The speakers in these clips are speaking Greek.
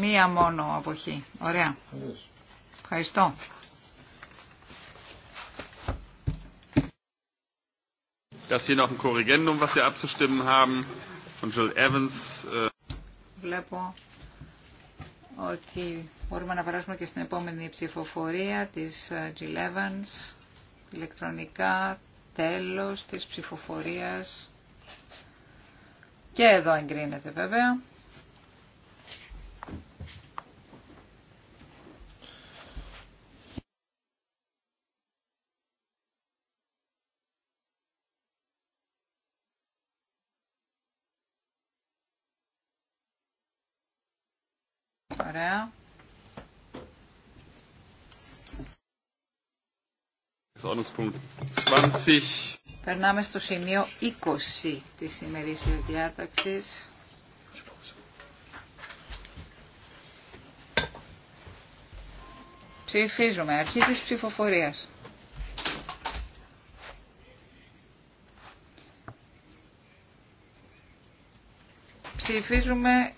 Μία μόνο αποχή. Ωραία. Ευχαριστώ. hier noch ein was abzustimmen haben von Evans. Äh, Βλέπω ότι μπορούμε να περάσουμε και στην επόμενη ψηφοφορία της ε, Jill Evans ηλεκτρονικά τέλος της ψηφοφορίας και εδώ εγκρίνεται βέβαια. 20. Περνάμε στο σημείο 20 της ημερήσιας διάταξης. Ψηφίζουμε. Αρχή της ψηφοφορίας. Ψηφίζουμε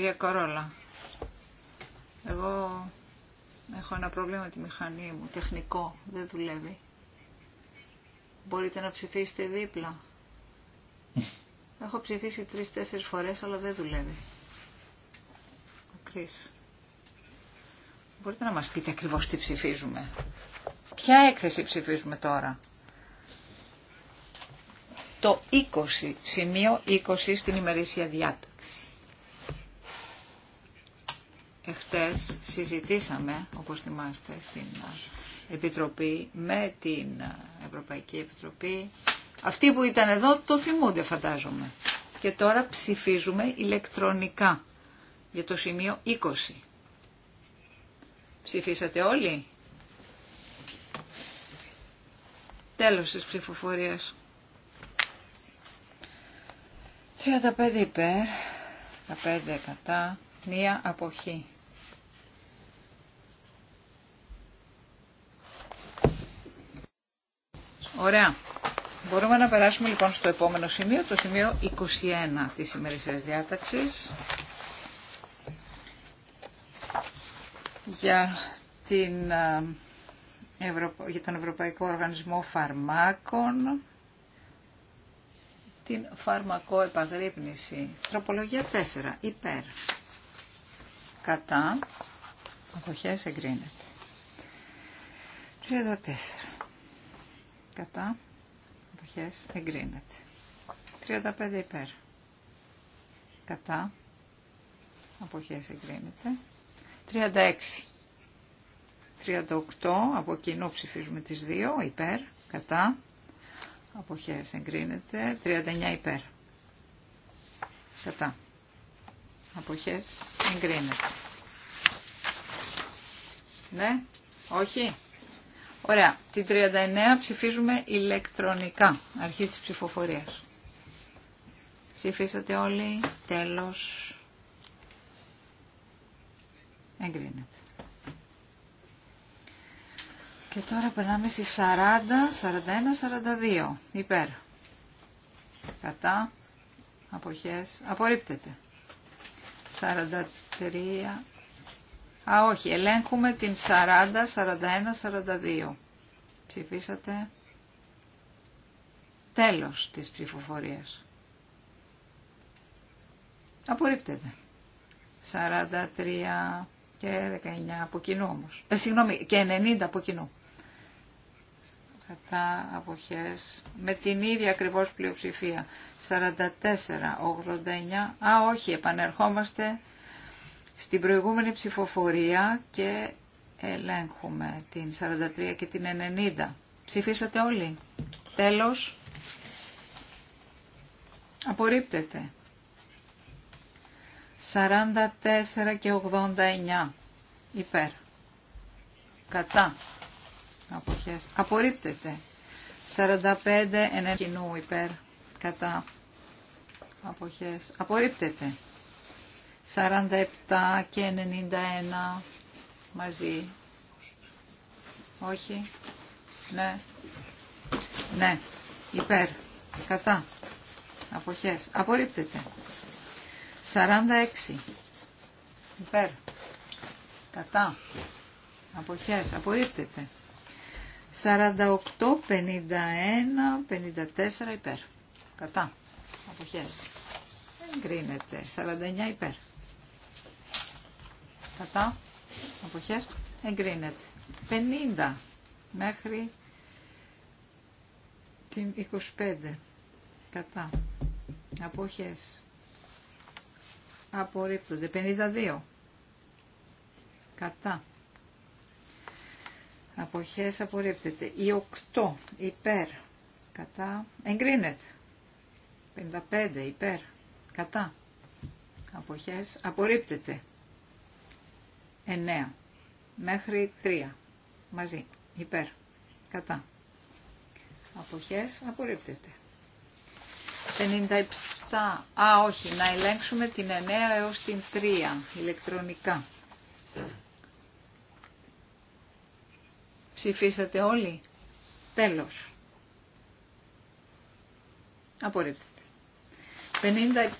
κυρία Κορόλα. Εγώ έχω ένα πρόβλημα με τη μηχανή μου, τεχνικό, δεν δουλεύει. Μπορείτε να ψηφίσετε δίπλα. Έχω ψηφίσει τρεις-τέσσερις φορές, αλλά δεν δουλεύει. Ο Κρίς. Μπορείτε να μας πείτε ακριβώς τι ψηφίζουμε. Ποια έκθεση ψηφίζουμε τώρα. Το 20, σημείο 20 στην ημερήσια διάταξη. Εχθές συζητήσαμε, όπως θυμάστε, στην Επιτροπή με την Ευρωπαϊκή Επιτροπή. Αυτοί που ήταν εδώ το θυμούνται φαντάζομαι. Και τώρα ψηφίζουμε ηλεκτρονικά για το σημείο 20. Ψηφίσατε όλοι. Τέλος της ψηφοφορίας. 35 υπέρ, 15 κατά, μία αποχή. Ωραία. Μπορούμε να περάσουμε λοιπόν στο επόμενο σημείο, το σημείο 21 της ημερησίας διάταξης. Για, την, ε, για τον Ευρωπαϊκό Οργανισμό Φαρμάκων, την φαρμακοεπαγρύπνηση. Τροπολογία 4. Υπέρ. Κατά. Αποχές εγκρίνεται. 4 κατά αποχές εγκρίνεται. 35 υπέρ κατά αποχές εγκρίνεται. 36 38 από κοινό ψηφίζουμε τις δύο υπέρ κατά αποχές εγκρίνεται. 39 υπέρ κατά αποχές εγκρίνεται. Ναι, όχι. Ωραία. Την 39 ψηφίζουμε ηλεκτρονικά. Αρχή της ψηφοφορίας. Ψηφίσατε όλοι. Τέλος. Εγκρίνεται. Και τώρα περνάμε στις 40, 41, 42. Υπέρ. Κατά. Αποχές. Απορρίπτεται. 43 Α, όχι, ελέγχουμε την 40, 41, 42. Ψηφίσατε. Τέλος της ψηφοφορίας. Απορρίπτεται. 43 και 19 από κοινού όμως. Ε, συγγνώμη, και 90 από κοινού. Κατά αποχές. Με την ίδια ακριβώς πλειοψηφία. 44, 89. Α, όχι, επανερχόμαστε στην προηγούμενη ψηφοφορία και ελέγχουμε την 43 και την 90. Ψηφίσατε όλοι. Τέλος. Απορρίπτεται. 44 και 89. Υπέρ. Κατά. Αποχές. Απορρίπτεται. 45 κοινού υπέρ. Κατά. Αποχές. Απορρίπτεται. 47 και 91 μαζί. Όχι. Ναι. Ναι. Υπέρ. Κατά. Αποχές. Απορρίπτεται. 46. Υπέρ. Κατά. Αποχές. Απορρίπτεται. 48, 51, 54 υπέρ. Κατά. Αποχές. Εγκρίνεται. 49 υπέρ κατά αποχές εγκρίνεται. 50 μέχρι την 25 κατά αποχές απορρίπτονται. 52 κατά αποχές απορρίπτεται. Η 8 υπέρ κατά εγκρίνεται. 55 υπέρ κατά αποχές απορρίπτεται. 9 μέχρι 3 μαζί υπέρ κατά αποχές απορρίπτεται 57 α όχι να ελέγξουμε την 9 έως την 3 ηλεκτρονικά ψηφίσατε όλοι τέλος απορρίπτεται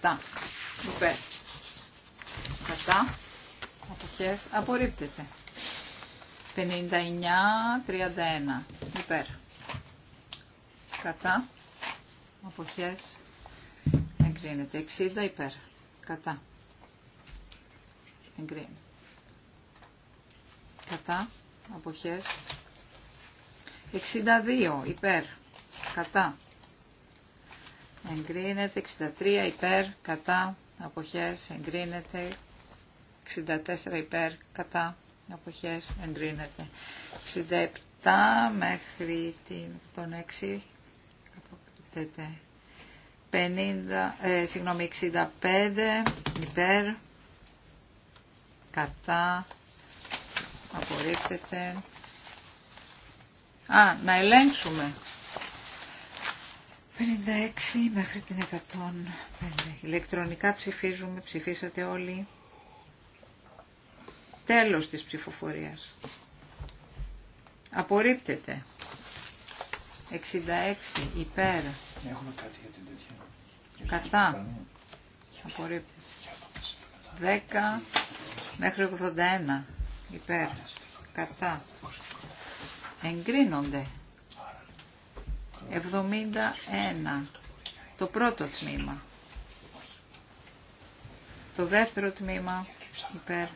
57 υπέρ κατά αποχές απορρίπτεται. 59-31 υπέρ. Κατά αποχές εγκρίνεται. 60 υπέρ. Κατά. Εγκρίνεται. Κατά αποχές 62 υπέρ. Κατά. Εγκρίνεται 63 υπέρ, κατά, αποχές, εγκρίνεται 64 υπέρ κατά αποχές εγκρίνεται. 67 μέχρι την 6. αποκτήτεται 50, ε, συγγνώμη, 65 υπέρ κατά απορρίπτεται. Α, να ελέγξουμε. 56 μέχρι την 105. Ηλεκτρονικά ψηφίζουμε, ψηφίσατε όλοι. Τέλος της ψηφοφορίας. Απορρίπτεται. 66 υπέρ. Ναι, έχουμε κάτι για την τέτοια. Κατά. Απορρίπτεται. 10 μέχρι 81 υπέρ. Κατά. Εγκρίνονται. 71. Το πρώτο τμήμα. Το δεύτερο τμήμα υπέρ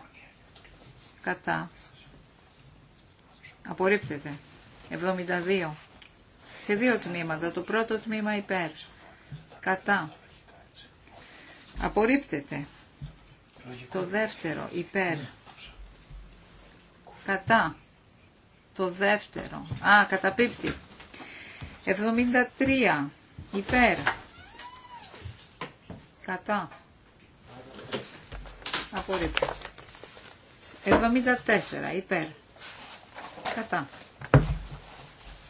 κατά απορρίπτεται 72 σε δύο τμήματα το πρώτο τμήμα υπέρ κατά απορρίπτεται το δεύτερο υπέρ κατά το δεύτερο α καταπίπτει 73 υπέρ κατά απορρίπτεται 74 υπέρ. Κατά.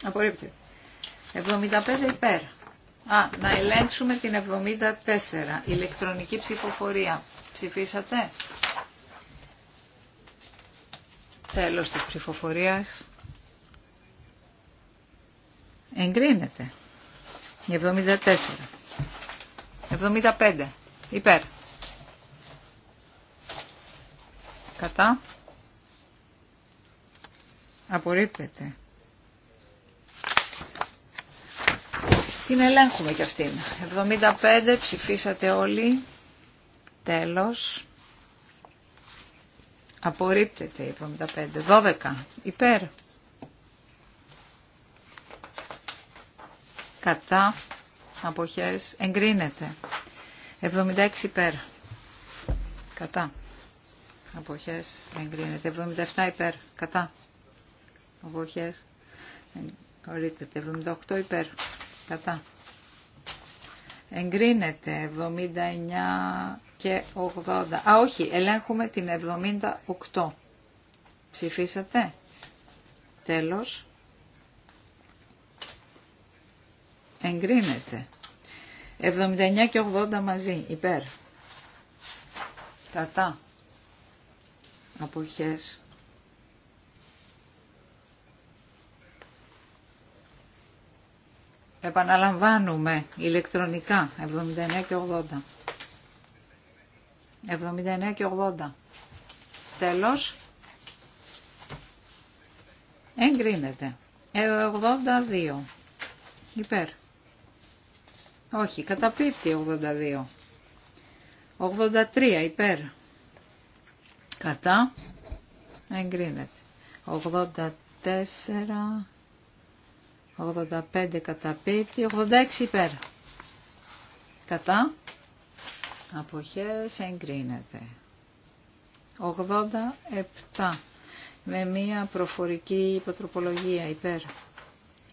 Απορρίπτεται. 75 υπέρ. Α, να ελέγξουμε την 74. Ηλεκτρονική ψηφοφορία. Ψηφίσατε. Τέλος της ψηφοφορίας. Εγκρίνεται. 74. 75. Υπέρ. Κατά. Απορρίπτεται. Την ελέγχουμε κι αυτήν. 75 ψηφίσατε όλοι. Τέλος. Απορρίπτεται 75. 12. Υπέρ. Κατά. Αποχές. Εγκρίνεται. 76 υπέρ. Κατά. Αποχές. Εγκρίνεται. 77 υπέρ. Κατά βοχές. Εγκρίνεται. 78 υπέρ. Κατά. Εγκρίνεται. 79 και 80. Α, όχι. Ελέγχουμε την 78. Ψηφίσατε. Τέλος. Εγκρίνεται. 79 και 80 μαζί. Υπέρ. Κατά. Αποχές. Επαναλαμβάνουμε ηλεκτρονικά 79 και 80. 79 και 80. Τέλος. Εγκρίνεται. 82. Υπέρ. Όχι, καταπίπτει 82. 83 υπέρ. Κατά. Εγκρίνεται. 84. 85 κατά 86 υπέρ. Κατά. Αποχές εγκρίνεται. 87 με μία προφορική υποτροπολογία υπέρ.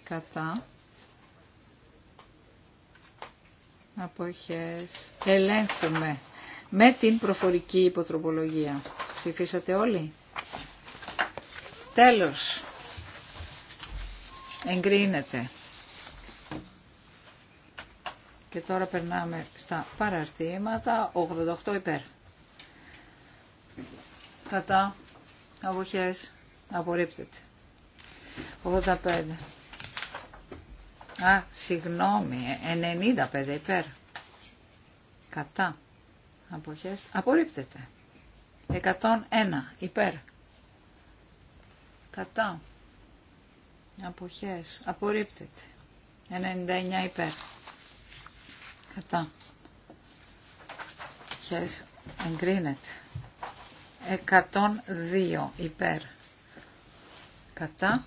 Κατά. Αποχές. Ελέγχουμε με την προφορική υποτροπολογία. Ψηφίσατε όλοι. Τέλος. Εγκρίνεται. Και τώρα περνάμε στα παραρτήματα. 88 υπέρ. Κατά. Αποχές. Απορρίπτεται. 85. Α, συγγνώμη. 95 υπέρ. Κατά. Αποχές. Απορρίπτεται. 101 υπέρ. Κατά. Αποχές. Απορρίπτεται. 99 υπέρ. Κατά. Χες. Εγκρίνεται. 102 υπέρ. Κατά.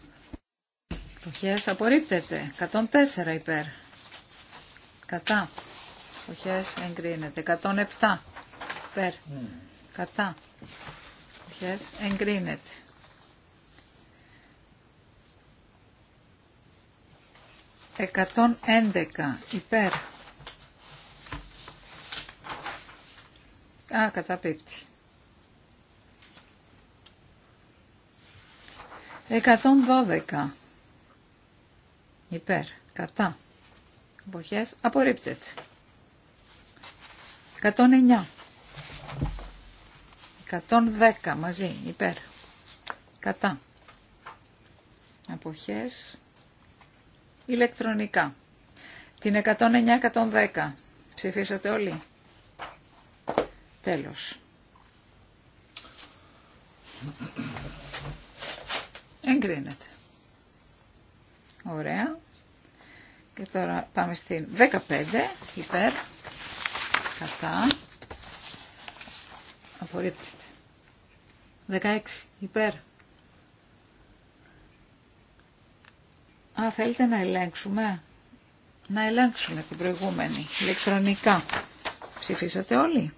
Αποχές. Απορρίπτεται. 104 υπέρ. Κατά. Αποχές. Εγκρίνεται. 107 υπέρ. Ναι. Κατά. Αποχές. Εγκρίνεται. 111 υπέρ. Α, καταπίπτει. 112 υπέρ. Κατά. Αποχές απορρίπτεται. 109. 110 μαζί, υπέρ. Κατά. Αποχές ηλεκτρονικά. Την 109-110. Ψηφίσατε όλοι. Τέλος. Εγκρίνεται. Ωραία. Και τώρα πάμε στην 15, υπέρ, κατά, απορρίπτεται. 16, υπέρ, Α, θέλετε να ελέγξουμε. Να ελέγξουμε την προηγούμενη. Ηλεκτρονικά. Ψηφίσατε όλοι.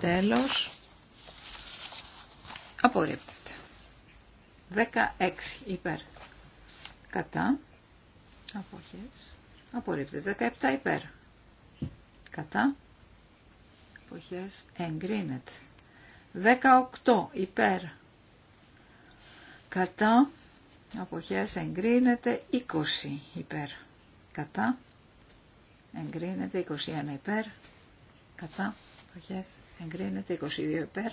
Τέλος. Απορρίπτεται. 16 υπέρ. Κατά. Αποχές. Απορρίπτεται. 17 υπέρ. Κατά. Αποχές. Εγκρίνεται. 18 υπέρ. Κατά αποχές εγκρίνεται 20 υπέρ κατά εγκρίνεται 21 υπέρ κατά αποχές εγκρίνεται 22 υπέρ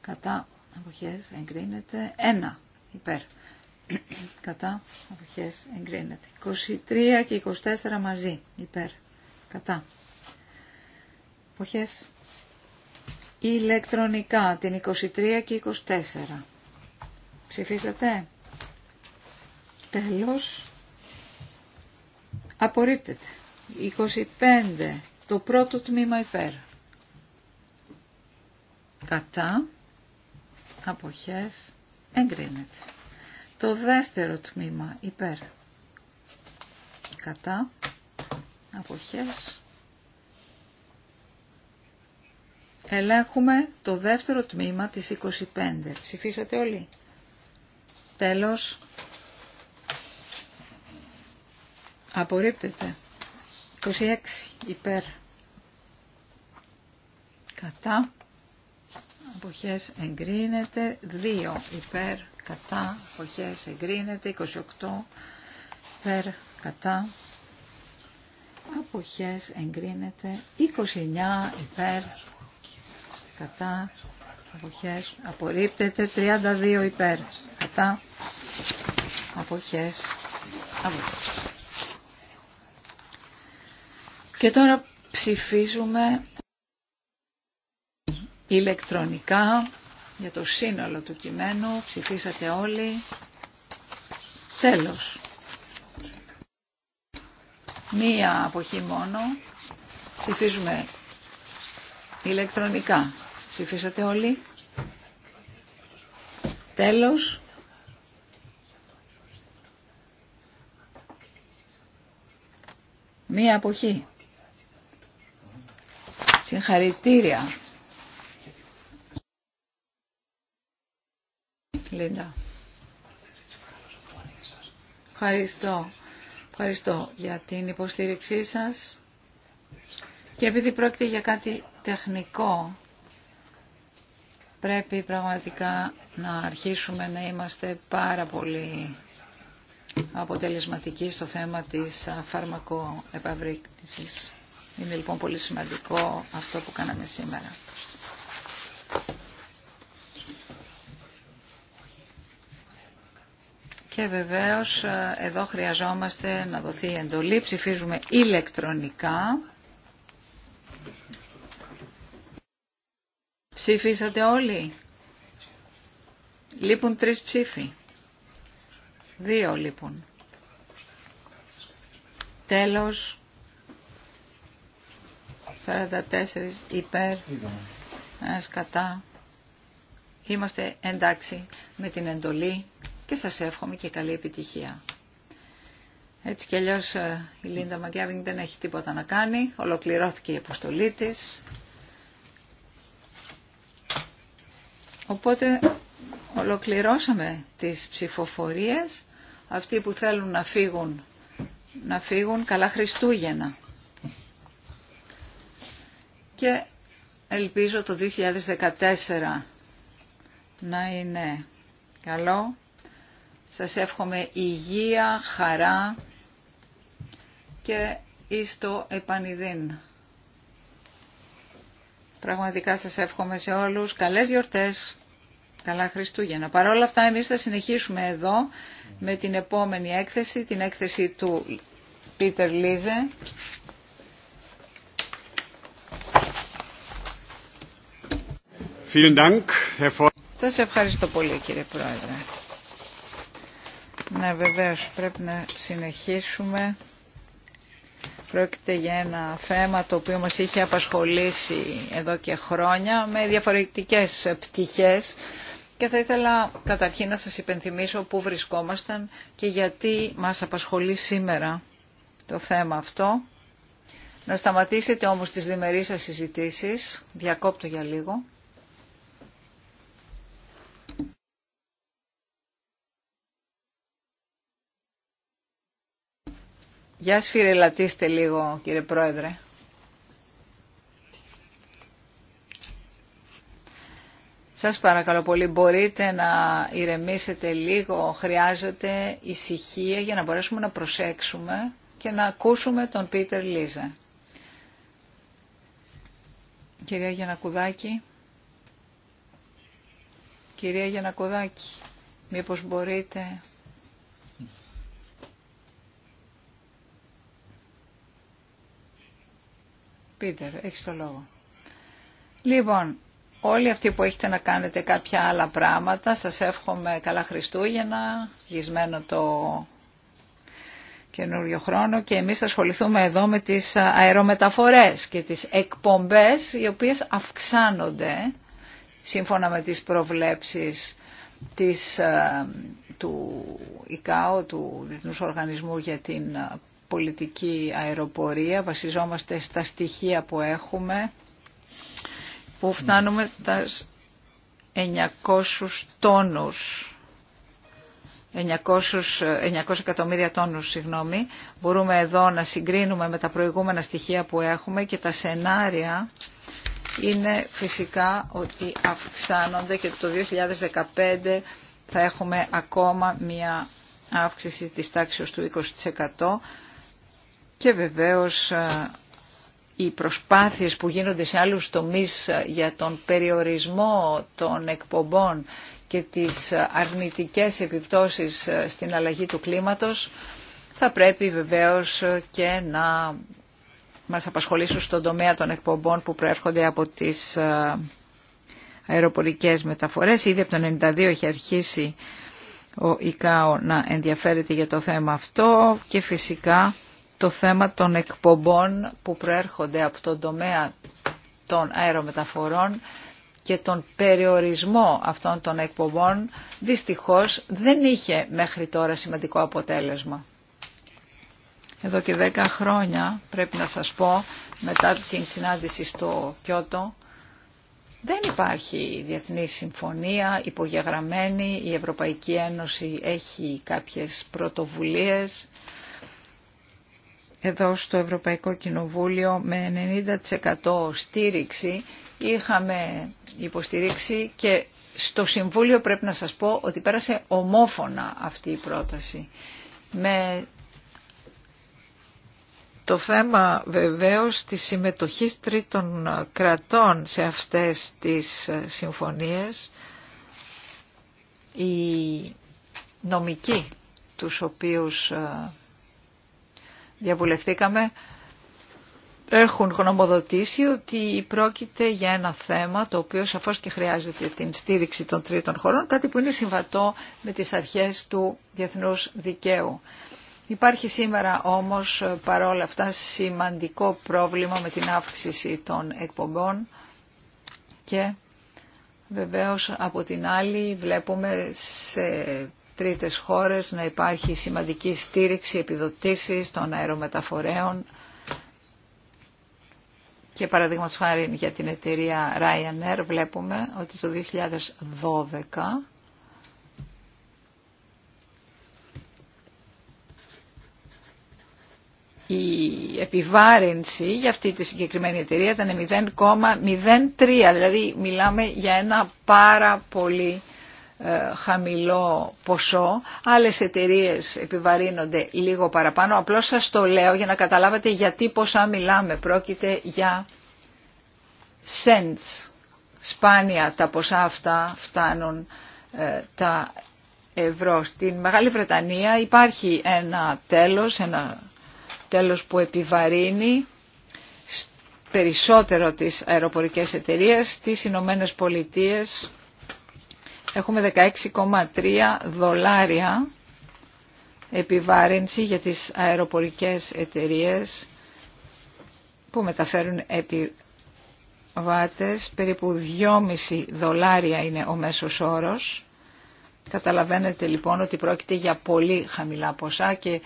κατά αποχές εγκρίνεται 1 υπέρ κατά αποχές εγκρίνεται 23 και 24 μαζί υπέρ κατά αποχές ηλεκτρονικά την 23 και 24 ψηφίσατε Τέλος. Απορρίπτεται. 25. Το πρώτο τμήμα υπέρ. Κατά. Αποχές. Εγκρίνεται. Το δεύτερο τμήμα υπέρ. Κατά. Αποχές. Ελέγχουμε το δεύτερο τμήμα της 25. Ψηφίσατε όλοι. Τέλος. Απορρίπτεται. 26 υπέρ. Κατά. Αποχές εγκρίνεται. 2 υπέρ. Κατά. Αποχές εγκρίνεται. 28 υπέρ. Κατά. Αποχές εγκρίνεται. 29 υπέρ. Κατά. Αποχές απορρίπτεται. 32 υπέρ. Κατά. Αποχές. Αποχές. Και τώρα ψηφίζουμε ηλεκτρονικά για το σύνολο του κειμένου. Ψηφίσατε όλοι. Τέλος. Μία αποχή μόνο. Ψηφίζουμε ηλεκτρονικά. Ψηφίσατε όλοι. Τέλος. Μία αποχή. Συγχαρητήρια. Λίντα. Ευχαριστώ. Ευχαριστώ για την υποστήριξή σας. Και επειδή πρόκειται για κάτι τεχνικό, πρέπει πραγματικά να αρχίσουμε να είμαστε πάρα πολύ αποτελεσματικοί στο θέμα της φαρμακοεπαυρίκησης. Είναι λοιπόν πολύ σημαντικό αυτό που κάναμε σήμερα. Και βεβαίως ε, εδώ χρειαζόμαστε να δοθεί εντολή. Ψηφίζουμε ηλεκτρονικά. Ψηφίσατε όλοι. Λείπουν τρεις ψήφοι. Δύο λείπουν. Τέλος. 44 υπέρ, ένας κατά. Είμαστε εντάξει με την εντολή και σας εύχομαι και καλή επιτυχία. Έτσι κι αλλιώ ε, η Λίντα Μαγκιάβινγκ δεν έχει τίποτα να κάνει. Ολοκληρώθηκε η αποστολή της. Οπότε ολοκληρώσαμε τις ψηφοφορίες. Αυτοί που θέλουν να φύγουν, να φύγουν καλά Χριστούγεννα και ελπίζω το 2014 να είναι καλό. Σας εύχομαι υγεία, χαρά και εις το επανειδήν. Πραγματικά σας εύχομαι σε όλους καλές γιορτές, καλά Χριστούγεννα. Παρ' όλα αυτά εμείς θα συνεχίσουμε εδώ με την επόμενη έκθεση, την έκθεση του Πίτερ Λίζε. Σας ευχαριστώ πολύ κύριε Πρόεδρε. Ναι βεβαίως πρέπει να συνεχίσουμε. Πρόκειται για ένα θέμα το οποίο μας είχε απασχολήσει εδώ και χρόνια με διαφορετικές πτυχές και θα ήθελα καταρχήν να σας υπενθυμίσω πού βρισκόμασταν και γιατί μας απασχολεί σήμερα το θέμα αυτό. Να σταματήσετε όμως τις διμερείς σας συζητήσεις, διακόπτω για λίγο. Για σφυρελατίστε λίγο κύριε Πρόεδρε. Σας παρακαλώ πολύ, μπορείτε να ηρεμήσετε λίγο, χρειάζεται ησυχία για να μπορέσουμε να προσέξουμε και να ακούσουμε τον Πίτερ Λίζα. Κυρία Γιανακουδάκη. Κυρία Γιανακουδάκη, μήπως μπορείτε Πίτερ, έχεις το λόγο. Λοιπόν, όλοι αυτοί που έχετε να κάνετε κάποια άλλα πράγματα, σας εύχομαι καλά Χριστούγεννα, γυσμένο το καινούριο χρόνο και εμείς θα ασχοληθούμε εδώ με τις αερομεταφορές και τις εκπομπές οι οποίες αυξάνονται σύμφωνα με τις προβλέψεις της, ε, του ΙΚΑΟ, του Διεθνούς Οργανισμού για την πολιτική αεροπορία, βασιζόμαστε στα στοιχεία που έχουμε, που φτάνουμε τα 900 τόνους. 900, 900 εκατομμύρια τόνους, συγγνώμη. Μπορούμε εδώ να συγκρίνουμε με τα προηγούμενα στοιχεία που έχουμε και τα σενάρια είναι φυσικά ότι αυξάνονται και το 2015 θα έχουμε ακόμα μια αύξηση της τάξης του 20% και βεβαίως οι προσπάθειες που γίνονται σε άλλους τομείς για τον περιορισμό των εκπομπών και τις αρνητικές επιπτώσεις στην αλλαγή του κλίματος θα πρέπει βεβαίως και να μας απασχολήσουν στον τομέα των εκπομπών που προέρχονται από τις αεροπορικές μεταφορές. Ήδη από το 1992 έχει αρχίσει ο ΙΚΑΟ να ενδιαφέρεται για το θέμα αυτό και φυσικά το θέμα των εκπομπών που προέρχονται από τον τομέα των αερομεταφορών και τον περιορισμό αυτών των εκπομπών δυστυχώς δεν είχε μέχρι τώρα σημαντικό αποτέλεσμα. Εδώ και δέκα χρόνια πρέπει να σας πω μετά την συνάντηση στο Κιώτο δεν υπάρχει διεθνή συμφωνία υπογεγραμμένη, η Ευρωπαϊκή Ένωση έχει κάποιες πρωτοβουλίες εδώ στο Ευρωπαϊκό Κοινοβούλιο με 90% στήριξη είχαμε υποστηρίξει και στο Συμβούλιο πρέπει να σας πω ότι πέρασε ομόφωνα αυτή η πρόταση. Με το θέμα βεβαίως της συμμετοχής τρίτων κρατών σε αυτές τις συμφωνίες, η νομική τους οποίους ε, διαβουλευτήκαμε έχουν γνωμοδοτήσει ότι πρόκειται για ένα θέμα το οποίο σαφώς και χρειάζεται την στήριξη των τρίτων χωρών, κάτι που είναι συμβατό με τις αρχές του διεθνούς δικαίου. Υπάρχει σήμερα όμως παρόλα αυτά σημαντικό πρόβλημα με την αύξηση των εκπομπών και βεβαίως από την άλλη βλέπουμε σε τρίτες χώρες, να υπάρχει σημαντική στήριξη επιδοτήσεις των αερομεταφορέων και παραδείγματος χάρη για την εταιρεία Ryanair βλέπουμε ότι το 2012 η επιβάρυνση για αυτή τη συγκεκριμένη εταιρεία ήταν 0,03. Δηλαδή μιλάμε για ένα πάρα πολύ ε, χαμηλό ποσό, άλλες εταιρείες επιβαρύνονται λίγο παραπάνω. Απλώς σας το λέω για να καταλάβετε γιατί ποσά μιλάμε. Πρόκειται για cents. Σπάνια τα ποσά αυτά φτάνουν ε, τα ευρώ. Στην Μεγάλη Βρετανία υπάρχει ένα τέλος, ένα τέλος που επιβαρύνει περισσότερο τις αεροπορικές εταιρείες, τις Ηνωμένε Πολιτείες Έχουμε 16,3 δολάρια επιβάρυνση για τις αεροπορικές εταιρείες που μεταφέρουν επιβάτες. Περίπου 2,5 δολάρια είναι ο μέσος όρος. Καταλαβαίνετε λοιπόν ότι πρόκειται για πολύ χαμηλά ποσά και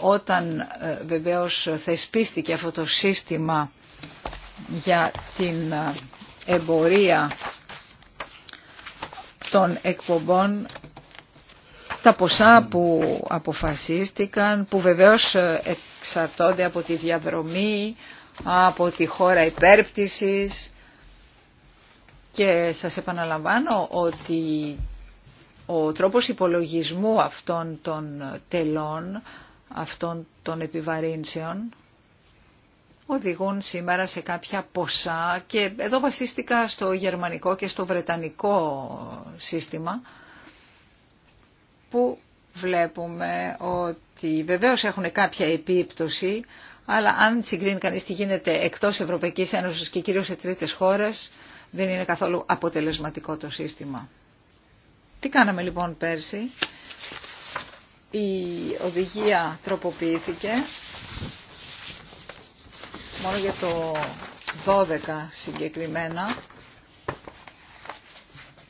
όταν ε, βεβαίως θεσπίστηκε αυτό το σύστημα για την ε, εμπορία των εκπομπών τα ποσά που αποφασίστηκαν, που βεβαίως ε, εξαρτώνται από τη διαδρομή, από τη χώρα υπέρπτυσης και σας επαναλαμβάνω ότι ο τρόπος υπολογισμού αυτών των τελών, αυτών των επιβαρύνσεων, οδηγούν σήμερα σε κάποια ποσά και εδώ βασίστηκα στο γερμανικό και στο βρετανικό σύστημα που βλέπουμε ότι βεβαίως έχουν κάποια επίπτωση αλλά αν συγκρίνει κανείς τι γίνεται εκτός Ευρωπαϊκής Ένωσης και κυρίως σε τρίτες χώρες δεν είναι καθόλου αποτελεσματικό το σύστημα. Τι κάναμε λοιπόν πέρσι. Η οδηγία τροποποιήθηκε μόνο για το 12 συγκεκριμένα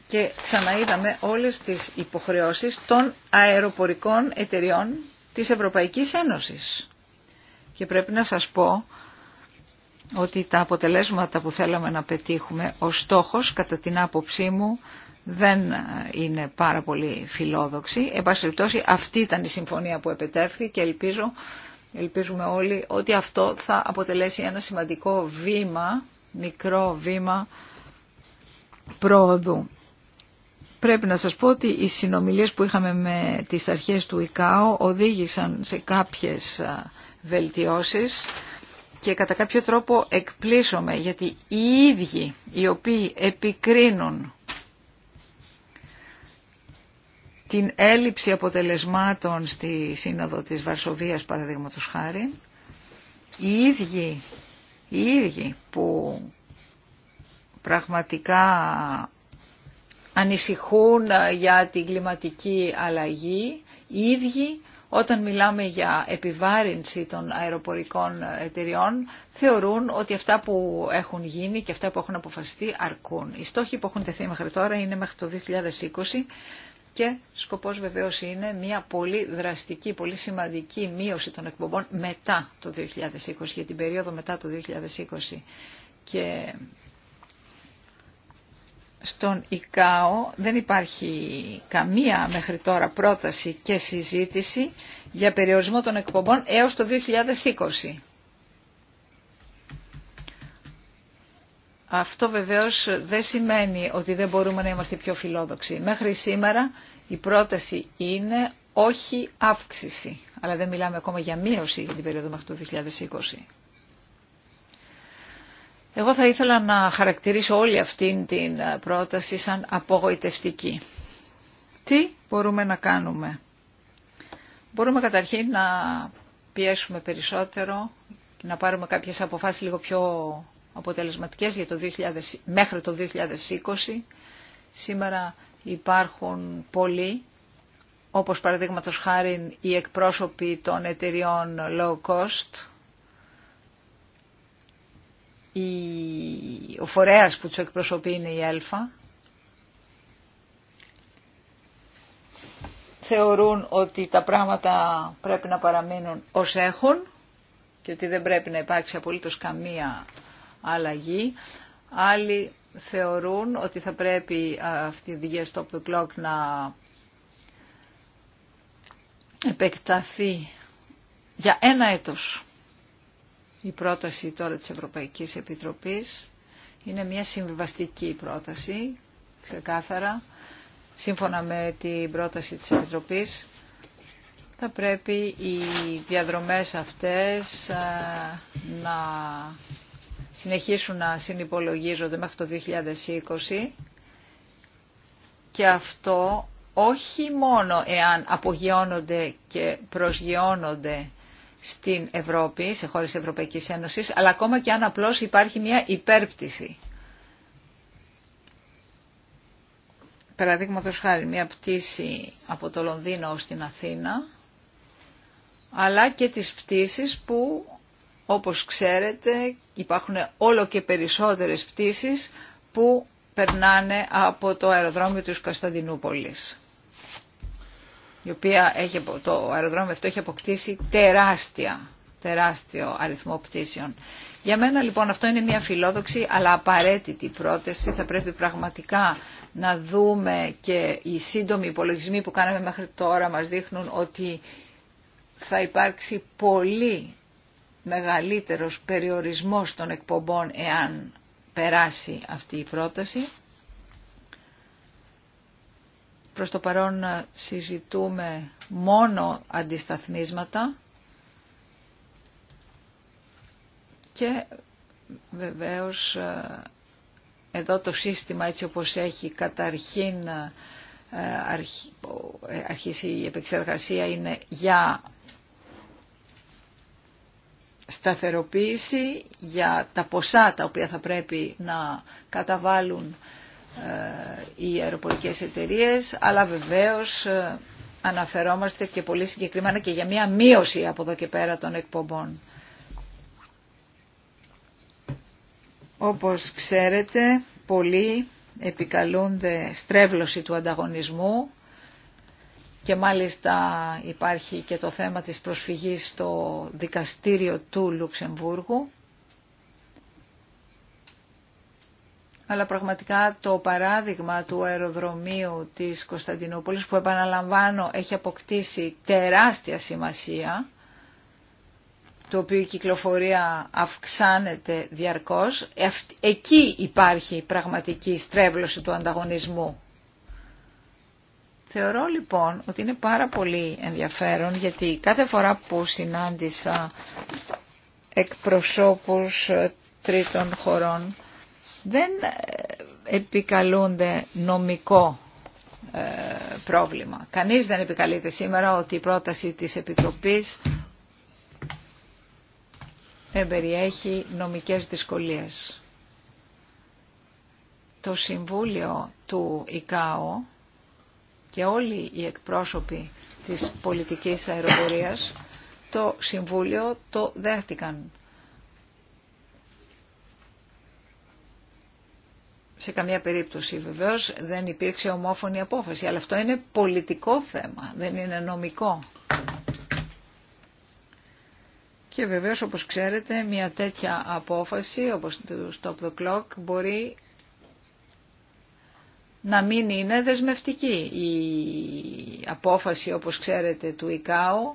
και ξαναείδαμε όλες τις υποχρεώσεις των αεροπορικών εταιριών της Ευρωπαϊκής Ένωσης. Και πρέπει να σας πω ότι τα αποτελέσματα που θέλαμε να πετύχουμε, ο στόχος κατά την άποψή μου δεν είναι πάρα πολύ φιλόδοξη. Εν αυτή ήταν η συμφωνία που επετεύχθη και ελπίζω Ελπίζουμε όλοι ότι αυτό θα αποτελέσει ένα σημαντικό βήμα, μικρό βήμα πρόοδου. Πρέπει να σας πω ότι οι συνομιλίες που είχαμε με τις αρχές του ΙΚΑΟ οδήγησαν σε κάποιες βελτιώσεις και κατά κάποιο τρόπο εκπλήσωμε γιατί οι ίδιοι οι οποίοι επικρίνουν την έλλειψη αποτελεσμάτων στη Σύνοδο της Βαρσοβίας παραδείγματος χάρη, οι ίδιοι, οι ίδιοι που πραγματικά ανησυχούν για την κλιματική αλλαγή, οι ίδιοι όταν μιλάμε για επιβάρυνση των αεροπορικών εταιριών, θεωρούν ότι αυτά που έχουν γίνει και αυτά που έχουν αποφασιστεί αρκούν. Οι στόχοι που έχουν τεθεί μέχρι τώρα είναι μέχρι το 2020 και σκοπός βεβαίως είναι μια πολύ δραστική, πολύ σημαντική μείωση των εκπομπών μετά το 2020, για την περίοδο μετά το 2020. Και στον ΙΚΑΟ δεν υπάρχει καμία μέχρι τώρα πρόταση και συζήτηση για περιορισμό των εκπομπών έως το 2020. Αυτό βεβαίως δεν σημαίνει ότι δεν μπορούμε να είμαστε πιο φιλόδοξοι. Μέχρι σήμερα η πρόταση είναι όχι αύξηση, αλλά δεν μιλάμε ακόμα για μείωση για την περίοδο μέχρι το 2020. Εγώ θα ήθελα να χαρακτηρίσω όλη αυτή την πρόταση σαν απογοητευτική. Τι μπορούμε να κάνουμε. Μπορούμε καταρχήν να πιέσουμε περισσότερο και να πάρουμε κάποιες αποφάσεις λίγο πιο αποτελεσματικές για το 2000, μέχρι το 2020. Σήμερα υπάρχουν πολλοί, όπως παραδείγματος χάρη οι εκπρόσωποι των εταιριών low cost, η... ο φορέας που τους εκπροσωπεί είναι η ΕΛΦΑ, θεωρούν ότι τα πράγματα πρέπει να παραμείνουν ως έχουν και ότι δεν πρέπει να υπάρξει απολύτως καμία αλλαγή. Άλλοι θεωρούν ότι θα πρέπει αυτή η οδηγία stop the clock να επεκταθεί για ένα έτος. Η πρόταση τώρα της Ευρωπαϊκής Επιτροπής είναι μια συμβιβαστική πρόταση, ξεκάθαρα. Σύμφωνα με την πρόταση της Επιτροπής, θα πρέπει οι διαδρομές αυτές να συνεχίσουν να συνυπολογίζονται μέχρι το 2020 και αυτό όχι μόνο εάν απογειώνονται και προσγειώνονται στην Ευρώπη, σε χώρες Ευρωπαϊκής Ένωσης, αλλά ακόμα και αν απλώς υπάρχει μια υπέρπτυση. Παραδείγματο χάρη μια πτήση από το Λονδίνο στην Αθήνα, αλλά και τις πτήσεις που όπως ξέρετε υπάρχουν όλο και περισσότερες πτήσεις που περνάνε από το αεροδρόμιο της Κασταντινούπολης. Η οποία έχει, το αεροδρόμιο αυτό έχει αποκτήσει τεράστια, τεράστιο αριθμό πτήσεων. Για μένα λοιπόν αυτό είναι μια φιλόδοξη αλλά απαραίτητη πρόταση. Θα πρέπει πραγματικά να δούμε και οι σύντομοι υπολογισμοί που κάναμε μέχρι τώρα μας δείχνουν ότι θα υπάρξει πολύ μεγαλύτερος περιορισμός των εκπομπών εάν περάσει αυτή η πρόταση. Προς το παρόν ε, συζητούμε μόνο αντισταθμίσματα και βεβαίως ε, εδώ το σύστημα έτσι όπως έχει καταρχήν ε, αρχίσει η επεξεργασία είναι για σταθεροποίηση για τα ποσά τα οποία θα πρέπει να καταβάλουν ε, οι αεροπορικές εταιρείες, αλλά βεβαίως ε, αναφερόμαστε και πολύ συγκεκριμένα και για μια μείωση από εδώ και πέρα των εκπομπών. Όπως ξέρετε, πολλοί επικαλούνται στρέβλωση του ανταγωνισμού και μάλιστα υπάρχει και το θέμα της προσφυγής στο δικαστήριο του Λουξεμβούργου. Αλλά πραγματικά το παράδειγμα του αεροδρομίου της Κωνσταντινούπολης που επαναλαμβάνω έχει αποκτήσει τεράστια σημασία το οποίο η κυκλοφορία αυξάνεται διαρκώς. Εκεί υπάρχει πραγματική στρέβλωση του ανταγωνισμού. Θεωρώ λοιπόν ότι είναι πάρα πολύ ενδιαφέρον γιατί κάθε φορά που συνάντησα εκπροσώπους ε, τρίτων χωρών δεν ε, επικαλούνται νομικό ε, πρόβλημα. Κανείς δεν επικαλείται σήμερα ότι η πρόταση της Επιτροπής εμπεριέχει νομικές δυσκολίες. Το Συμβούλιο του ΙΚΑΟ και όλοι οι εκπρόσωποι της πολιτικής αεροπορίας το Συμβούλιο το δέχτηκαν. Σε καμία περίπτωση βεβαίως δεν υπήρξε ομόφωνη απόφαση, αλλά αυτό είναι πολιτικό θέμα, δεν είναι νομικό. Και βεβαίως όπως ξέρετε μια τέτοια απόφαση όπως το stop the clock μπορεί να μην είναι δεσμευτική. Η απόφαση, όπως ξέρετε, του ΙΚΑΟ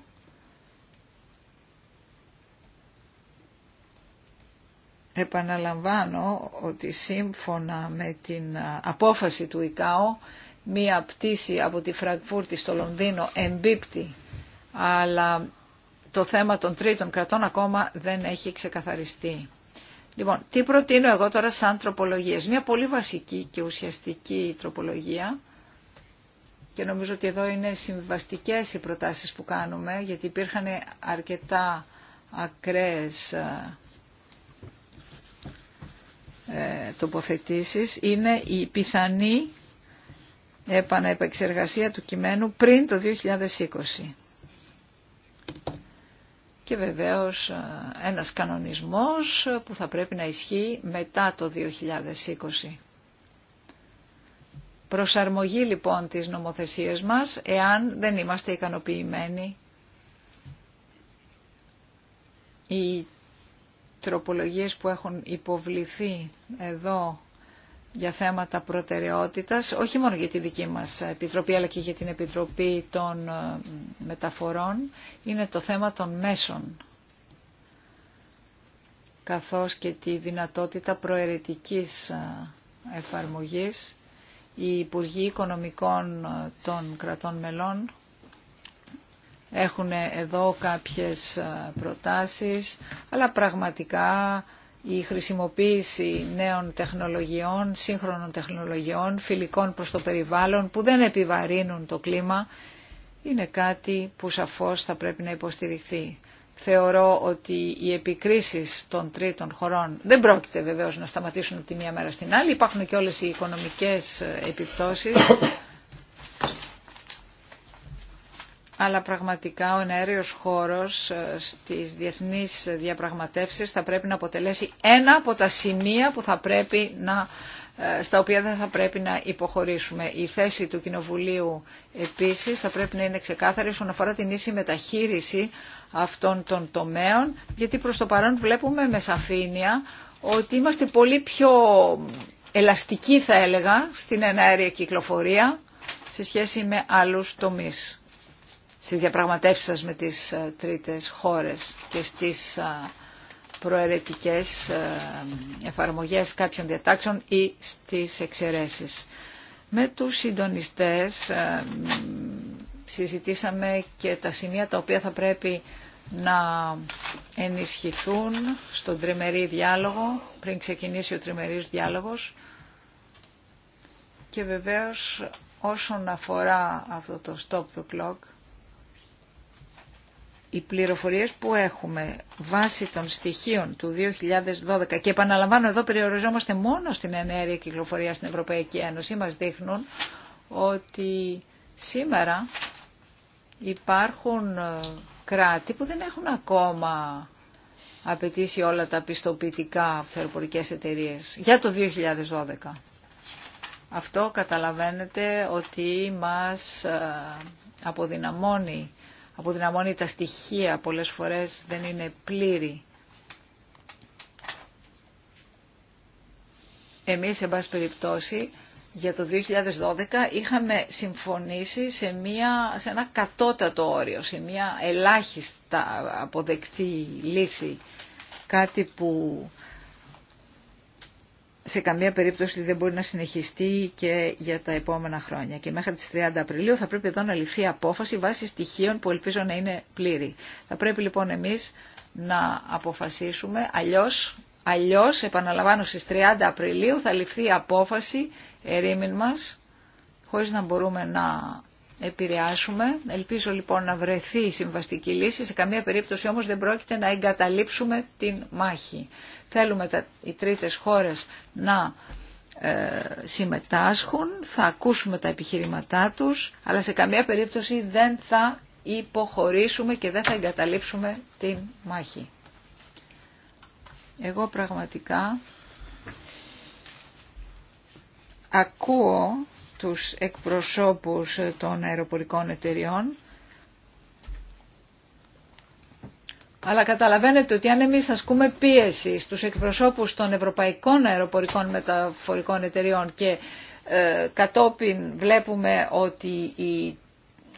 επαναλαμβάνω ότι σύμφωνα με την απόφαση του ΙΚΑΟ μία πτήση από τη Φραγκφούρτη στο Λονδίνο εμπίπτει αλλά το θέμα των τρίτων κρατών ακόμα δεν έχει ξεκαθαριστεί. Λοιπόν, τι προτείνω εγώ τώρα σαν τροπολογίες. Μια πολύ βασική και ουσιαστική τροπολογία και νομίζω ότι εδώ είναι συμβαστικές οι προτάσει που κάνουμε γιατί υπήρχαν αρκετά ακραίε ε, ε, τοποθετήσεις είναι η πιθανή επαναεπεξεργασία του κειμένου πριν το 2020 και βεβαίως ε, ένας κανονισμός ε, που θα πρέπει να ισχύει μετά το 2020. Προσαρμογή λοιπόν της νομοθεσίας μας εάν δεν είμαστε ικανοποιημένοι. Οι τροπολογίες που έχουν υποβληθεί εδώ για θέματα προτεραιότητας, όχι μόνο για τη δική μας Επιτροπή, αλλά και για την Επιτροπή των ε, Μεταφορών, είναι το θέμα των μέσων, καθώς και τη δυνατότητα προαιρετικής ε, εφαρμογής. Οι Υπουργοί Οικονομικών ε, των κρατών μελών έχουν εδώ κάποιες προτάσεις, αλλά πραγματικά η χρησιμοποίηση νέων τεχνολογιών, σύγχρονων τεχνολογιών, φιλικών προς το περιβάλλον που δεν επιβαρύνουν το κλίμα είναι κάτι που σαφώς θα πρέπει να υποστηριχθεί. Θεωρώ ότι οι επικρίσεις των τρίτων χωρών δεν πρόκειται βεβαίως να σταματήσουν από τη μία μέρα στην άλλη. Υπάρχουν και όλες οι οικονομικές επιπτώσεις αλλά πραγματικά ο εναέριος χώρος ε, στις διεθνείς διαπραγματεύσεις θα πρέπει να αποτελέσει ένα από τα σημεία που θα πρέπει να, ε, στα οποία δεν θα πρέπει να υποχωρήσουμε. Η θέση του Κοινοβουλίου επίσης θα πρέπει να είναι ξεκάθαρη όσον αφορά την ίση μεταχείριση αυτών των τομέων, γιατί προς το παρόν βλέπουμε με σαφήνεια ότι είμαστε πολύ πιο ελαστικοί θα έλεγα στην εναέρια κυκλοφορία σε σχέση με άλλους τομείς στις διαπραγματεύσεις σας με τις ε, τρίτες χώρες και στις ε, προαιρετικές ε, εφαρμογές κάποιων διατάξεων ή στις εξαιρέσεις. Με τους συντονιστές συζητήσαμε και τα σημεία τα οποία θα πρέπει να ενισχυθούν στον τριμερή διάλογο, πριν ξεκινήσει ο τριμερής διάλογος. Και βεβαίως όσον αφορά αυτό το stop the clock, οι πληροφορίες που έχουμε βάσει των στοιχείων του 2012 και επαναλαμβάνω εδώ περιοριζόμαστε μόνο στην ενέργεια κυκλοφορία στην Ευρωπαϊκή Ένωση μας δείχνουν ότι σήμερα υπάρχουν ε, κράτη που δεν έχουν ακόμα απαιτήσει όλα τα πιστοποιητικά από εταιρείε εταιρείες για το 2012. Αυτό καταλαβαίνετε ότι μας ε, αποδυναμώνει αποδυναμώνει τα στοιχεία, πολλές φορές δεν είναι πλήρη. Εμείς, σε περιπτώσει, για το 2012 είχαμε συμφωνήσει σε, μια, σε ένα κατώτατο όριο, σε μια ελάχιστα αποδεκτή λύση. Κάτι που σε καμία περίπτωση δεν μπορεί να συνεχιστεί και για τα επόμενα χρόνια. Και μέχρι τις 30 Απριλίου θα πρέπει εδώ να ληφθεί απόφαση βάσει στοιχείων που ελπίζω να είναι πλήρη. Θα πρέπει λοιπόν εμείς να αποφασίσουμε, αλλιώς, αλλιώς επαναλαμβάνω στις 30 Απριλίου θα ληφθεί απόφαση ερήμην μας, χωρίς να μπορούμε να επηρεάσουμε. Ελπίζω λοιπόν να βρεθεί η συμβαστική λύση. Σε καμία περίπτωση όμως δεν πρόκειται να εγκαταλείψουμε την μάχη. Θέλουμε τα, οι τρίτες χώρες να ε, συμμετάσχουν, θα ακούσουμε τα επιχειρηματά τους, αλλά σε καμία περίπτωση δεν θα υποχωρήσουμε και δεν θα εγκαταλείψουμε την μάχη. Εγώ πραγματικά ακούω τους εκπροσώπους των αεροπορικών εταιριών. Αλλά καταλαβαίνετε ότι αν εμείς ασκούμε πίεση στους εκπροσώπους των ευρωπαϊκών αεροπορικών μεταφορικών εταιριών και ε, κατόπιν βλέπουμε ότι οι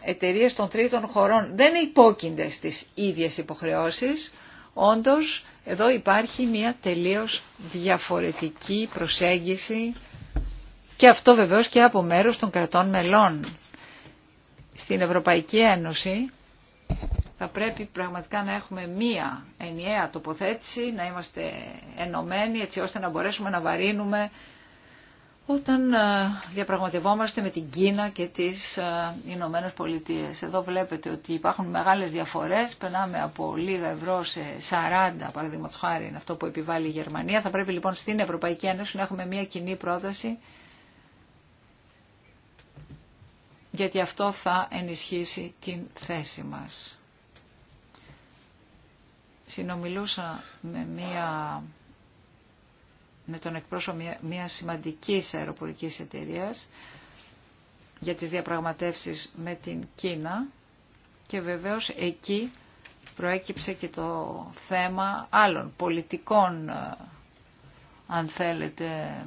εταιρείες των τρίτων χωρών δεν υπόκεινται στις ίδιες υποχρεώσεις, όντως εδώ υπάρχει μια τελείως διαφορετική προσέγγιση και αυτό βεβαίως και από μέρους των κρατών μελών. Στην Ευρωπαϊκή Ένωση θα πρέπει πραγματικά να έχουμε μία ενιαία τοποθέτηση, να είμαστε ενωμένοι έτσι ώστε να μπορέσουμε να βαρύνουμε όταν ε, διαπραγματευόμαστε με την Κίνα και τις ε, Ηνωμένε Πολιτείες. Εδώ βλέπετε ότι υπάρχουν μεγάλες διαφορές, περνάμε από λίγα ευρώ σε 40 παραδείγματος χάρη είναι αυτό που επιβάλλει η Γερμανία. Θα πρέπει λοιπόν στην Ευρωπαϊκή Ένωση να έχουμε μια κοινή πρόταση γιατί αυτό θα ενισχύσει την θέση μας. Συνομιλούσα με, μια, με τον εκπρόσωπο μια, μια σημαντικής αεροπορικής εταιρείας για τις διαπραγματεύσεις με την Κίνα και βεβαίως εκεί προέκυψε και το θέμα άλλων πολιτικών ε, αν θέλετε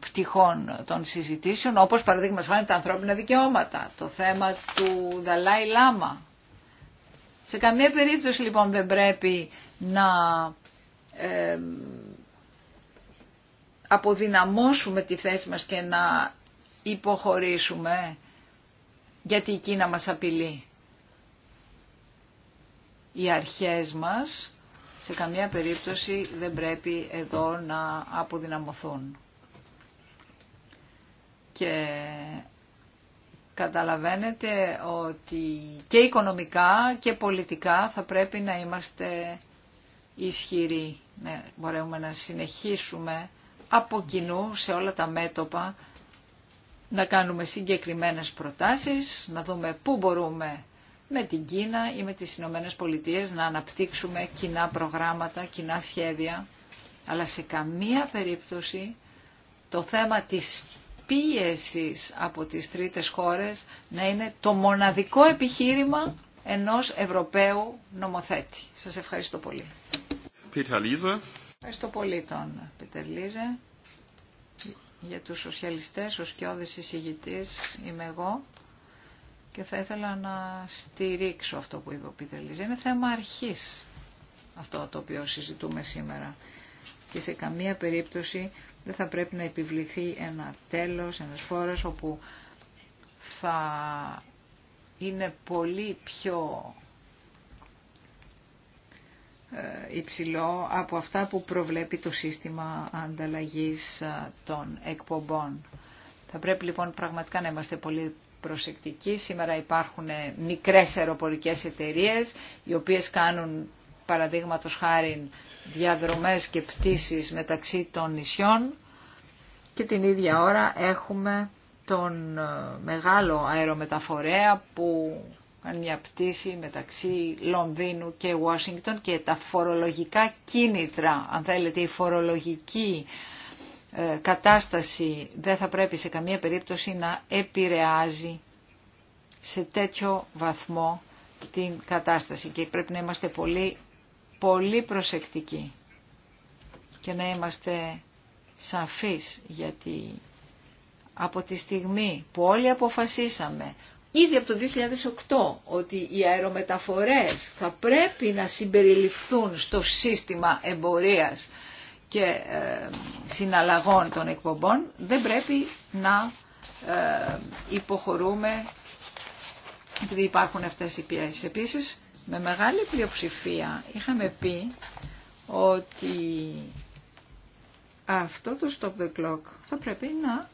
πτυχών των συζητήσεων, όπως παραδείγματος χάρη τα ανθρώπινα δικαιώματα, το θέμα του Δαλάη Λάμα. Σε καμία περίπτωση λοιπόν δεν πρέπει να ε, αποδυναμώσουμε τη θέση μας και να υποχωρήσουμε γιατί η Κίνα μας απειλεί. Οι αρχές μας σε καμία περίπτωση δεν πρέπει εδώ να αποδυναμωθούν και καταλαβαίνετε ότι και οικονομικά και πολιτικά θα πρέπει να είμαστε ισχυροί. να μπορούμε να συνεχίσουμε από κοινού σε όλα τα μέτωπα να κάνουμε συγκεκριμένες προτάσεις, να δούμε πού μπορούμε με την Κίνα ή με τις Ηνωμένε Πολιτείες να αναπτύξουμε κοινά προγράμματα, κοινά σχέδια, αλλά σε καμία περίπτωση το θέμα της πίεσης από τις τρίτες χώρες να είναι το μοναδικό επιχείρημα ενός Ευρωπαίου νομοθέτη. Σας ευχαριστώ πολύ. Πίτερ Λίζε. Ευχαριστώ πολύ τον Πίτερ Λίζε. Για τους σοσιαλιστές, ο σκιώδης εισηγητής είμαι εγώ και θα ήθελα να στηρίξω αυτό που είπε ο Πίτερ Λίζε. Είναι θέμα αρχής αυτό το οποίο συζητούμε σήμερα και σε καμία περίπτωση δεν θα πρέπει να επιβληθεί ένα τέλος, ένας φόρος όπου θα είναι πολύ πιο ε, υψηλό από αυτά που προβλέπει το σύστημα ανταλλαγής ε, των εκπομπών. Θα πρέπει λοιπόν πραγματικά να είμαστε πολύ προσεκτικοί. Σήμερα υπάρχουν μικρές αεροπορικές εταιρείες οι οποίες κάνουν παραδείγματος χάρη διαδρομές και πτήσεις μεταξύ των νησιών και την ίδια ώρα έχουμε τον ε, μεγάλο αερομεταφορέα που κάνει μια πτήση μεταξύ Λονδίνου και Ουάσιγκτον και τα φορολογικά κίνητρα, αν θέλετε η φορολογική ε, κατάσταση δεν θα πρέπει σε καμία περίπτωση να επηρεάζει σε τέτοιο βαθμό την κατάσταση και πρέπει να είμαστε πολύ πολύ προσεκτικοί και να είμαστε σαφείς γιατί από τη στιγμή που όλοι αποφασίσαμε ήδη από το 2008 ότι οι αερομεταφορές θα πρέπει να συμπεριληφθούν στο σύστημα εμπορίας και ε, συναλλαγών των εκπομπών δεν πρέπει να ε, υποχωρούμε επειδή υπάρχουν αυτές οι πιέσεις. Επίσης με μεγάλη πλειοψηφία είχαμε πει ότι αυτό το stop the clock θα πρέπει να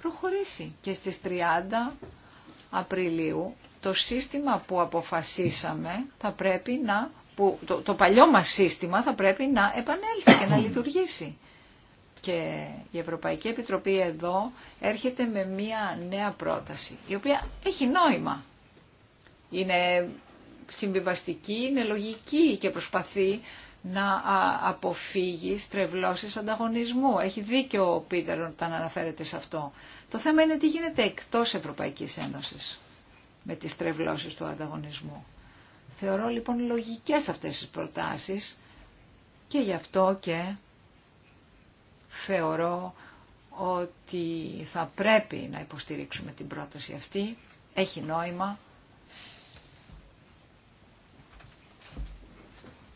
προχωρήσει και στις 30 Απριλίου το σύστημα που αποφασίσαμε θα πρέπει να, που, το, το παλιό μας σύστημα θα πρέπει να επανέλθει και να λειτουργήσει. Και η Ευρωπαϊκή Επιτροπή εδώ έρχεται με μία νέα πρόταση, η οποία έχει νόημα. Είναι συμβιβαστική, είναι λογική και προσπαθεί να αποφύγει στρεβλώσεις ανταγωνισμού. Έχει δίκιο ο Πίτερ όταν αναφέρεται σε αυτό. Το θέμα είναι τι γίνεται εκτός Ευρωπαϊκής Ένωσης με τις στρεβλώσεις του ανταγωνισμού. Θεωρώ λοιπόν λογικές αυτές τις προτάσεις και γι' αυτό και θεωρώ ότι θα πρέπει να υποστηρίξουμε την πρόταση αυτή. Έχει νόημα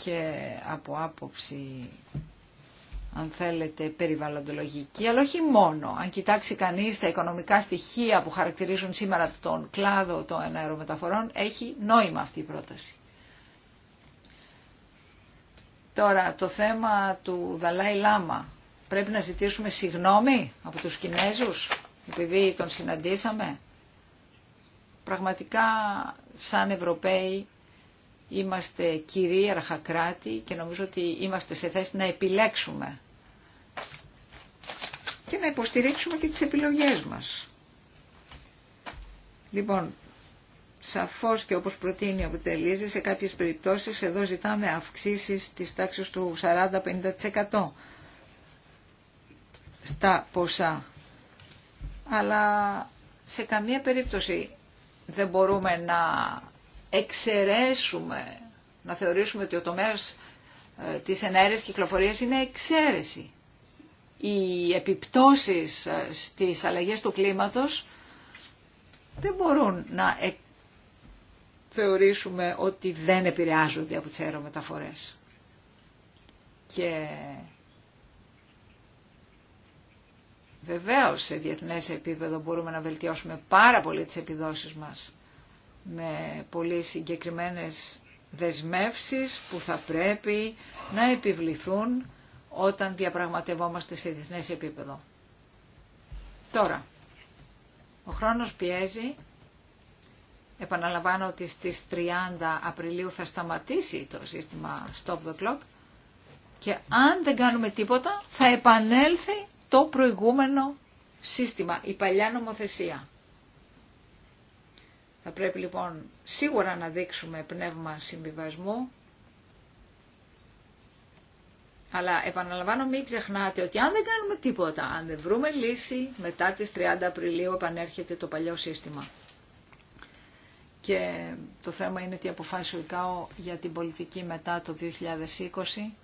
και από άποψη αν θέλετε, περιβαλλοντολογική, αλλά όχι μόνο. Αν κοιτάξει κανείς τα οικονομικά στοιχεία που χαρακτηρίζουν σήμερα τον κλάδο των αερομεταφορών, έχει νόημα αυτή η πρόταση. Τώρα, το θέμα του Δαλάη Λάμα. Πρέπει να ζητήσουμε συγνώμη από τους Κινέζους, επειδή τον συναντήσαμε. Πραγματικά, σαν Ευρωπαίοι, Είμαστε κυρίαρχα κράτη και νομίζω ότι είμαστε σε θέση να επιλέξουμε και να υποστηρίξουμε και τις επιλογές μας. Λοιπόν, σαφώς και όπως προτείνει ο Πετελίζη, σε κάποιες περιπτώσεις εδώ ζητάμε αυξήσεις της τάξης του 40-50% στα ποσά. Αλλά σε καμία περίπτωση δεν μπορούμε να εξαιρέσουμε, να θεωρήσουμε ότι ο τομέας ε, της ενέργειας κυκλοφορίας είναι εξαίρεση. Οι επιπτώσεις ε, στις αλλαγές του κλίματος δεν μπορούν να ε, θεωρήσουμε ότι δεν επηρεάζονται από τις αερομεταφορές. Και βεβαίως σε διεθνές επίπεδο μπορούμε να βελτιώσουμε πάρα πολύ τις επιδόσεις μας με πολύ συγκεκριμένες δεσμεύσεις που θα πρέπει να επιβληθούν όταν διαπραγματευόμαστε σε διεθνές επίπεδο. Τώρα, ο χρόνος πιέζει. Επαναλαμβάνω ότι στις 30 Απριλίου θα σταματήσει το σύστημα Stop the Clock και αν δεν κάνουμε τίποτα θα επανέλθει το προηγούμενο σύστημα, η παλιά νομοθεσία. Θα πρέπει λοιπόν σίγουρα να δείξουμε πνεύμα συμβιβασμού. Αλλά επαναλαμβάνω μην ξεχνάτε ότι αν δεν κάνουμε τίποτα, αν δεν βρούμε λύση, μετά τις 30 Απριλίου επανέρχεται το παλιό σύστημα. Και το θέμα είναι τι αποφάσισε ο ΙΚΑΟ για την πολιτική μετά το 2020.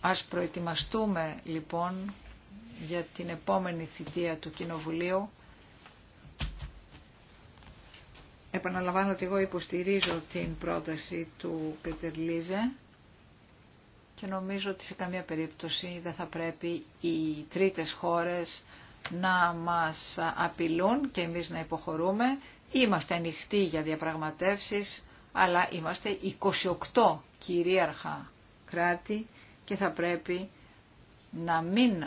Ας προετοιμαστούμε λοιπόν για την επόμενη θητεία του Κοινοβουλίου Επαναλαμβάνω ότι εγώ υποστηρίζω την πρόταση του Πίτερ Λίζε και νομίζω ότι σε καμία περίπτωση δεν θα πρέπει οι τρίτες χώρες να μας απειλούν και εμείς να υποχωρούμε. Είμαστε ανοιχτοί για διαπραγματεύσεις, αλλά είμαστε 28 κυρίαρχα κράτη και θα πρέπει να μην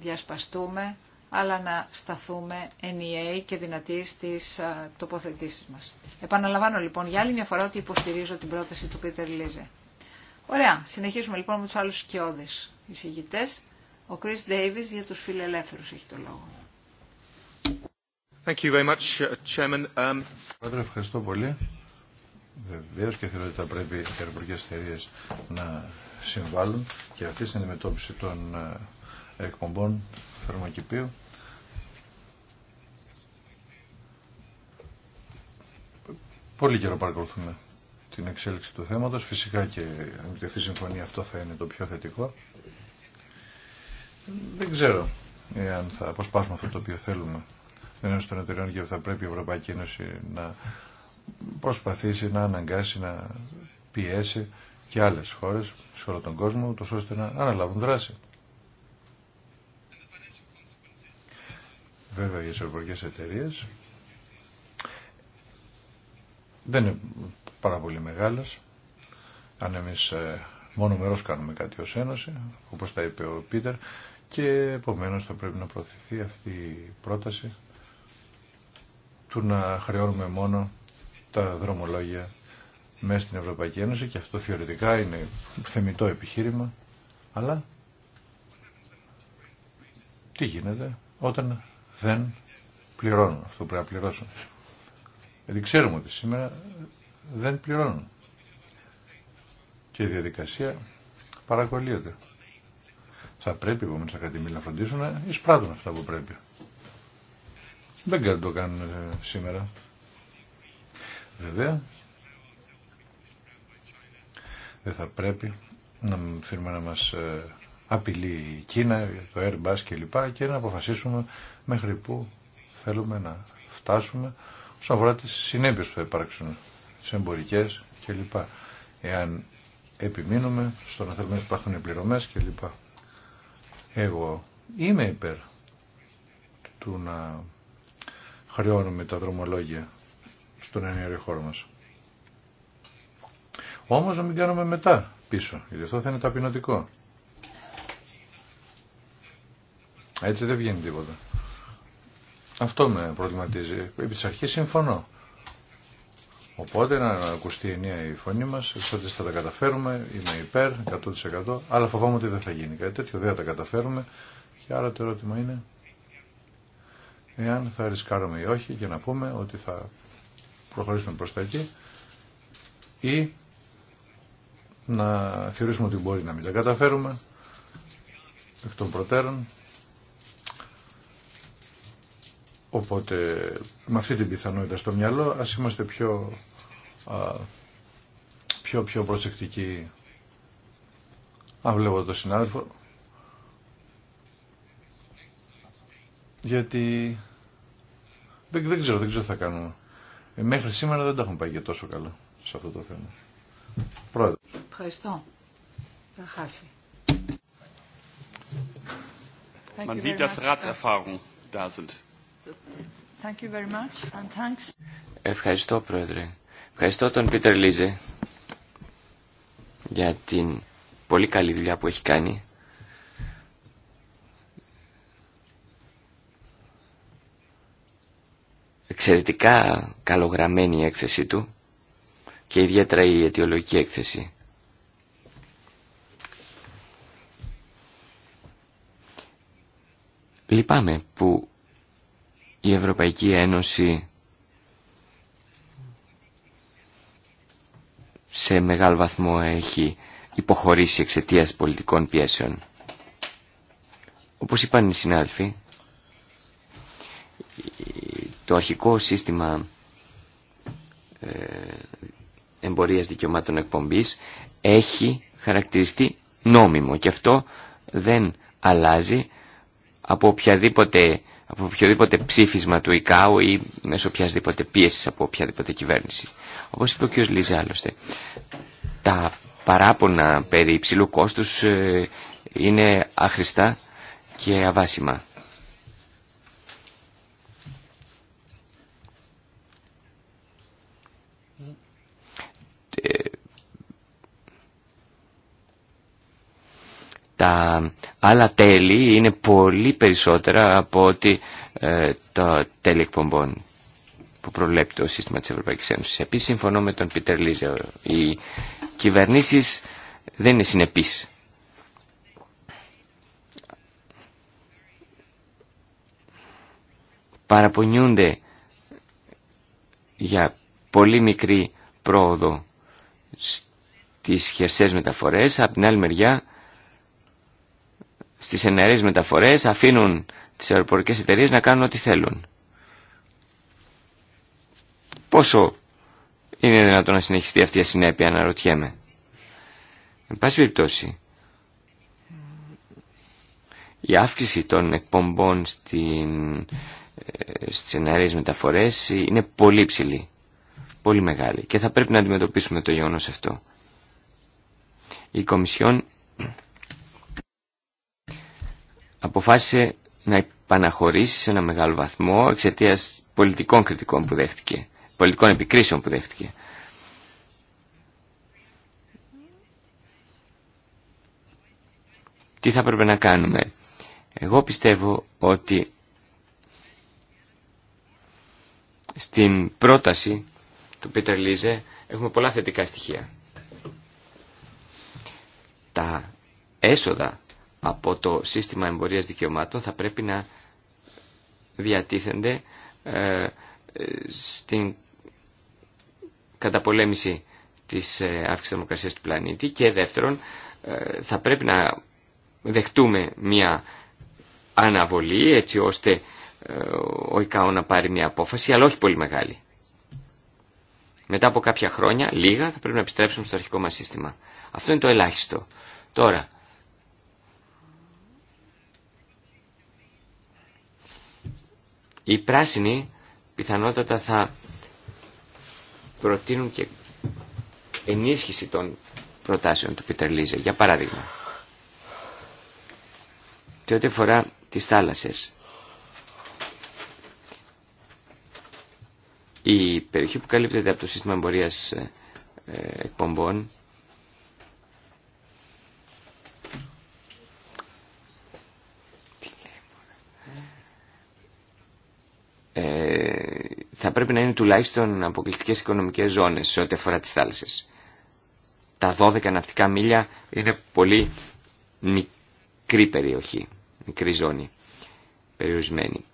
διασπαστούμε αλλά να σταθούμε ενιαίοι και δυνατοί στις τοποθετήσεις μας. Επαναλαμβάνω λοιπόν για άλλη μια φορά ότι υποστηρίζω την πρόταση του Πίτερ Λίζε. Ωραία, συνεχίζουμε λοιπόν με τους άλλους σκιώδεις εισηγητές. Ο Chris Davis για τους φιλελεύθερους έχει το λόγο. Thank you very much, uh, Chairman. Um... ευχαριστώ πολύ. Βεβαίω και θεωρώ ότι θα πρέπει οι αεροπορικέ εταιρείε να συμβάλλουν και αυτή στην αντιμετώπιση των ε, εκπομπών θερμοκηπίου Πολύ καιρό παρακολουθούμε την εξέλιξη του θέματος. Φυσικά και αν επιτευχθεί συμφωνία αυτό θα είναι το πιο θετικό. Δεν ξέρω αν θα αποσπάσουμε αυτό το οποίο θέλουμε. Δεν είναι στον εταιρεών και θα πρέπει η Ευρωπαϊκή Ένωση να προσπαθήσει να αναγκάσει, να πιέσει και άλλες χώρες σε όλο τον κόσμο, ούτως ώστε να αναλάβουν δράση. Βέβαια, για τις ευρωπαϊκές εταιρείες δεν είναι πάρα πολύ μεγάλες. Αν εμείς ε, μόνο μερός κάνουμε κάτι ως Ένωση, όπως τα είπε ο Πίτερ, και επομένως θα πρέπει να προωθηθεί αυτή η πρόταση του να χρεώνουμε μόνο τα δρομολόγια μέσα στην Ευρωπαϊκή Ένωση και αυτό θεωρητικά είναι θεμητό επιχείρημα, αλλά τι γίνεται όταν δεν πληρώνουν αυτό που πρέπει να πληρώσουν. Γιατί ξέρουμε ότι σήμερα δεν πληρώνουν. Και η διαδικασία παρακολύεται. Θα πρέπει επομένω τα κρατημήλια να φροντίσουν να εισπράττουν αυτά που πρέπει. Δεν κάνουν το κάνουν ε, σήμερα. Βέβαια, δεν θα πρέπει να φύρουμε να μας ε, απειλεί η Κίνα, το Airbus κλπ. Και, και να αποφασίσουμε μέχρι πού θέλουμε να φτάσουμε όσον αφορά τις συνέπειες που θα υπάρξουν τι εμπορικές κλπ. Εάν επιμείνουμε στο να θέλουμε να υπάρχουν επιπληρωμές κλπ. Εγώ είμαι υπέρ του να χρεώνουμε τα δρομολόγια στον ενιαίο χώρο μας. Όμως να μην κάνουμε μετά πίσω, γιατί αυτό θα είναι ταπεινωτικό. Έτσι δεν βγαίνει τίποτα. Αυτό με προβληματίζει. Επί της αρχής συμφωνώ. Οπότε να ακουστεί νέα η φωνή μας, ότι θα τα καταφέρουμε, είμαι υπέρ, 100%, αλλά φοβάμαι ότι δεν θα γίνει κάτι τέτοιο, δεν θα τα καταφέρουμε. Και άλλο το ερώτημα είναι, εάν θα ρισκάρουμε ή όχι και να πούμε ότι θα προχωρήσουμε προς τα εκεί ή να θεωρήσουμε ότι μπορεί να μην τα καταφέρουμε εκ των προτέρων Οπότε με αυτή την πιθανότητα στο μυαλό ας είμαστε πιο, α, πιο, πιο προσεκτικοί. Αν βλέπω τον συνάδελφο. Γιατί δεν, ξέρω, τι θα κάνουμε. Ε, μέχρι σήμερα δεν τα έχουμε πάει και τόσο καλά σε αυτό το θέμα. Πρόεδρε. Ευχαριστώ. Θα Ευχαριστώ, Πρόεδρε. Ευχαριστώ τον Πίτερ Λίζε για την πολύ καλή δουλειά που έχει κάνει. Εξαιρετικά καλογραμμένη η έκθεση του και ιδιαίτερα η αιτιολογική έκθεση. Λυπάμαι που η Ευρωπαϊκή Ένωση σε μεγάλο βαθμό έχει υποχωρήσει εξαιτίας πολιτικών πιέσεων. Όπως είπαν οι συνάδελφοι, το αρχικό σύστημα ε, εμπορίας δικαιωμάτων εκπομπής έχει χαρακτηριστεί νόμιμο και αυτό δεν αλλάζει από οποιαδήποτε από οποιοδήποτε ψήφισμα του ΙΚΑΟ ή μέσω οποιασδήποτε πίεση από οποιαδήποτε κυβέρνηση. Όπως είπε ο κ. Λίζα άλλωστε, τα παράπονα περί υψηλού κόστους ε, είναι άχρηστα και αβάσιμα. Ε, τα άλλα τέλη είναι πολύ περισσότερα από ότι ε, τα τέλη εκπομπών που προβλέπει το σύστημα της Ευρωπαϊκής Ένωσης. Επίσης συμφωνώ με τον Πίτερ Λίζε, οι κυβερνήσεις δεν είναι συνεπείς. Παραπονιούνται για πολύ μικρή πρόοδο στις χερσές μεταφορές, από την άλλη μεριά στις ενεργές μεταφορές αφήνουν τις αεροπορικές εταιρείες να κάνουν ό,τι θέλουν. Πόσο είναι δυνατόν να συνεχιστεί αυτή η συνέπεια, αναρωτιέμαι. Εν πάση περιπτώσει, η αύξηση των εκπομπών στην, ε, στις μεταφορέ μεταφορές είναι πολύ ψηλή, πολύ μεγάλη και θα πρέπει να αντιμετωπίσουμε το γεγονός αυτό. Η Κομισιόν αποφάσισε να επαναχωρήσει σε ένα μεγάλο βαθμό εξαιτία πολιτικών κριτικών που δέχτηκε, πολιτικών επικρίσεων που δέχτηκε. Τι θα πρέπει να κάνουμε. Εγώ πιστεύω ότι στην πρόταση του Πίτερ Λίζε έχουμε πολλά θετικά στοιχεία. Τα έσοδα από το σύστημα εμπορίας δικαιωμάτων θα πρέπει να διατίθενται ε, στην καταπολέμηση της ε, αύξησης θερμοκρασίας του πλανήτη και δεύτερον ε, θα πρέπει να δεχτούμε μια αναβολή έτσι ώστε ο ΙΚΑΟ να πάρει μια απόφαση αλλά όχι πολύ μεγάλη. Μετά από κάποια χρόνια, λίγα, θα πρέπει να επιστρέψουμε στο αρχικό μας σύστημα. Αυτό είναι το ελάχιστο. Τώρα, Οι πράσινοι πιθανότατα θα προτείνουν και ενίσχυση των προτάσεων του Πίτερ Λίζε, για παράδειγμα. Και ό,τι αφορά τις θάλασσες. Η περιοχή που καλύπτεται από το σύστημα εμπορίας ε, εκπομπών τουλάχιστον αποκλειστικές οικονομικές ζώνες σε ό,τι αφορά τις θάλασσες. Τα 12 ναυτικά μίλια είναι πολύ μικρή περιοχή, μικρή ζώνη, περιορισμένη.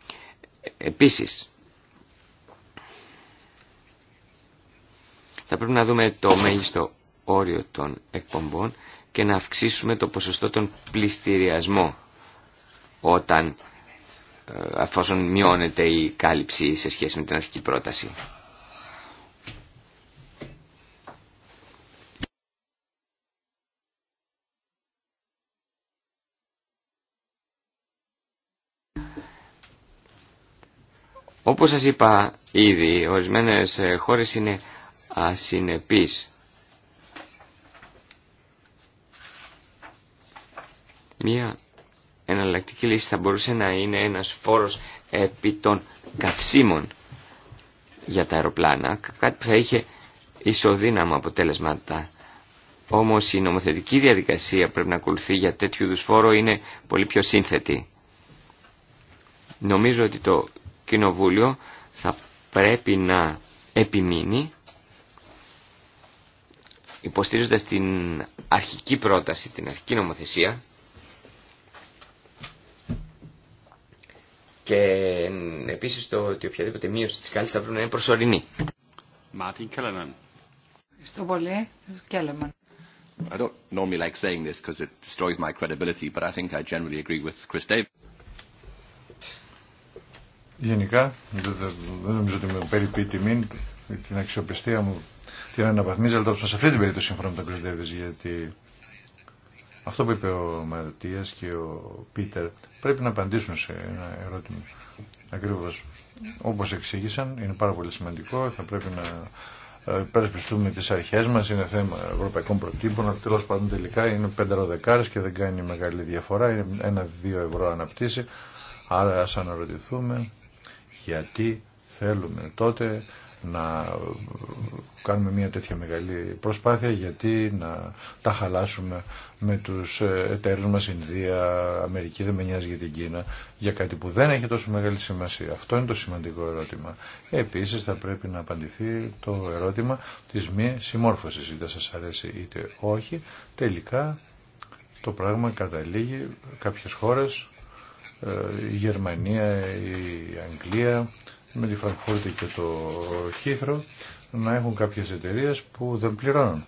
Επίσης, θα πρέπει να δούμε το μέγιστο όριο των εκπομπών και να αυξήσουμε το ποσοστό των πληστηριασμών όταν αφόσον μειώνεται η κάλυψη σε σχέση με την αρχική πρόταση. Όπως σας είπα ήδη, ορισμένες χώρες είναι ασυνεπείς. Μία εναλλακτική λύση θα μπορούσε να είναι ένας φόρος επί των καυσίμων για τα αεροπλάνα, κάτι που θα είχε ισοδύναμα αποτέλεσματα. Όμως η νομοθετική διαδικασία που πρέπει να ακολουθεί για τέτοιου είδους φόρο είναι πολύ πιο σύνθετη. Νομίζω ότι το Κοινοβούλιο θα πρέπει να επιμείνει υποστήριζοντας την αρχική πρόταση, την αρχική νομοθεσία Και επίσης το ότι οποιαδήποτε μείωση της κάλυψη θα πρέπει να είναι προσωρινή. Μάρτιν Κέλεμαν. Ευχαριστώ πολύ. Κέλεμαν. I don't normally like saying this because it destroys my credibility, but I think I generally agree with Chris Davis. Γενικά, δεν νομίζω ότι με περιποιεί τιμή, την αξιοπιστία μου την αναβαθμίζει, αλλά σε αυτή την περίπτωση συμφωνώ με τον Chris Davis, γιατί αυτό που είπε ο Μαρτίας και ο Πίτερ πρέπει να απαντήσουν σε ένα ερώτημα. Ακριβώς όπως εξήγησαν είναι πάρα πολύ σημαντικό, θα πρέπει να ε, υπερασπιστούμε τις αρχές μας, είναι θέμα ευρωπαϊκών προτύπων, τέλος πάντων τελικά είναι πενταροδεκάρες και δεν κάνει μεγάλη διαφορά, είναι ένα-δύο ευρώ αναπτύσσει, άρα ας αναρωτηθούμε γιατί θέλουμε τότε να κάνουμε μια τέτοια μεγάλη προσπάθεια γιατί να τα χαλάσουμε με τους ε, εταίρους μας Ινδία, Αμερική, δεν με νοιάζει για την Κίνα για κάτι που δεν έχει τόσο μεγάλη σημασία. Αυτό είναι το σημαντικό ερώτημα. Επίσης θα πρέπει να απαντηθεί το ερώτημα της μη συμμόρφωσης είτε σας αρέσει είτε όχι τελικά το πράγμα καταλήγει κάποιες χώρες ε, η Γερμανία, η Αγγλία με τη Φραγκφούρτη και το Χήθρο να έχουν κάποιες εταιρείε που δεν πληρώνουν.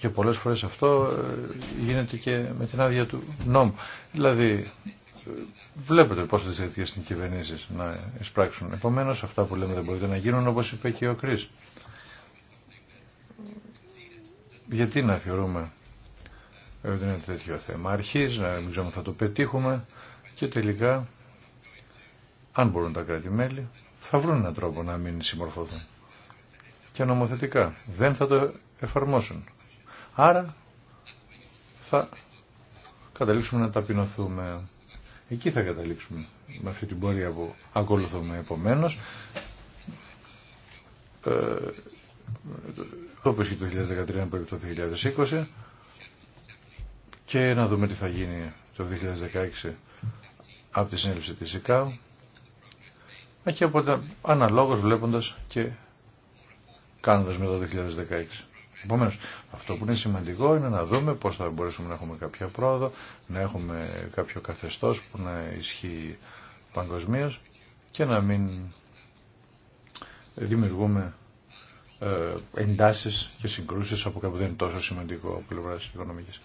Και πολλές φορές αυτό ε, γίνεται και με την άδεια του νόμου. Δηλαδή ε, βλέπετε πόσο τις είναι οι κυβερνήσεις να εισπράξουν. Επομένως αυτά που λέμε δεν μπορείτε να γίνουν όπως είπε και ο Κρίς. Γιατί να θεωρούμε ε, ότι είναι τέτοιο θέμα Αρχίζει να μην ξέρουμε θα το πετύχουμε και τελικά αν μπορούν τα κράτη-μέλη, θα βρουν έναν τρόπο να μην συμμορφωθούν. Και νομοθετικά δεν θα το εφαρμόσουν. Άρα θα καταλήξουμε να ταπεινωθούμε. Εκεί θα καταλήξουμε με αυτή την πορεία που ακολουθούμε. Επομένως, ε, όπως και το 2013 να το 2020 και να δούμε τι θα γίνει το 2016 από τη συνέλευση της ΙΚΑΟ ε, και οπότε αναλόγως βλέποντας και κάνοντας με το 2016. Επομένως, αυτό που είναι σημαντικό είναι να δούμε πώς θα μπορέσουμε να έχουμε κάποια πρόοδο, να έχουμε κάποιο καθεστώς που να ισχύει παγκοσμίω και να μην δημιουργούμε ε, εντάσεις και συγκρούσεις από κάπου δεν είναι τόσο σημαντικό από πλευράς οικονομικής.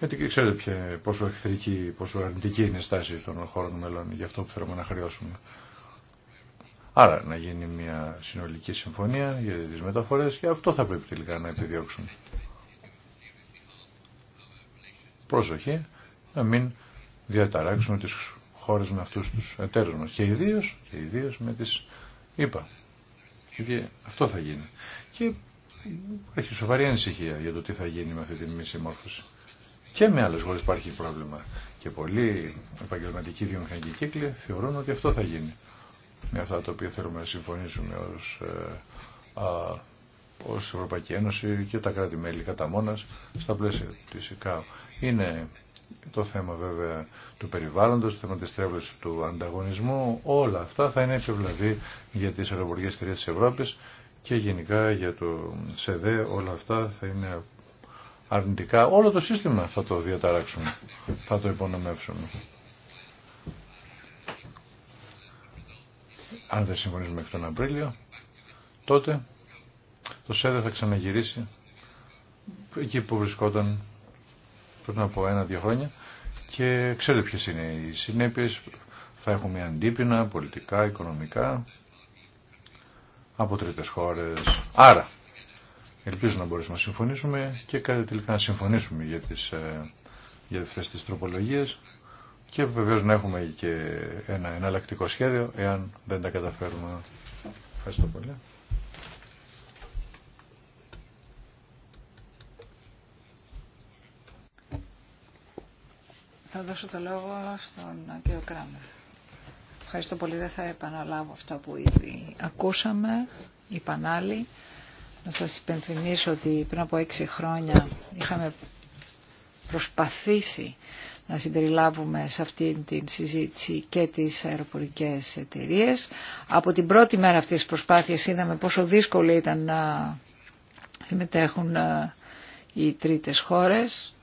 Γιατί ξέρετε πόσο εχθρική, πόσο αρνητική είναι η στάση των χώρων μελών για αυτό που θέλουμε να χρειώσουμε. Άρα να γίνει μια συνολική συμφωνία για τι μεταφορές και αυτό θα πρέπει τελικά να επιδιώξουν. Πρόσοχη να μην διαταράξουμε τις χώρε με αυτούς τους εταίρου μα και ιδίω με τις ΗΠΑ. Γιατί αυτό θα γίνει. Και έχει σοβαρή ανησυχία για το τι θα γίνει με αυτή τη μη συμμόρφωση. Και με άλλε χώρες υπάρχει πρόβλημα. Και πολλοί επαγγελματικοί βιομηχανικοί κύκλοι θεωρούν ότι αυτό θα γίνει. Με αυτά τα οποία θέλουμε να συμφωνήσουμε ως, ε, ως Ευρωπαϊκή Ένωση και τα κράτη-μέλη κατά μόνας στα πλαίσια της ΕΚΑΟ. Είναι το θέμα βέβαια του περιβάλλοντος, το θέμα της τρέβλωσης του ανταγωνισμού, όλα αυτά θα είναι έτσι βλαβή για τις αεροπορικές εταιρείες της Ευρώπης και γενικά για το ΣΕΔΕ όλα αυτά θα είναι αρνητικά όλο το σύστημα θα το διαταράξουμε, θα το υπονομεύσουμε. Αν δεν συμφωνήσουμε μέχρι τον Απρίλιο, τότε το ΣΕΔΕ θα ξαναγυρίσει εκεί που βρισκόταν πριν από ένα-δύο χρόνια και ξέρετε ποιες είναι οι συνέπειες. Θα έχουμε αντίπεινα, πολιτικά, οικονομικά, από τρίτες χώρες. Άρα, Ελπίζω να μπορέσουμε να συμφωνήσουμε και κάτι τελικά να συμφωνήσουμε για, τις, ε, για αυτές τις τροπολογίες και βεβαίως να έχουμε και ένα εναλλακτικό σχέδιο εάν δεν τα καταφέρουμε. Ευχαριστώ πολύ. Θα δώσω το λόγο στον κύριο Κράμερ. Ευχαριστώ πολύ. Δεν θα επαναλάβω αυτά που ήδη ακούσαμε, είπαν άλλοι. Να σας υπενθυμίσω ότι πριν από έξι χρόνια είχαμε προσπαθήσει να συμπεριλάβουμε σε αυτή τη συζήτηση και τις αεροπορικές εταιρείες. Από την πρώτη μέρα αυτής της προσπάθειας είδαμε πόσο δύσκολο ήταν να συμμετέχουν ε, οι τρίτες χώρες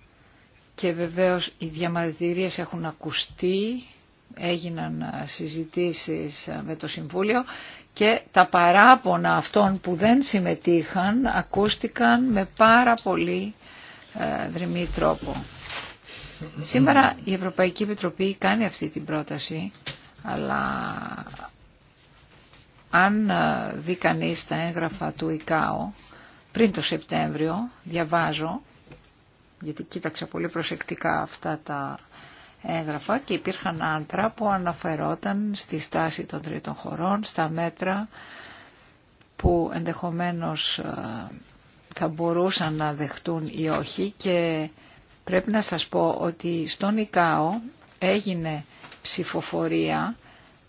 και βεβαίως οι διαμαρτυρίες έχουν ακουστεί, έγιναν ε, συζητήσεις ε, με το Συμβούλιο και τα παράπονα αυτών που δεν συμμετείχαν ακούστηκαν με πάρα πολύ ε, δρυμή τρόπο. Σήμερα η Ευρωπαϊκή Επιτροπή κάνει αυτή την πρόταση, αλλά αν ε, δει κανεί τα έγγραφα του ΙΚΑΟ, πριν το Σεπτέμβριο διαβάζω, γιατί κοίταξα πολύ προσεκτικά αυτά τα και υπήρχαν άντρα που αναφερόταν στη στάση των τρίτων χωρών, στα μέτρα που ενδεχομένως ε, θα μπορούσαν να δεχτούν ή όχι και πρέπει να σας πω ότι στον ΙΚΑΟ έγινε ψηφοφορία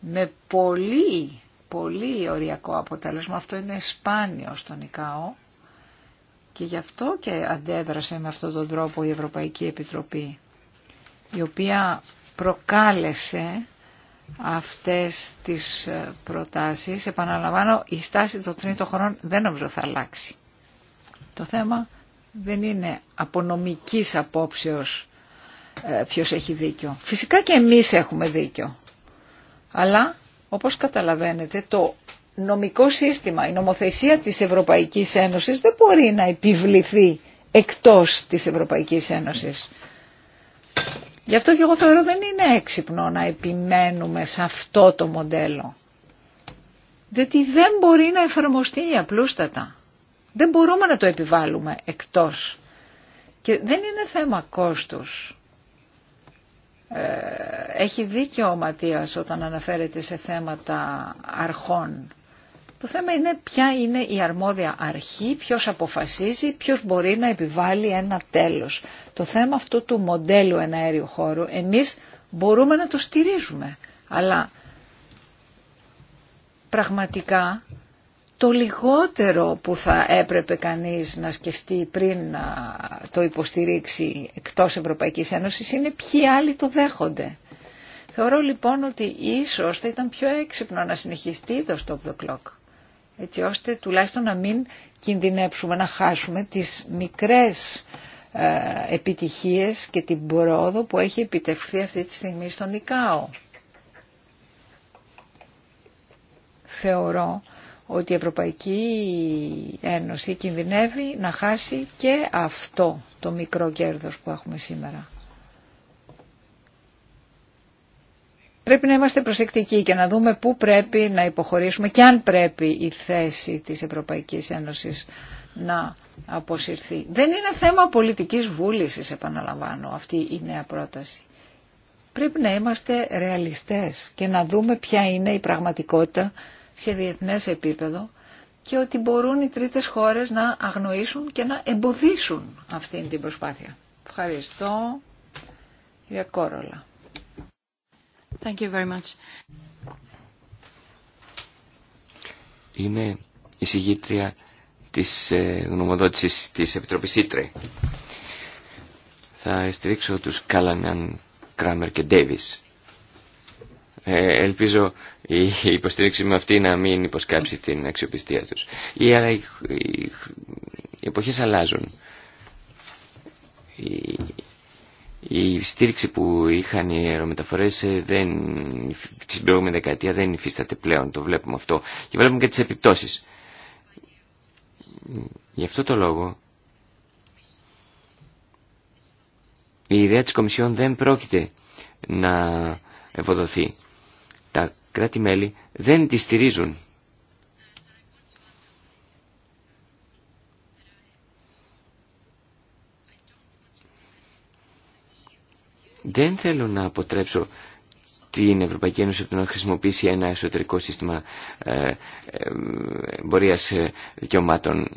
με πολύ, πολύ οριακό αποτέλεσμα. Αυτό είναι σπάνιο στον ΙΚΑΟ και γι' αυτό και αντέδρασε με αυτόν τον τρόπο η Ευρωπαϊκή Επιτροπή η οποία προκάλεσε αυτές τις ε, προτάσεις. Επαναλαμβάνω, η στάση των τρίτων χωρών δεν νομίζω θα αλλάξει. Το θέμα δεν είναι από νομικής απόψεως ε, ποιος έχει δίκιο. Φυσικά και εμείς έχουμε δίκιο. Αλλά, όπως καταλαβαίνετε, το νομικό σύστημα, η νομοθεσία της Ευρωπαϊκής Ένωσης δεν μπορεί να επιβληθεί εκτός της Ευρωπαϊκής Ένωσης. Γι' αυτό και εγώ θεωρώ δεν είναι έξυπνο να επιμένουμε σε αυτό το μοντέλο. Διότι δεν μπορεί να εφαρμοστεί απλούστατα. Δεν μπορούμε να το επιβάλλουμε εκτός. Και δεν είναι θέμα κόστους. Ε, έχει δίκιο ο Ματίας όταν αναφέρεται σε θέματα αρχών. Το θέμα είναι ποια είναι η αρμόδια αρχή, ποιος αποφασίζει, ποιος μπορεί να επιβάλλει ένα τέλος. Το θέμα αυτού του μοντέλου αέριου χώρου εμείς μπορούμε να το στηρίζουμε. Αλλά πραγματικά το λιγότερο που θα έπρεπε κανείς να σκεφτεί πριν να το υποστηρίξει εκτός Ευρωπαϊκής Ένωσης είναι ποιοι άλλοι το δέχονται. Θεωρώ λοιπόν ότι ίσως θα ήταν πιο έξυπνο να συνεχιστεί το stop the clock έτσι ώστε τουλάχιστον να μην κινδυνέψουμε να χάσουμε τις μικρές ε, επιτυχίες και την πρόοδο που έχει επιτευχθεί αυτή τη στιγμή στον ΙΚΑΟ. Θεωρώ ότι η Ευρωπαϊκή Ένωση κινδυνεύει να χάσει και αυτό το μικρό κέρδος που έχουμε σήμερα. Πρέπει να είμαστε προσεκτικοί και να δούμε πού πρέπει να υποχωρήσουμε και αν πρέπει η θέση της Ευρωπαϊκής Ένωσης να αποσυρθεί. Δεν είναι θέμα πολιτικής βούλησης, επαναλαμβάνω, αυτή η νέα πρόταση. Πρέπει να είμαστε ρεαλιστές και να δούμε ποια είναι η πραγματικότητα σε διεθνές επίπεδο και ότι μπορούν οι τρίτες χώρες να αγνοήσουν και να εμποδίσουν αυτή την προσπάθεια. Ευχαριστώ, κύριε Κόρολα. Thank Είμαι η συγγήτρια της ε, γνωμοδότησης της Επιτροπής Ήτρε. Θα στηρίξω τους Κάλαναν, Κράμερ και Ντέβις. Ε, ελπίζω η υποστήριξη με αυτή να μην υποσκάψει την αξιοπιστία τους. Οι, αλλά, εποχές αλλάζουν. Η στήριξη που είχαν οι αερομεταφορές ε, δεν, την προηγούμενη δεκαετία δεν υφίσταται πλέον, το βλέπουμε αυτό. Και βλέπουμε και τις επιπτώσεις. Γι' αυτό το λόγο η ιδέα της Κομισιόν δεν πρόκειται να ευοδοθεί. Τα κράτη-μέλη δεν τη στηρίζουν Δεν θέλω να αποτρέψω την Ευρωπαϊκή Ένωση από το να χρησιμοποιήσει ένα εσωτερικό σύστημα ε, ε, εμπορίας ε, δικαιωμάτων.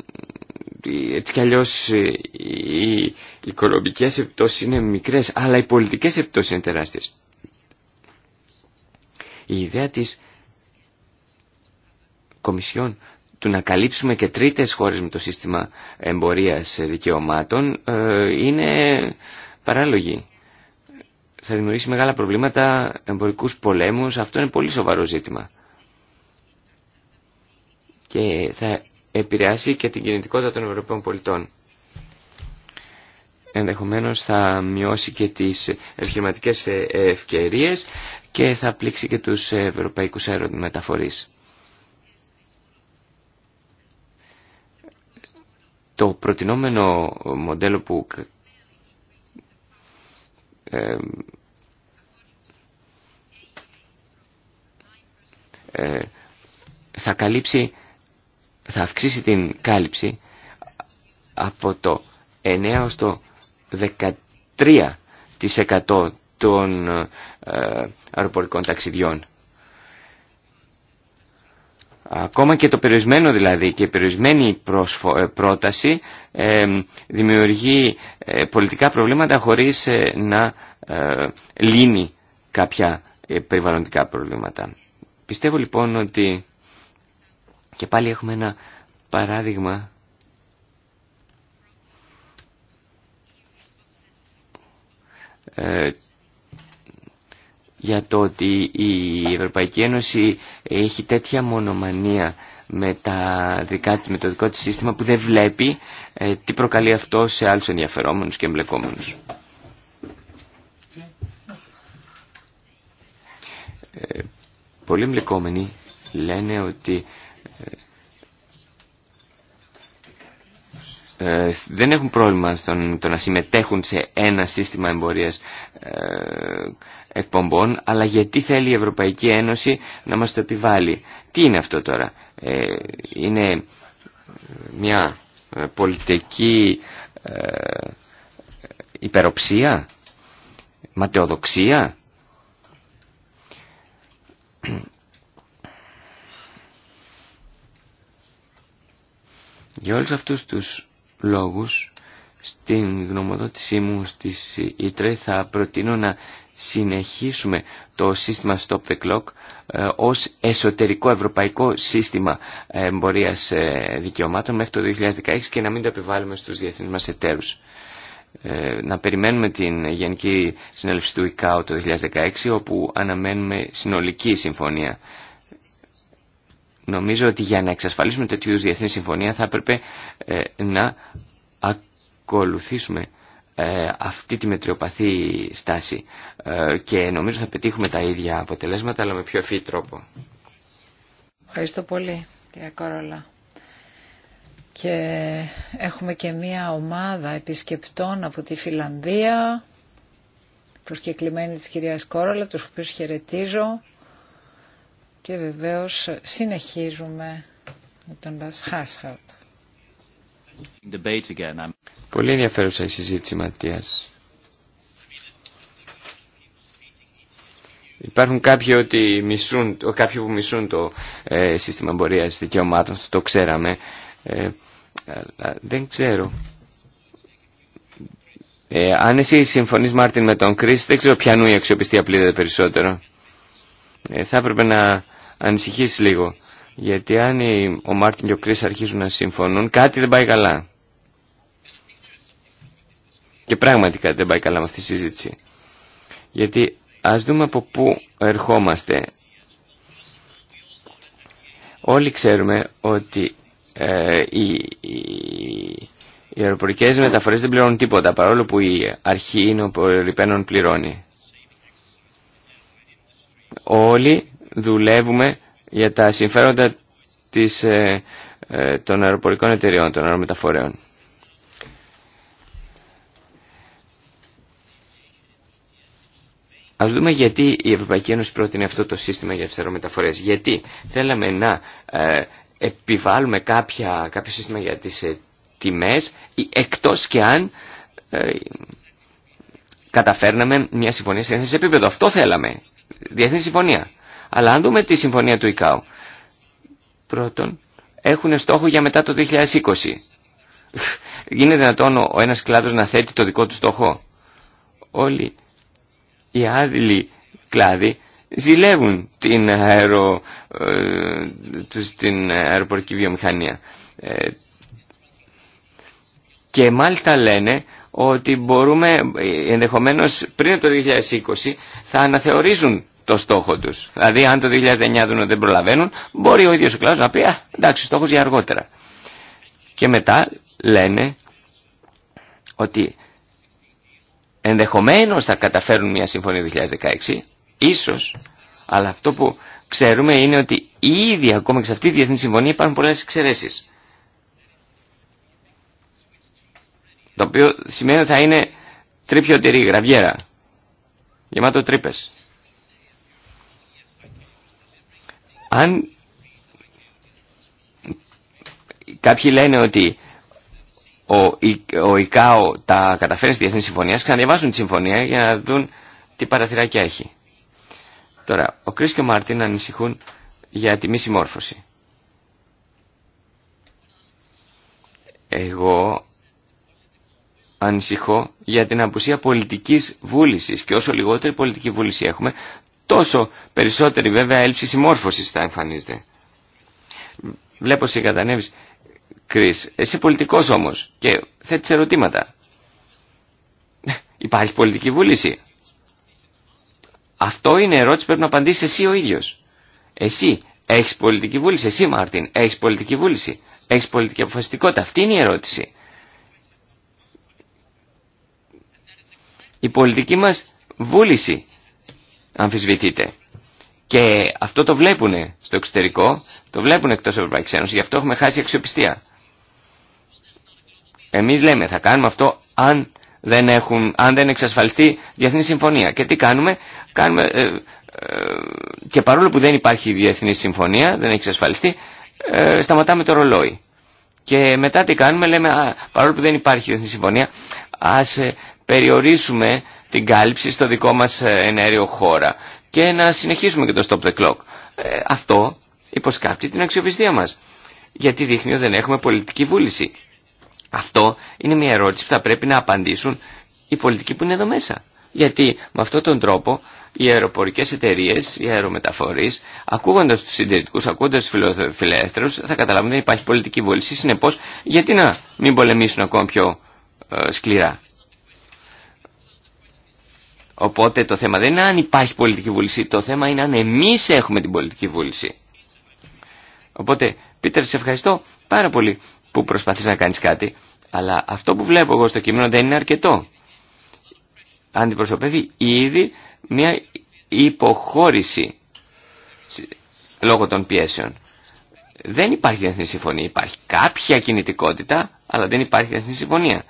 Έτσι κι αλλιώς οι οικονομικές επιπτώσεις είναι μικρές, αλλά οι πολιτικές επιπτώσεις είναι τεράστιες. Η ιδέα της Κομισιόν του να καλύψουμε και τρίτες χώρες με το σύστημα εμπορίας δικαιωμάτων είναι παράλογη θα δημιουργήσει μεγάλα προβλήματα, εμπορικούς πολέμους. Αυτό είναι πολύ σοβαρό ζήτημα. Και θα επηρεάσει και την κινητικότητα των Ευρωπαίων πολιτών. Ενδεχομένως θα μειώσει και τις επιχειρηματικέ ευκαιρίες και θα πλήξει και τους ευρωπαϊκούς αερομεταφορείς. Το προτινόμενο μοντέλο που ε, ε, θα καλύψει, θα αυξήσει την κάλυψη από το 9 στο 13% των ε, αεροπορικών ταξιδιών. Ακόμα και το περιορισμένο δηλαδή και η περιορισμένη ε, πρόταση ε, δημιουργεί ε, πολιτικά προβλήματα χωρίς να λύνει κάποια περιβαλλοντικά προβλήματα. Πιστεύω λοιπόν ότι και πάλι έχουμε ένα παράδειγμα για το ότι η Ευρωπαϊκή Ένωση έχει τέτοια μονομανία με, τα δικά, με το δικό της σύστημα που δεν βλέπει ε, τι προκαλεί αυτό σε άλλους ενδιαφερόμενους και εμπλεκόμενους. Ε, πολλοί εμπλεκόμενοι λένε ότι ε, Ε, δεν έχουν πρόβλημα στον, το να συμμετέχουν σε ένα σύστημα εμπορίας ε, εκπομπών, αλλά γιατί θέλει η Ευρωπαϊκή Ένωση να μας το επιβάλλει. Τι είναι αυτό τώρα. Ε, είναι μια πολιτική υπεροψία, ματαιοδοξία. Για όλους αυτούς τους λόγους στην γνωμοδότησή μου στις ΙΤΡΕ θα προτείνω να συνεχίσουμε το σύστημα Stop the Clock ε, ως εσωτερικό ευρωπαϊκό σύστημα εμπορίας ε, δικαιωμάτων μέχρι το 2016 και να μην το επιβάλλουμε στους διεθνείς μας εταίρους. Ε, να περιμένουμε την Γενική Συνέλευση του ΙΚΑΟ το 2016 όπου αναμένουμε συνολική συμφωνία Νομίζω ότι για να εξασφαλίσουμε τέτοιου διεθνή συμφωνία θα έπρεπε ε, να ακολουθήσουμε ε, αυτή τη μετριοπαθή στάση ε, και νομίζω θα πετύχουμε τα ίδια αποτελέσματα αλλά με πιο ευφύ τρόπο. Ευχαριστώ πολύ κυρία Κόρολα. Και έχουμε και μία ομάδα επισκεπτών από τη Φιλανδία προσκεκλημένη της κυρίας Κόρολα, τους οποίους χαιρετίζω. Και βεβαίως συνεχίζουμε με τον Μπας Χάσχαλτ. Πολύ ενδιαφέρουσα η συζήτηση, Ματίας. Υπάρχουν κάποιοι, ότι μισούν, κάποιοι που μισούν το ε, σύστημα εμπορία δικαιωμάτων, το ξέραμε. Ε, αλλά δεν ξέρω. Ε, αν εσύ συμφωνείς Μάρτιν, με τον Κρίς, δεν ξέρω ποιανού η αξιοπιστία πλήττεται περισσότερο. Ε, θα έπρεπε να ανησυχήσει λίγο. Γιατί αν ο Μάρτιν και ο Κρίς αρχίζουν να συμφωνούν, κάτι δεν πάει καλά. Και πράγματι κάτι δεν πάει καλά με αυτή τη συζήτηση. Γιατί ας δούμε από πού ερχόμαστε. Όλοι ξέρουμε ότι ε, οι, οι, οι μεταφορές δεν πληρώνουν τίποτα, παρόλο που η αρχή είναι ο πληρώνει. Όλοι δουλεύουμε για τα συμφέροντα ε, ε, των αεροπορικών εταιριών, των αερομεταφορέων. Ας δούμε γιατί η Ευρωπαϊκή Ένωση πρότεινε αυτό το σύστημα για τις αερομεταφορές. Γιατί θέλαμε να ε, επιβάλλουμε κάποια, κάποιο σύστημα για τις ε, τιμέ, εκτό και αν ε, καταφέρναμε μια συμφωνία σε διεθνέ επίπεδο. Αυτό θέλαμε. Διεθνή συμφωνία. Αλλά αν δούμε τη συμφωνία του ΙΚΑΟ, πρώτον, έχουν στόχο για μετά το 2020. Γίνεται δυνατόν ο ένας κλάδος να θέτει το δικό του στόχο. Όλοι οι άδειλοι κλάδοι ζηλεύουν την, αερο, ε, την αεροπορική βιομηχανία. Ε, και μάλιστα λένε ότι μπορούμε ε, ενδεχομένως πριν το 2020 θα αναθεωρήσουν το στόχο τους. Δηλαδή αν το 2009 δεν προλαβαίνουν, μπορεί ο ίδιος ο κλάδο να πει εντάξει, στόχος για αργότερα». Και μετά λένε ότι ενδεχομένως θα καταφέρουν μια συμφωνία 2016, ίσως, αλλά αυτό που ξέρουμε είναι ότι ήδη ακόμα και σε αυτή τη διεθνή συμφωνία υπάρχουν πολλές εξαιρέσεις. Το οποίο σημαίνει ότι θα είναι τρίπιο τυρί, γραβιέρα, γεμάτο τρύπες. Αν κάποιοι λένε ότι ο, ο ΙΚΑΟ τα καταφέρει στη Διεθνή Συμφωνία, ξαναδιαβάζουν τη συμφωνία για να δουν τι παραθυράκια έχει. Τώρα, ο Κρίς και ο Μαρτίν ανησυχούν για τη μη συμμόρφωση. Εγώ ανησυχώ για την απουσία πολιτικής βούλησης και όσο λιγότερη πολιτική βούληση έχουμε, τόσο περισσότερη βέβαια έλλειψη συμμόρφωσης θα εμφανίζεται. Βλέπω σε Κρίσ, Κρίς, εσύ πολιτικός όμως και θέτεις ερωτήματα. Υπάρχει πολιτική βούληση. Αυτό είναι ερώτηση που πρέπει να απαντήσει εσύ ο ίδιος. Εσύ έχεις πολιτική βούληση, εσύ Μάρτιν, έχεις πολιτική βούληση, έχεις πολιτική αποφασιστικότητα. Αυτή είναι η ερώτηση. Η πολιτική μας βούληση αμφισβητείται. Και αυτό το βλέπουν στο εξωτερικό, το βλέπουν εκτός Ευρωπαϊκής Ένωσης, γι' αυτό έχουμε χάσει αξιοπιστία. Εμείς λέμε θα κάνουμε αυτό αν δεν, έχουν, αν δεν εξασφαλιστεί διεθνή συμφωνία. Και τι κάνουμε, κάνουμε ε, ε, και παρόλο που δεν υπάρχει διεθνή συμφωνία, δεν έχει εξασφαλιστεί, ε, σταματάμε το ρολόι. Και μετά τι κάνουμε, λέμε παρόλο που δεν υπάρχει διεθνή συμφωνία, ας περιορίσουμε την κάλυψη στο δικό μας ε, ενέργειο χώρα και να συνεχίσουμε και το stop the clock. Ε, αυτό υποσκάπτει την αξιοπιστία μας. Γιατί δείχνει ότι δεν έχουμε πολιτική βούληση. Αυτό είναι μια ερώτηση που θα πρέπει να απαντήσουν οι πολιτικοί που είναι εδώ μέσα. Γιατί με αυτόν τον τρόπο οι αεροπορικές εταιρείες, οι αερομεταφορείς, ακούγοντας τους συντηρητικούς, ακούγοντας τους φιλελεύθερους, θα καταλάβουν ότι υπάρχει πολιτική βούληση. Συνεπώς, γιατί να μην πολεμήσουν ακόμα πιο ε, σκληρά. Οπότε το θέμα δεν είναι αν υπάρχει πολιτική βούληση, το θέμα είναι αν εμείς έχουμε την πολιτική βούληση. Οπότε, Πίτερ, σε ευχαριστώ πάρα πολύ που προσπαθείς να κάνεις κάτι, αλλά αυτό που βλέπω εγώ στο κείμενο δεν είναι αρκετό. Αντιπροσωπεύει ήδη μια υποχώρηση λόγω των πιέσεων. Δεν υπάρχει διεθνή συμφωνία. Υπάρχει κάποια κινητικότητα, αλλά δεν υπάρχει διεθνή συμφωνία.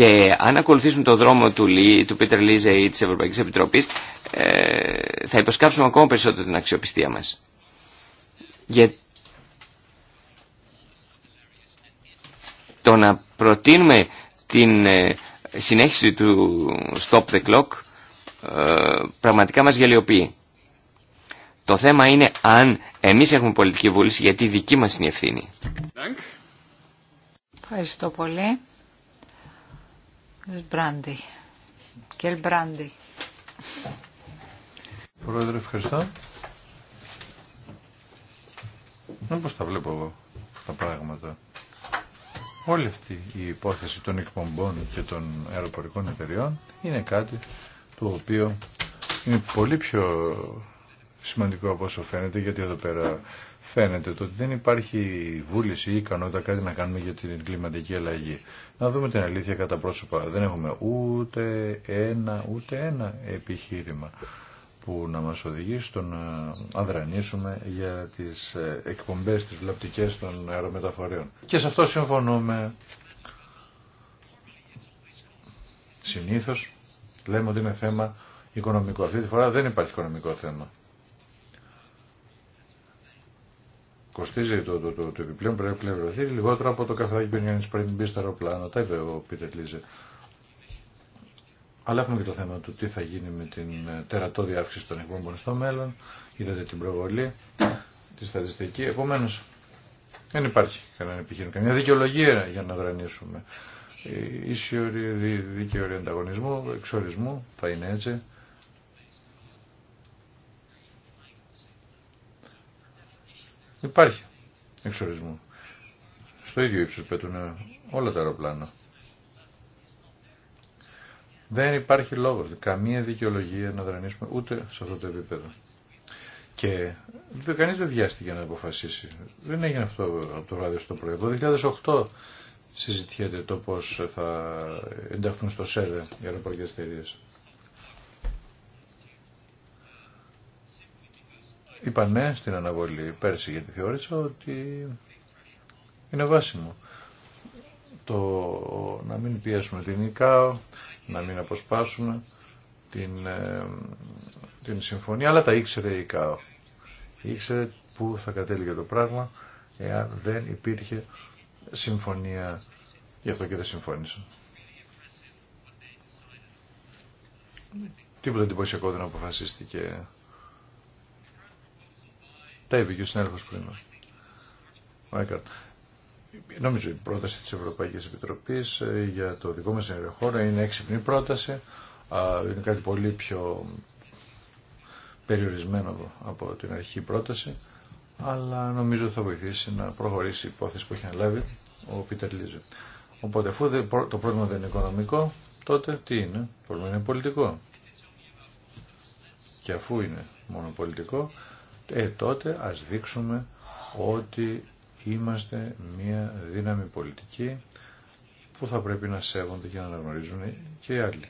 Και αν ακολουθήσουμε το δρόμο του, Λί, του Πίτερ Λίζε ή της Ευρωπαϊκής Επιτροπής ε, θα υποσκάψουμε ακόμα περισσότερο την αξιοπιστία μας. Για το να προτείνουμε την ε, συνέχιση του Stop the Clock ε, πραγματικά μας γελιοποιεί. Το θέμα είναι αν εμείς έχουμε πολιτική βούληση γιατί δική μας είναι η ευθύνη. Ευχαριστώ πολύ. Μπράντι. Πρόεδρε, ευχαριστώ. Πώς τα βλέπω εγώ τα πράγματα. Όλη αυτή η υπόθεση των εκπομπών και των αεροπορικών εταιριών είναι κάτι το οποίο είναι πολύ πιο σημαντικό από όσο φαίνεται γιατί εδώ πέρα φαίνεται το ότι δεν υπάρχει βούληση ή ικανότητα κάτι να κάνουμε για την κλιματική αλλαγή. Να δούμε την αλήθεια κατά πρόσωπα. Δεν έχουμε ούτε ένα, ούτε ένα επιχείρημα που να μας οδηγήσει στο να αδρανίσουμε για τις ε, εκπομπές, τις βλαπτικές των αερομεταφορέων. Και σε αυτό συμφωνούμε. Συνήθως λέμε ότι είναι θέμα οικονομικό. Αυτή τη φορά δεν υπάρχει οικονομικό θέμα. κοστίζει το, το, το, το επιπλέον πρέπει να πληρωθεί λιγότερο από το καφεδάκι που είναι πριν μπει στο αεροπλάνο. Τα είπε ο Πίτερ Λίζε. Αλλά έχουμε και το θέμα του τι θα γίνει με την ε, τερατώδη αύξηση των εκπομπών στο μέλλον. Είδατε την προβολή, τη στατιστική. Επομένω, δεν υπάρχει κανένα επιχείρημα, καμιά δικαιολογία για να δρανίσουμε. Ίσιο δίκαιο ανταγωνισμού, εξορισμού, θα είναι έτσι. Υπάρχει εξορισμού. Στο ίδιο ύψος πετούν ε, όλα τα αεροπλάνα. Δεν υπάρχει λόγος, καμία δικαιολογία να δρανίσουμε ούτε σε αυτό το επίπεδο. Και δε, κανείς δεν βιάστηκε να αποφασίσει. Δεν έγινε αυτό από το βράδυ στο πρωί. Το 2008 συζητιέται το πώς θα ενταχθούν στο ΣΕΔΕ οι αεροπορικές εταιρείες. Είπα ναι στην αναβολή πέρσι γιατί θεώρησα ότι είναι βάσιμο το να μην πιέσουμε την ΙΚΑΟ, να μην αποσπάσουμε την, ε, την συμφωνία, αλλά τα ήξερε η ΙΚΑΟ. Ήξερε πού θα κατέληγε το πράγμα εάν δεν υπήρχε συμφωνία. Γι' αυτό και δεν συμφώνησαν. Τίποτα εντυπωσιακό δεν αποφασίστηκε τα είπε και ο συνάδελφος πριν. Νομίζω η πρόταση της Ευρωπαϊκής Επιτροπής ε, για το δικό μας ενεργοχώρο είναι έξυπνη πρόταση. Είναι κάτι πολύ πιο περιορισμένο από την αρχή πρόταση. Αλλά νομίζω θα βοηθήσει να προχωρήσει η υπόθεση που έχει αναλάβει ο Πίτερ Λίζε. Οπότε αφού το πρόβλημα δεν είναι οικονομικό, τότε τι είναι. Το πρόβλημα είναι πολιτικό. Και αφού είναι μόνο πολιτικό, ε, τότε ας δείξουμε ότι είμαστε μια δύναμη πολιτική που θα πρέπει να σέβονται και να αναγνωρίζουν και οι άλλοι.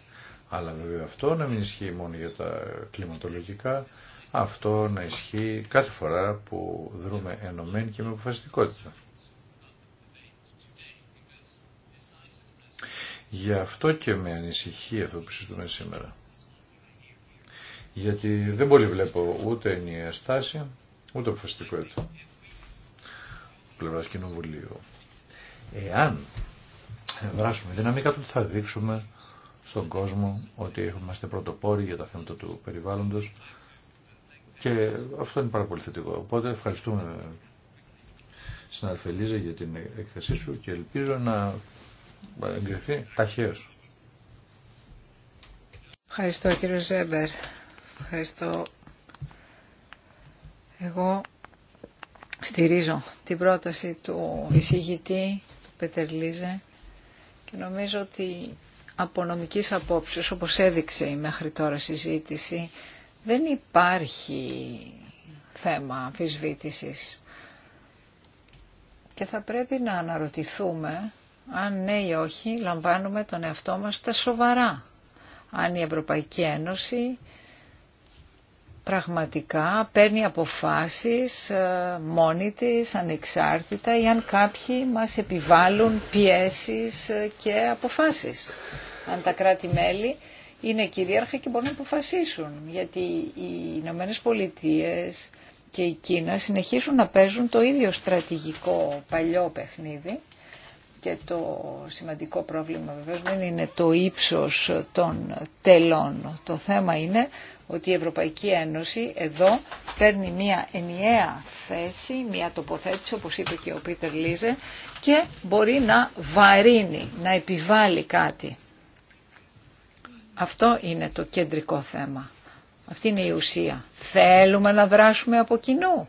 Αλλά βέβαια αυτό να μην ισχύει μόνο για τα κλιματολογικά, αυτό να ισχύει κάθε φορά που δρούμε ενωμένοι και με αποφασιστικότητα. Γι' αυτό και με ανησυχεί αυτό που συζητούμε σήμερα γιατί δεν πολύ βλέπω ούτε ενιαία στάση, ούτε αποφασιστικό του Πλευράς Κοινοβουλίου. Εάν δράσουμε δυναμικά, τότε θα δείξουμε στον κόσμο ότι είμαστε πρωτοπόροι για τα θέματα του περιβάλλοντος και αυτό είναι πάρα πολύ θετικό. Οπότε ευχαριστούμε στην για την έκθεσή σου και ελπίζω να εγκριθεί ταχαίως. Ευχαριστώ κύριο Ζέμπερ. Ευχαριστώ. Εγώ στηρίζω την πρόταση του εισηγητή, του Πετερλίζε και νομίζω ότι από νομικής απόψεως, όπως έδειξε η μέχρι τώρα συζήτηση, δεν υπάρχει θέμα αμφισβήτησης. Και θα πρέπει να αναρωτηθούμε αν ναι ή όχι λαμβάνουμε τον εαυτό μας τα σοβαρά. Αν η Ευρωπαϊκή Ένωση πραγματικά παίρνει αποφάσεις ε, μόνη της, ανεξάρτητα ή αν κάποιοι μας επιβάλλουν πιέσεις ε, και αποφάσεις. Αν τα κράτη-μέλη είναι κυρίαρχα και μπορούν να αποφασίσουν, γιατί οι Ηνωμένε Πολιτείε και η Κίνα συνεχίζουν να παίζουν το ίδιο στρατηγικό παλιό παιχνίδι και το σημαντικό πρόβλημα βεβαίως δεν είναι το ύψος των τελών. Το θέμα είναι ότι η Ευρωπαϊκή Ένωση εδώ παίρνει μια ενιαία θέση, μια τοποθέτηση όπως είπε και ο Πίτερ Λίζε και μπορεί να βαρύνει, να επιβάλλει κάτι. Αυτό είναι το κεντρικό θέμα. Αυτή είναι η ουσία. Θέλουμε να δράσουμε από κοινού.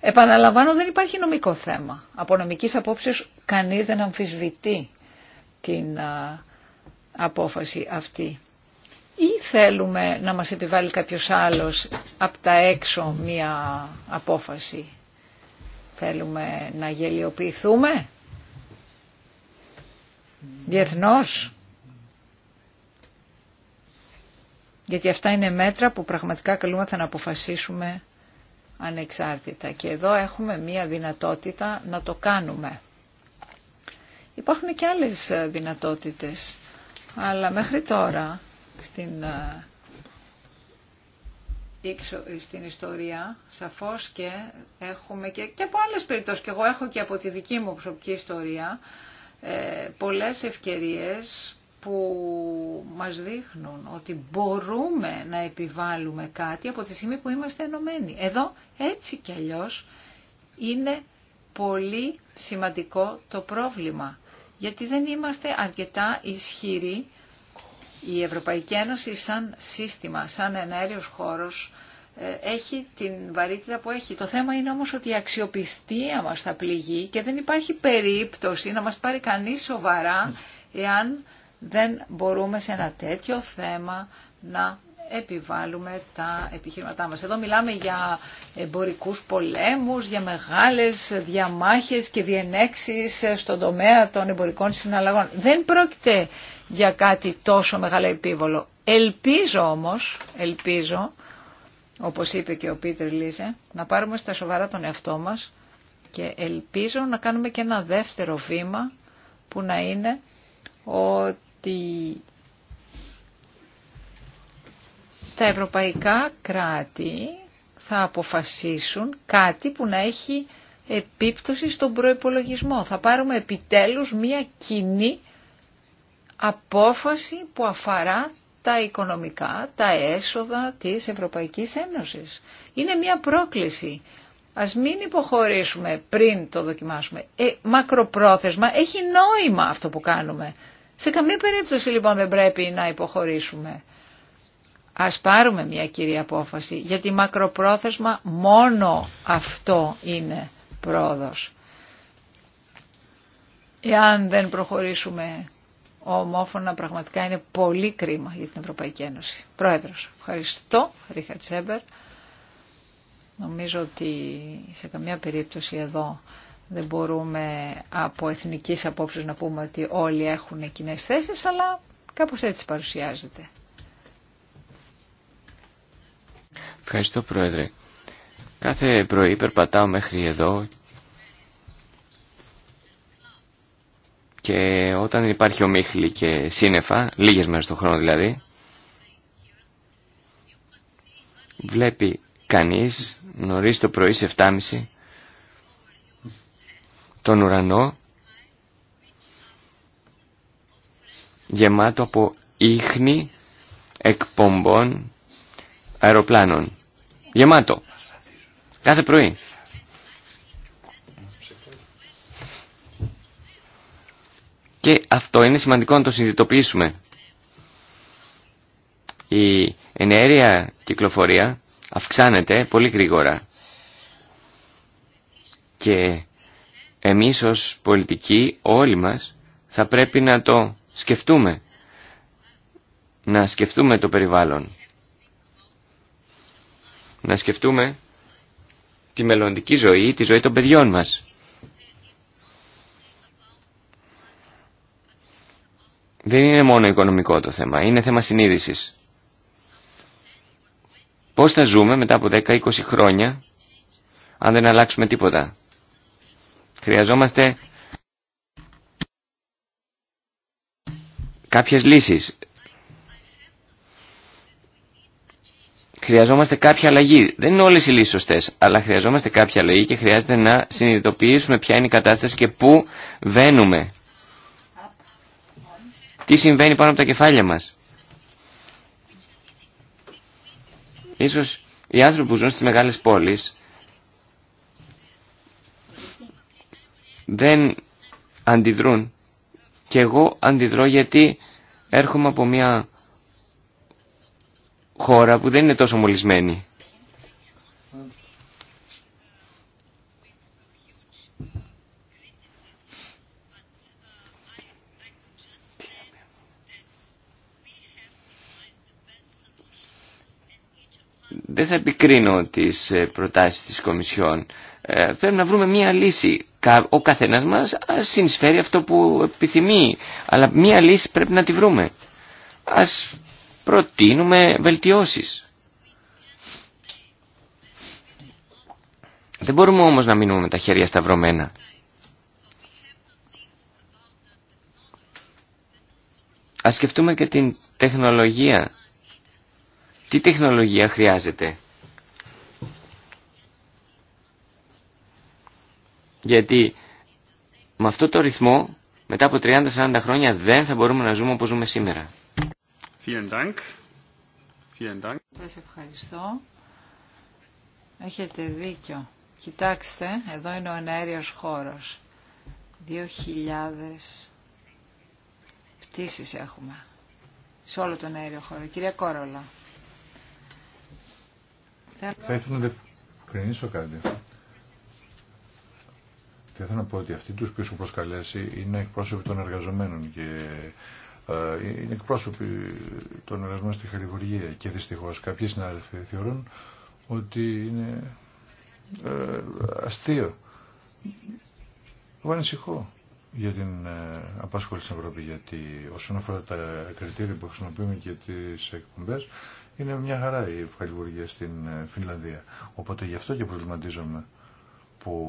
Επαναλαμβάνω δεν υπάρχει νομικό θέμα. Από νομικής απόψεως κανείς δεν αμφισβητεί την απόφαση αυτή ή θέλουμε να μας επιβάλλει κάποιος άλλος από τα έξω μία απόφαση. Θέλουμε να γελιοποιηθούμε διεθνώς. Γιατί αυτά είναι μέτρα που πραγματικά καλούμεθα να αποφασίσουμε ανεξάρτητα. Και εδώ έχουμε μία δυνατότητα να το κάνουμε. Υπάρχουν και άλλες δυνατότητες. Αλλά μέχρι τώρα στην, ε, στην ιστορία, σαφώς και έχουμε και, και από άλλες περιπτώσεις, και εγώ έχω και από τη δική μου προσωπική ιστορία, ε, πολλές ευκαιρίες που μας δείχνουν ότι μπορούμε να επιβάλλουμε κάτι από τη στιγμή που είμαστε ενωμένοι. Εδώ έτσι κι αλλιώς είναι πολύ σημαντικό το πρόβλημα, γιατί δεν είμαστε αρκετά ισχυροί η Ευρωπαϊκή Ένωση σαν σύστημα, σαν ενέργειος χώρος ε, έχει την βαρύτητα που έχει. Το θέμα είναι όμως ότι η αξιοπιστία μας θα πληγεί και δεν υπάρχει περίπτωση να μας πάρει κανείς σοβαρά εάν δεν μπορούμε σε ένα τέτοιο θέμα να επιβάλλουμε τα επιχείρηματά μας. Εδώ μιλάμε για εμπορικούς πολέμους, για μεγάλες διαμάχες και διενέξεις στον τομέα των εμπορικών συναλλαγών. Δεν πρόκειται για κάτι τόσο μεγάλο επίβολο. Ελπίζω όμως, ελπίζω, όπως είπε και ο Πίτερ Λίζε, να πάρουμε στα σοβαρά τον εαυτό μας και ελπίζω να κάνουμε και ένα δεύτερο βήμα που να είναι ότι τα ευρωπαϊκά κράτη θα αποφασίσουν κάτι που να έχει επίπτωση στον προϋπολογισμό. Θα πάρουμε επιτέλους μια κοινή απόφαση που αφορά τα οικονομικά, τα έσοδα της Ευρωπαϊκής Ένωσης. Είναι μια πρόκληση. Ας μην υποχωρήσουμε πριν το δοκιμάσουμε. Ε, μακροπρόθεσμα έχει νόημα αυτό που κάνουμε. Σε καμία περίπτωση λοιπόν δεν πρέπει να υποχωρήσουμε. Ας πάρουμε μια κυρία απόφαση, γιατί μακροπρόθεσμα μόνο αυτό είναι πρόοδος. Εάν δεν προχωρήσουμε ομόφωνα πραγματικά είναι πολύ κρίμα για την Ευρωπαϊκή Ένωση. Πρόεδρος, ευχαριστώ, Ρίχα Τσέμπερ. Νομίζω ότι σε καμία περίπτωση εδώ δεν μπορούμε από εθνικής απόψεως να πούμε ότι όλοι έχουν κοινέ θέσεις, αλλά κάπως έτσι παρουσιάζεται. Ευχαριστώ Πρόεδρε. Κάθε πρωί περπατάω μέχρι εδώ Και όταν υπάρχει ομίχλη και σύννεφα, λίγες μέρες το χρόνο δηλαδή, βλέπει κανείς νωρίς το πρωί σε 7.30 τον ουρανό γεμάτο από ίχνη εκπομπών αεροπλάνων. Γεμάτο. Κάθε πρωί. Και αυτό είναι σημαντικό να το συνειδητοποιήσουμε. Η ενέργεια κυκλοφορία αυξάνεται πολύ γρήγορα. Και εμείς ως πολιτικοί όλοι μας θα πρέπει να το σκεφτούμε. Να σκεφτούμε το περιβάλλον. Να σκεφτούμε τη μελλοντική ζωή, τη ζωή των παιδιών μας. Δεν είναι μόνο οικονομικό το θέμα, είναι θέμα συνείδησης. Πώς θα ζούμε μετά από 10-20 χρόνια αν δεν αλλάξουμε τίποτα. Χρειαζόμαστε κάποιες λύσεις. Χρειαζόμαστε κάποια αλλαγή. Δεν είναι όλες οι λύσεις σωστές, αλλά χρειαζόμαστε κάποια αλλαγή και χρειάζεται να συνειδητοποιήσουμε ποια είναι η κατάσταση και πού βαίνουμε τι συμβαίνει πάνω από τα κεφάλια μας. Ίσως οι άνθρωποι που ζουν στις μεγάλες πόλεις δεν αντιδρούν και εγώ αντιδρώ γιατί έρχομαι από μια χώρα που δεν είναι τόσο μολυσμένη. δεν θα επικρίνω τις ε, προτάσεις της Κομισιόν. Ε, πρέπει να βρούμε μία λύση. Ο καθένας μας ας συνεισφέρει αυτό που επιθυμεί, αλλά μία λύση πρέπει να τη βρούμε. Ας προτείνουμε βελτιώσεις. Δεν μπορούμε όμως να μείνουμε με τα χέρια σταυρωμένα. Ας σκεφτούμε και την τεχνολογία τι τεχνολογία χρειάζεται. Γιατί με αυτό το ρυθμό μετά από 30-40 χρόνια δεν θα μπορούμε να ζούμε όπως ζούμε σήμερα. Σας ευχαριστώ. Έχετε δίκιο. Κοιτάξτε, εδώ είναι ο ενέριο χώρος. 2.000 πτήσεις έχουμε σε όλο τον αέριο χώρο. Κυρία Κόρολα. Θα ήθελα να διευκρινίσω κάτι. Θα ήθελα να πω ότι αυτοί τους που έχουν προσκαλέσει είναι εκπρόσωποι των εργαζομένων και ε, είναι εκπρόσωποι των εργαζομένων στη χαλιβουργία και δυστυχώ κάποιοι συνάδελφοι θεωρούν ότι είναι ε, αστείο. Εγώ ανησυχώ για την ε, απασχόληση στην Ευρώπη γιατί όσον αφορά τα κριτήρια που χρησιμοποιούμε και τι εκπομπέ είναι μια χαρά η Χαλιβουργία στην ε, Φινλανδία. Οπότε γι' αυτό και προβληματίζομαι που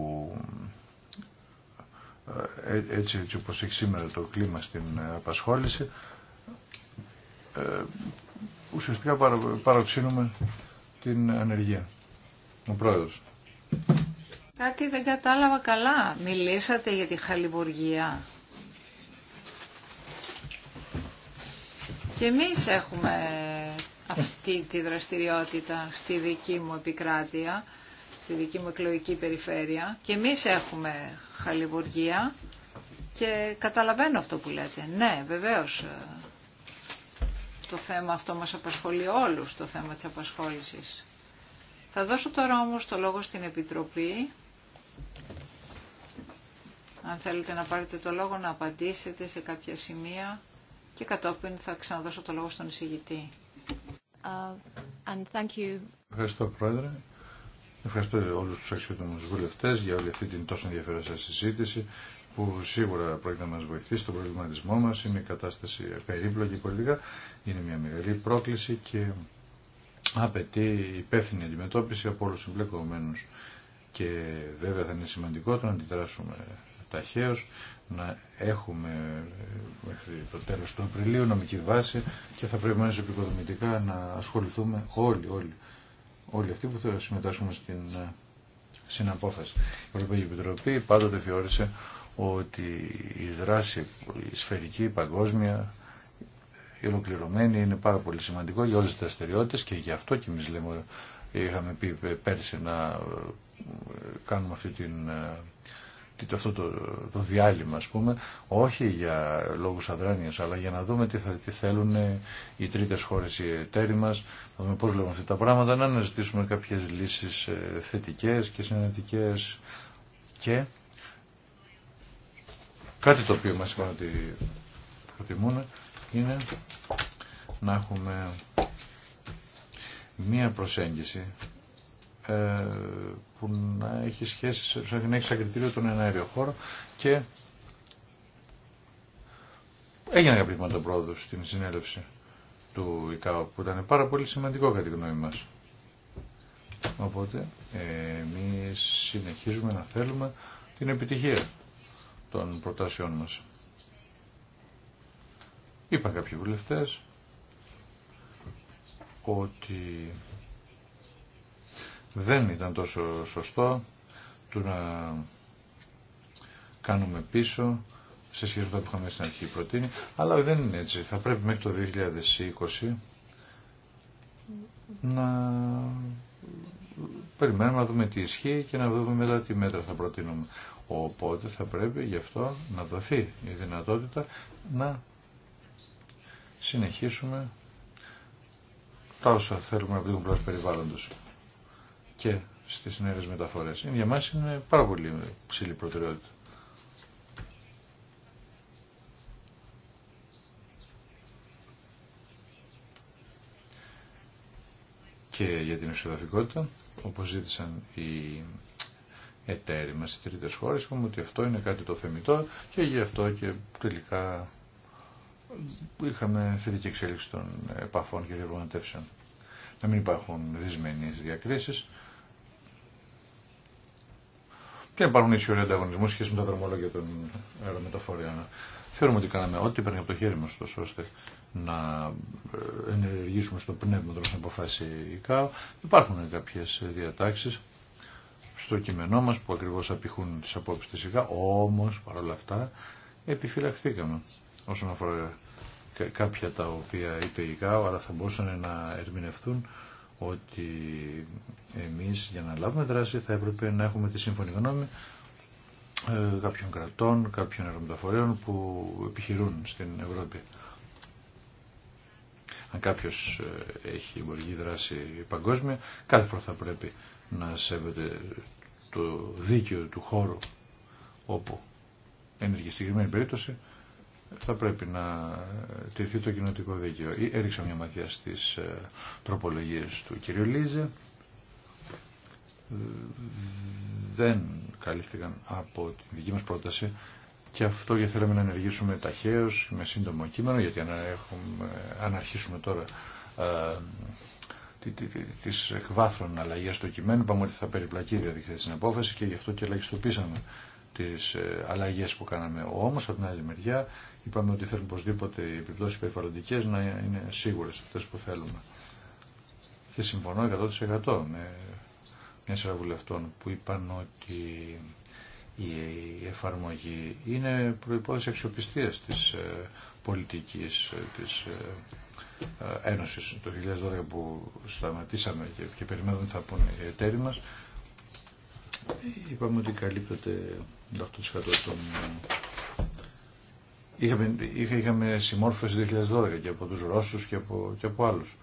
ε, ε, έτσι, έτσι όπως έχει σήμερα το κλίμα στην απασχόληση ουσιαστικά παροξύνουμε την ανεργία. Ο πρόεδρος. Κάτι δεν κατάλαβα καλά. Μιλήσατε για τη χαλιβουργία. Και εμείς έχουμε αυτή τη δραστηριότητα στη δική μου επικράτεια, στη δική μου εκλογική περιφέρεια. Και εμείς έχουμε χαλιβουργία και καταλαβαίνω αυτό που λέτε. Ναι, βεβαίως ε, το θέμα αυτό μας απασχολεί όλους, το θέμα της απασχόλησης. Θα δώσω τώρα όμως το λόγο στην Επιτροπή. Αν θέλετε να πάρετε το λόγο να απαντήσετε σε κάποια σημεία και κατόπιν θα ξαναδώσω το λόγο στον εισηγητή. Uh, Ευχαριστώ Πρόεδρε. Ευχαριστώ όλους τους αξιότιμους βουλευτές για όλη αυτή την τόσο ενδιαφέρουσα συζήτηση που σίγουρα πρέπει να μας βοηθήσει στον προβληματισμό μας. Είναι η κατάσταση περίπλοκη πολιτικά. Είναι μια μεγάλη πρόκληση και απαιτεί υπεύθυνη αντιμετώπιση από όλους τους εμπλεκομένους. Και βέβαια θα είναι σημαντικό το να αντιδράσουμε ταχαίως, να έχουμε μέχρι το τέλος του Απριλίου νομική βάση και θα πρέπει μέσα επικοδομητικά να ασχοληθούμε όλοι, όλοι, όλοι αυτοί που θα συμμετάσχουμε στην ε, συναπόφαση. Η Ευρωπαϊκή Επιτροπή πάντοτε θεώρησε ότι η δράση η σφαιρική, η παγκόσμια, η ολοκληρωμένη είναι πάρα πολύ σημαντικό για όλες τις δραστηριότητες και γι' αυτό και εμείς λέμε, είχαμε πει πέρσι να ε, κάνουμε αυτή την ε, αυτό το, το διάλειμμα ας πούμε, όχι για λόγους αδράνειας, αλλά για να δούμε τι, θα, τι θέλουν οι τρίτες χώρες, οι εταίροι μας, να δούμε πώς βλέπουν αυτά τα πράγματα, να αναζητήσουμε κάποιες λύσεις ε, θετικές και συναντικές και κάτι το οποίο μας είπαν ότι προτιμούν είναι να έχουμε μία προσέγγιση ε, που να έχει σχέση, σαν να έχει σαν κριτήριο τον εναέριο χώρο και έγιναν κάποια πράγματα πρόοδο στην συνέλευση του ΙΚΑΟ που ήταν πάρα πολύ σημαντικό κατά τη γνώμη μας. Οπότε εμεί συνεχίζουμε να θέλουμε την επιτυχία των προτάσεών μας. Είπα κάποιοι βουλευτές ότι δεν ήταν τόσο σωστό του να κάνουμε πίσω σε σχέση με που είχαμε στην αρχή προτείνει, αλλά δεν είναι έτσι. Θα πρέπει μέχρι το 2020 να περιμένουμε να δούμε τι ισχύει και να δούμε μετά τι μέτρα θα προτείνουμε. Οπότε θα πρέπει γι' αυτό να δοθεί η δυνατότητα να συνεχίσουμε τα όσα θέλουμε να την πλευρά περιβάλλοντος και στις νέες μεταφορές. Για μας είναι πάρα πολύ ψηλή προτεραιότητα. Και για την ισοδαφικότητα, όπως ζήτησαν οι εταίροι μας, οι τρίτες χώρες, είπαμε ότι αυτό είναι κάτι το θεμητό και γι' αυτό και τελικά είχαμε θετική εξέλιξη των επαφών και διαπραγματεύσεων. Να μην υπάρχουν δυσμενείς διακρίσεις, και υπάρχουν ισχυροί ανταγωνισμού σχέση με τα δρομολόγια των αερομεταφοριών. Θεωρούμε ότι κάναμε ό,τι παίρνει από το χέρι μα, ώστε να ε, ενεργήσουμε στο πνεύμα των αποφάσεων η ΚΑΟ. Υπάρχουν κάποιε διατάξει στο κείμενό μα που ακριβώ απηχούν τι απόψει τη ΚΑΟ, όμω παρόλα αυτά επιφυλαχθήκαμε όσον αφορά κάποια τα οποία είπε η ΚΑΟ, αλλά θα μπορούσαν να ερμηνευτούν ότι εμείς για να λάβουμε δράση θα έπρεπε να έχουμε τη σύμφωνη γνώμη ε, κάποιων κρατών, κάποιων αερομεταφορέων που επιχειρούν στην Ευρώπη. Αν κάποιος ε, έχει εμπορική δράση παγκόσμια, κάθε φορά θα πρέπει να σέβεται το δίκαιο του χώρου όπου ενεργεί. Στη συγκεκριμένη περίπτωση θα πρέπει να τηρηθεί το κοινωτικό δίκαιο. Έριξα μια ματιά στις ε, τροπολογίες του κ. Λίζε. Δεν καλύφθηκαν από τη δική μας πρόταση και αυτό γιατί θέλαμε να ενεργήσουμε ταχαίως με σύντομο κείμενο γιατί αν, έχουμε, αν αρχίσουμε τώρα ε, τι τις εκβάθρων αλλαγές στο κειμένο είπαμε ότι θα περιπλακεί η διαδικασία στην απόφαση και γι' αυτό και ελαχιστοποίησαμε τις ε, αλλαγές που κάναμε. Όμως, από την άλλη μεριά, είπαμε ότι θέλουμε οπωσδήποτε οι επιπτώσεις περιβαλλοντικές να είναι σίγουρες αυτές που θέλουμε. Και συμφωνώ 100% με μια σειρά βουλευτών που είπαν ότι η εφαρμογή είναι προϋπόθεση αξιοπιστίας της ε, πολιτικής ε, της Ένωσης το 2012 που σταματήσαμε και περιμένουμε θα πούνε οι εταίροι είπαμε ότι καλύπτεται των... Είχαμε, είχα, είχαμε συμμόρφωση 2012 και από τους Ρώσους και από, και από άλλους.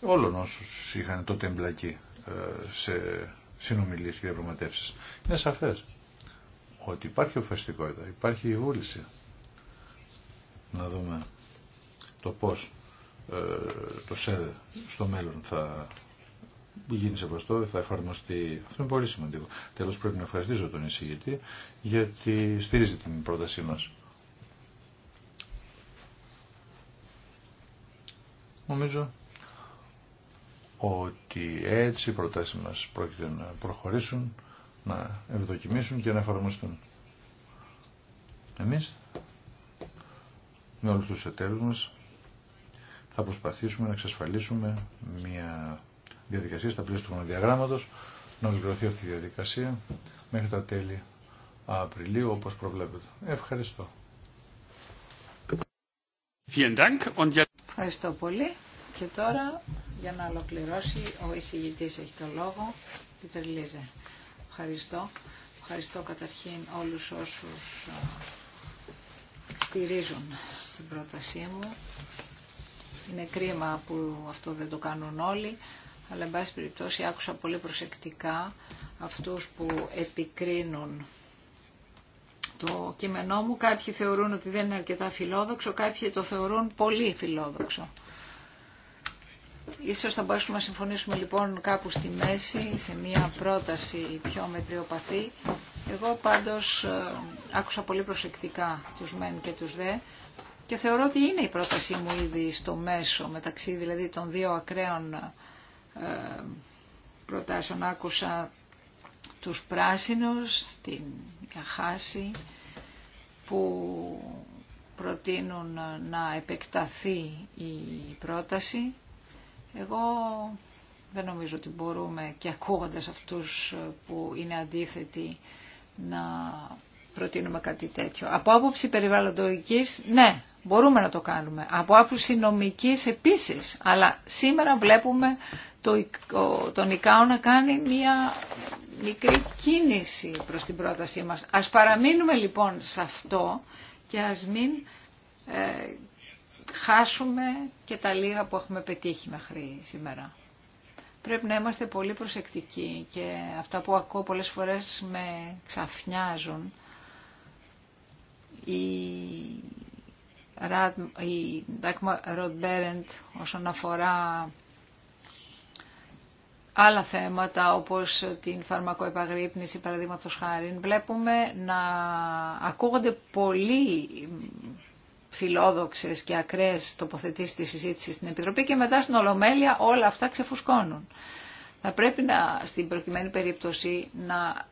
Όλων όσους είχαν τότε εμπλακεί ε, σε συνομιλίες και διαπραγματεύσεις. Είναι σαφές ότι υπάρχει οφαστικότητα, υπάρχει η βούληση. Να δούμε το πώς ε, το ΣΕΔΕ στο μέλλον θα γίνει σεβαστό, θα εφαρμοστεί. Αυτό είναι πολύ σημαντικό. Τέλος πρέπει να ευχαριστήσω τον εισηγητή γιατί στηρίζει την πρότασή μας. Νομίζω ότι έτσι οι προτάσεις μας πρόκειται να προχωρήσουν, να ευδοκιμήσουν και να εφαρμοστούν. Εμείς με όλους τους εταίρους μας θα προσπαθήσουμε να εξασφαλίσουμε μια διαδικασία, στα πλαίσια του χρονοδιαγράμματο, να ολοκληρωθεί αυτή η διαδικασία μέχρι τα τέλη Απριλίου, όπω προβλέπετε. Ευχαριστώ. Ευχαριστώ πολύ. Και τώρα, για να ολοκληρώσει, ο εισηγητή έχει το λόγο, Πίτερ Λίζε. Ευχαριστώ. Ευχαριστώ καταρχήν όλους όσους στηρίζουν την πρότασή μου. Είναι κρίμα που αυτό δεν το κάνουν όλοι αλλά εν πάση περιπτώσει άκουσα πολύ προσεκτικά αυτούς που επικρίνουν το κείμενό μου. Κάποιοι θεωρούν ότι δεν είναι αρκετά φιλόδοξο, κάποιοι το θεωρούν πολύ φιλόδοξο. Ίσως θα μπορέσουμε να συμφωνήσουμε λοιπόν κάπου στη μέση, σε μια πρόταση πιο μετριοπαθή. Εγώ πάντως ε, άκουσα πολύ προσεκτικά τους μεν και τους δε και θεωρώ ότι είναι η πρότασή μου ήδη στο μέσο μεταξύ δηλαδή των δύο ακραίων ε, προτάσεων. Άκουσα τους πράσινους, την Αχάση που προτείνουν να επεκταθεί η πρόταση. Εγώ δεν νομίζω ότι μπορούμε και ακούγοντας αυτούς που είναι αντίθετοι να προτείνουμε κάτι τέτοιο. Από άποψη περιβαλλοντοϊκής ναι, Μπορούμε να το κάνουμε. Από άποψη νομική επίση, Αλλά σήμερα βλέπουμε το, τον ΙΚΑΟ να κάνει μια μικρή κίνηση προς την πρότασή μας. Ας παραμείνουμε λοιπόν σε αυτό και ας μην ε, χάσουμε και τα λίγα που έχουμε πετύχει μέχρι σήμερα. Πρέπει να είμαστε πολύ προσεκτικοί και αυτά που ακούω πολλές φορές με ξαφνιάζουν. Η η Ντάκμα Ροντμπέρεντ όσον αφορά άλλα θέματα όπως την φαρμακοεπαγρύπνηση παραδείγματο χάρη βλέπουμε να ακούγονται πολύ φιλόδοξες και ακραίες τοποθετήσεις της συζήτησης στην Επιτροπή και μετά στην Ολομέλεια όλα αυτά ξεφουσκώνουν. Θα πρέπει να, στην προκειμένη περίπτωση να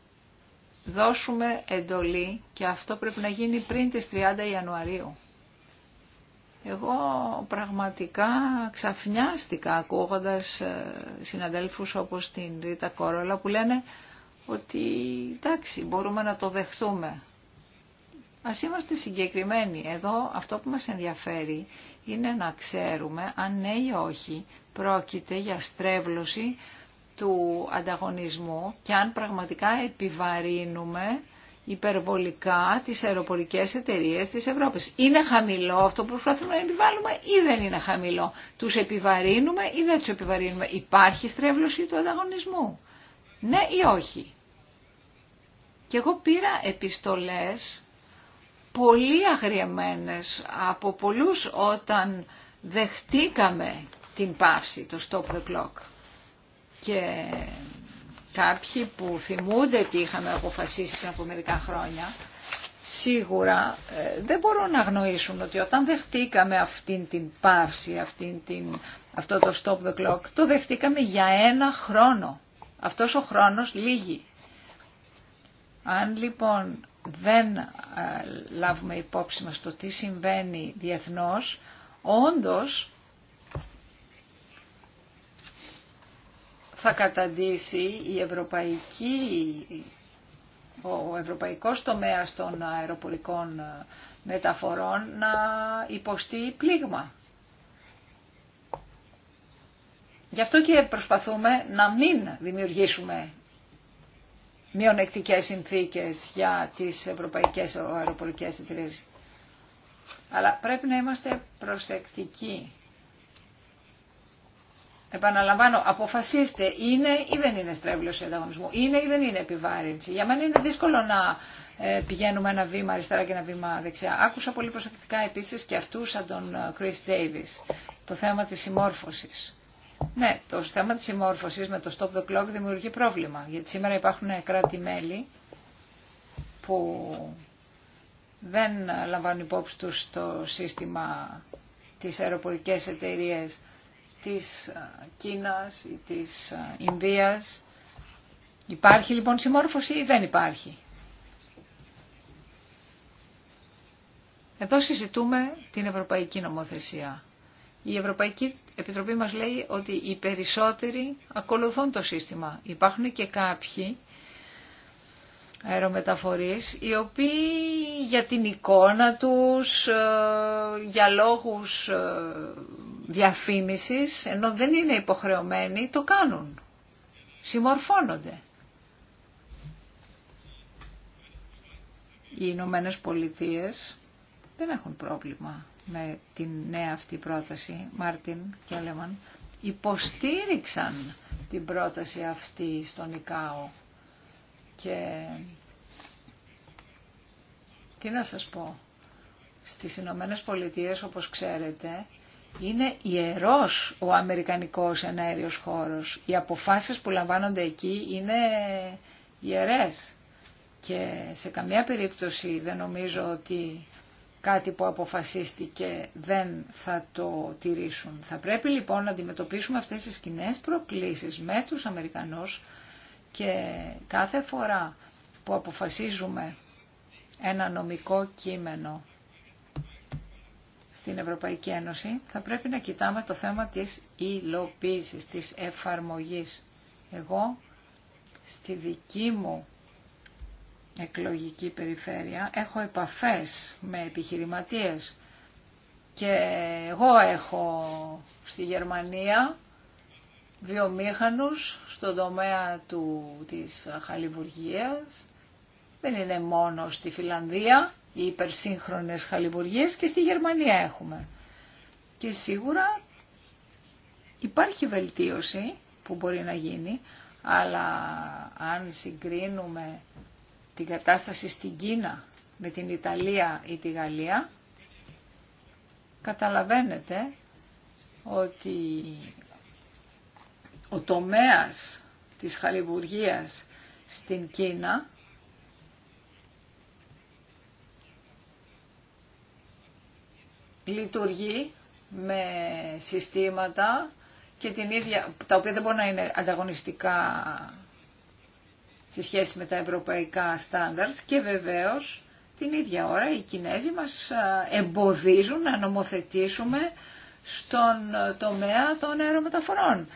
δώσουμε εντολή και αυτό πρέπει να γίνει πριν τις 30 Ιανουαρίου. Εγώ πραγματικά ξαφνιάστηκα ακούγοντας ε, συναδέλφους όπως την Ρίτα Κόρολα που λένε ότι εντάξει μπορούμε να το δεχθούμε. Ας είμαστε συγκεκριμένοι. Εδώ αυτό που μας ενδιαφέρει είναι να ξέρουμε αν ναι ή όχι πρόκειται για στρέβλωση του ανταγωνισμού και αν πραγματικά επιβαρύνουμε υπερβολικά τις αεροπορικές εταιρείες της Ευρώπης. Είναι χαμηλό αυτό που προσπαθούμε να επιβάλλουμε ή δεν είναι χαμηλό. Τους επιβαρύνουμε ή δεν τους επιβαρύνουμε. Υπάρχει στρέβλωση του ανταγωνισμού. Ναι ή όχι. Και εγώ πήρα επιστολές πολύ αγριεμένες από πολλούς όταν δεχτήκαμε την πάυση, το stop the clock. Και κάποιοι που θυμούνται τι είχαμε αποφασίσει πριν από μερικά χρόνια, σίγουρα ε, δεν μπορούν να γνωρίσουν ότι όταν δεχτήκαμε αυτήν την πάυση, αυτήν την, αυτό το stop the clock, το δεχτήκαμε για ένα χρόνο. Αυτός ο χρόνος λύγει. Αν λοιπόν δεν ε, λάβουμε υπόψη μας το τι συμβαίνει διεθνώς, όντως θα καταντήσει η ευρωπαϊκή, ο ευρωπαϊκός τομέας των αεροπορικών ε, μεταφορών να υποστεί πλήγμα. Γι' αυτό και προσπαθούμε να μην δημιουργήσουμε μειονεκτικές συνθήκες για τις ευρωπαϊκές αεροπορικές εταιρείες. Αλλά πρέπει να είμαστε προσεκτικοί. Επαναλαμβάνω, αποφασίστε είναι ή δεν είναι στρέβλωση ανταγωνισμού, είναι ή δεν είναι επιβάρυνση. Για μένα είναι δύσκολο να ε, πηγαίνουμε ένα βήμα αριστερά και ένα βήμα δεξιά. Άκουσα πολύ προσεκτικά επίσης και αυτού σαν τον ε, Chris Davis, το θέμα της συμμόρφωσης. Ναι, το θέμα της συμμόρφωσης με το stop the clock δημιουργεί πρόβλημα, γιατί σήμερα υπάρχουν ε, κράτη-μέλη που δεν λαμβάνουν υπόψη τους το σύστημα της αεροπορικές εταιρείε της ε, Κίνας ή της ε, Ινδίας. Υπάρχει λοιπόν συμμόρφωση ή δεν υπάρχει. Εδώ συζητούμε την Ευρωπαϊκή Νομοθεσία. Η Ευρωπαϊκή Επιτροπή μας λέει ότι οι περισσότεροι ακολουθούν το σύστημα. Υπάρχουν και κάποιοι αερομεταφορείς οι οποίοι για την εικόνα τους, ε, για λόγους διαφήμισης, ενώ δεν είναι υποχρεωμένοι, το κάνουν. Συμμορφώνονται. Οι Ηνωμένε Πολιτείε δεν έχουν πρόβλημα με την νέα αυτή πρόταση, Μάρτιν και υποστήριξαν την πρόταση αυτή στον ΙΚΑΟ. Και τι να σας πω, στις Ηνωμένε Πολιτείε, όπως ξέρετε, είναι ιερός ο Αμερικανικός εναέριος χώρος. Οι αποφάσεις που λαμβάνονται εκεί είναι ιερές. Και σε καμία περίπτωση δεν νομίζω ότι κάτι που αποφασίστηκε δεν θα το τηρήσουν. Θα πρέπει λοιπόν να αντιμετωπίσουμε αυτές τις κοινέ προκλήσεις με τους Αμερικανούς και κάθε φορά που αποφασίζουμε ένα νομικό κείμενο στην Ευρωπαϊκή Ένωση, θα πρέπει να κοιτάμε το θέμα της υλοποίησης, της εφαρμογής. Εγώ στη δική μου εκλογική περιφέρεια έχω επαφές με επιχειρηματίες και εγώ έχω στη Γερμανία βιομήχανους στον τομέα του, της χαλιβουργίας, δεν είναι μόνο στη Φιλανδία, οι υπερσύγχρονες χαλιβουργίες και στη Γερμανία έχουμε. Και σίγουρα υπάρχει βελτίωση που μπορεί να γίνει, αλλά αν συγκρίνουμε την κατάσταση στην Κίνα με την Ιταλία ή τη Γαλλία, καταλαβαίνετε ότι ο τομέας της χαλιβουργίας στην Κίνα λειτουργεί με συστήματα και την ίδια, τα οποία δεν μπορούν να είναι ανταγωνιστικά σε σχέση με τα ευρωπαϊκά στάνταρτς και βεβαίως την ίδια ώρα οι Κινέζοι μας εμποδίζουν να νομοθετήσουμε στον τομέα των αερομεταφορών.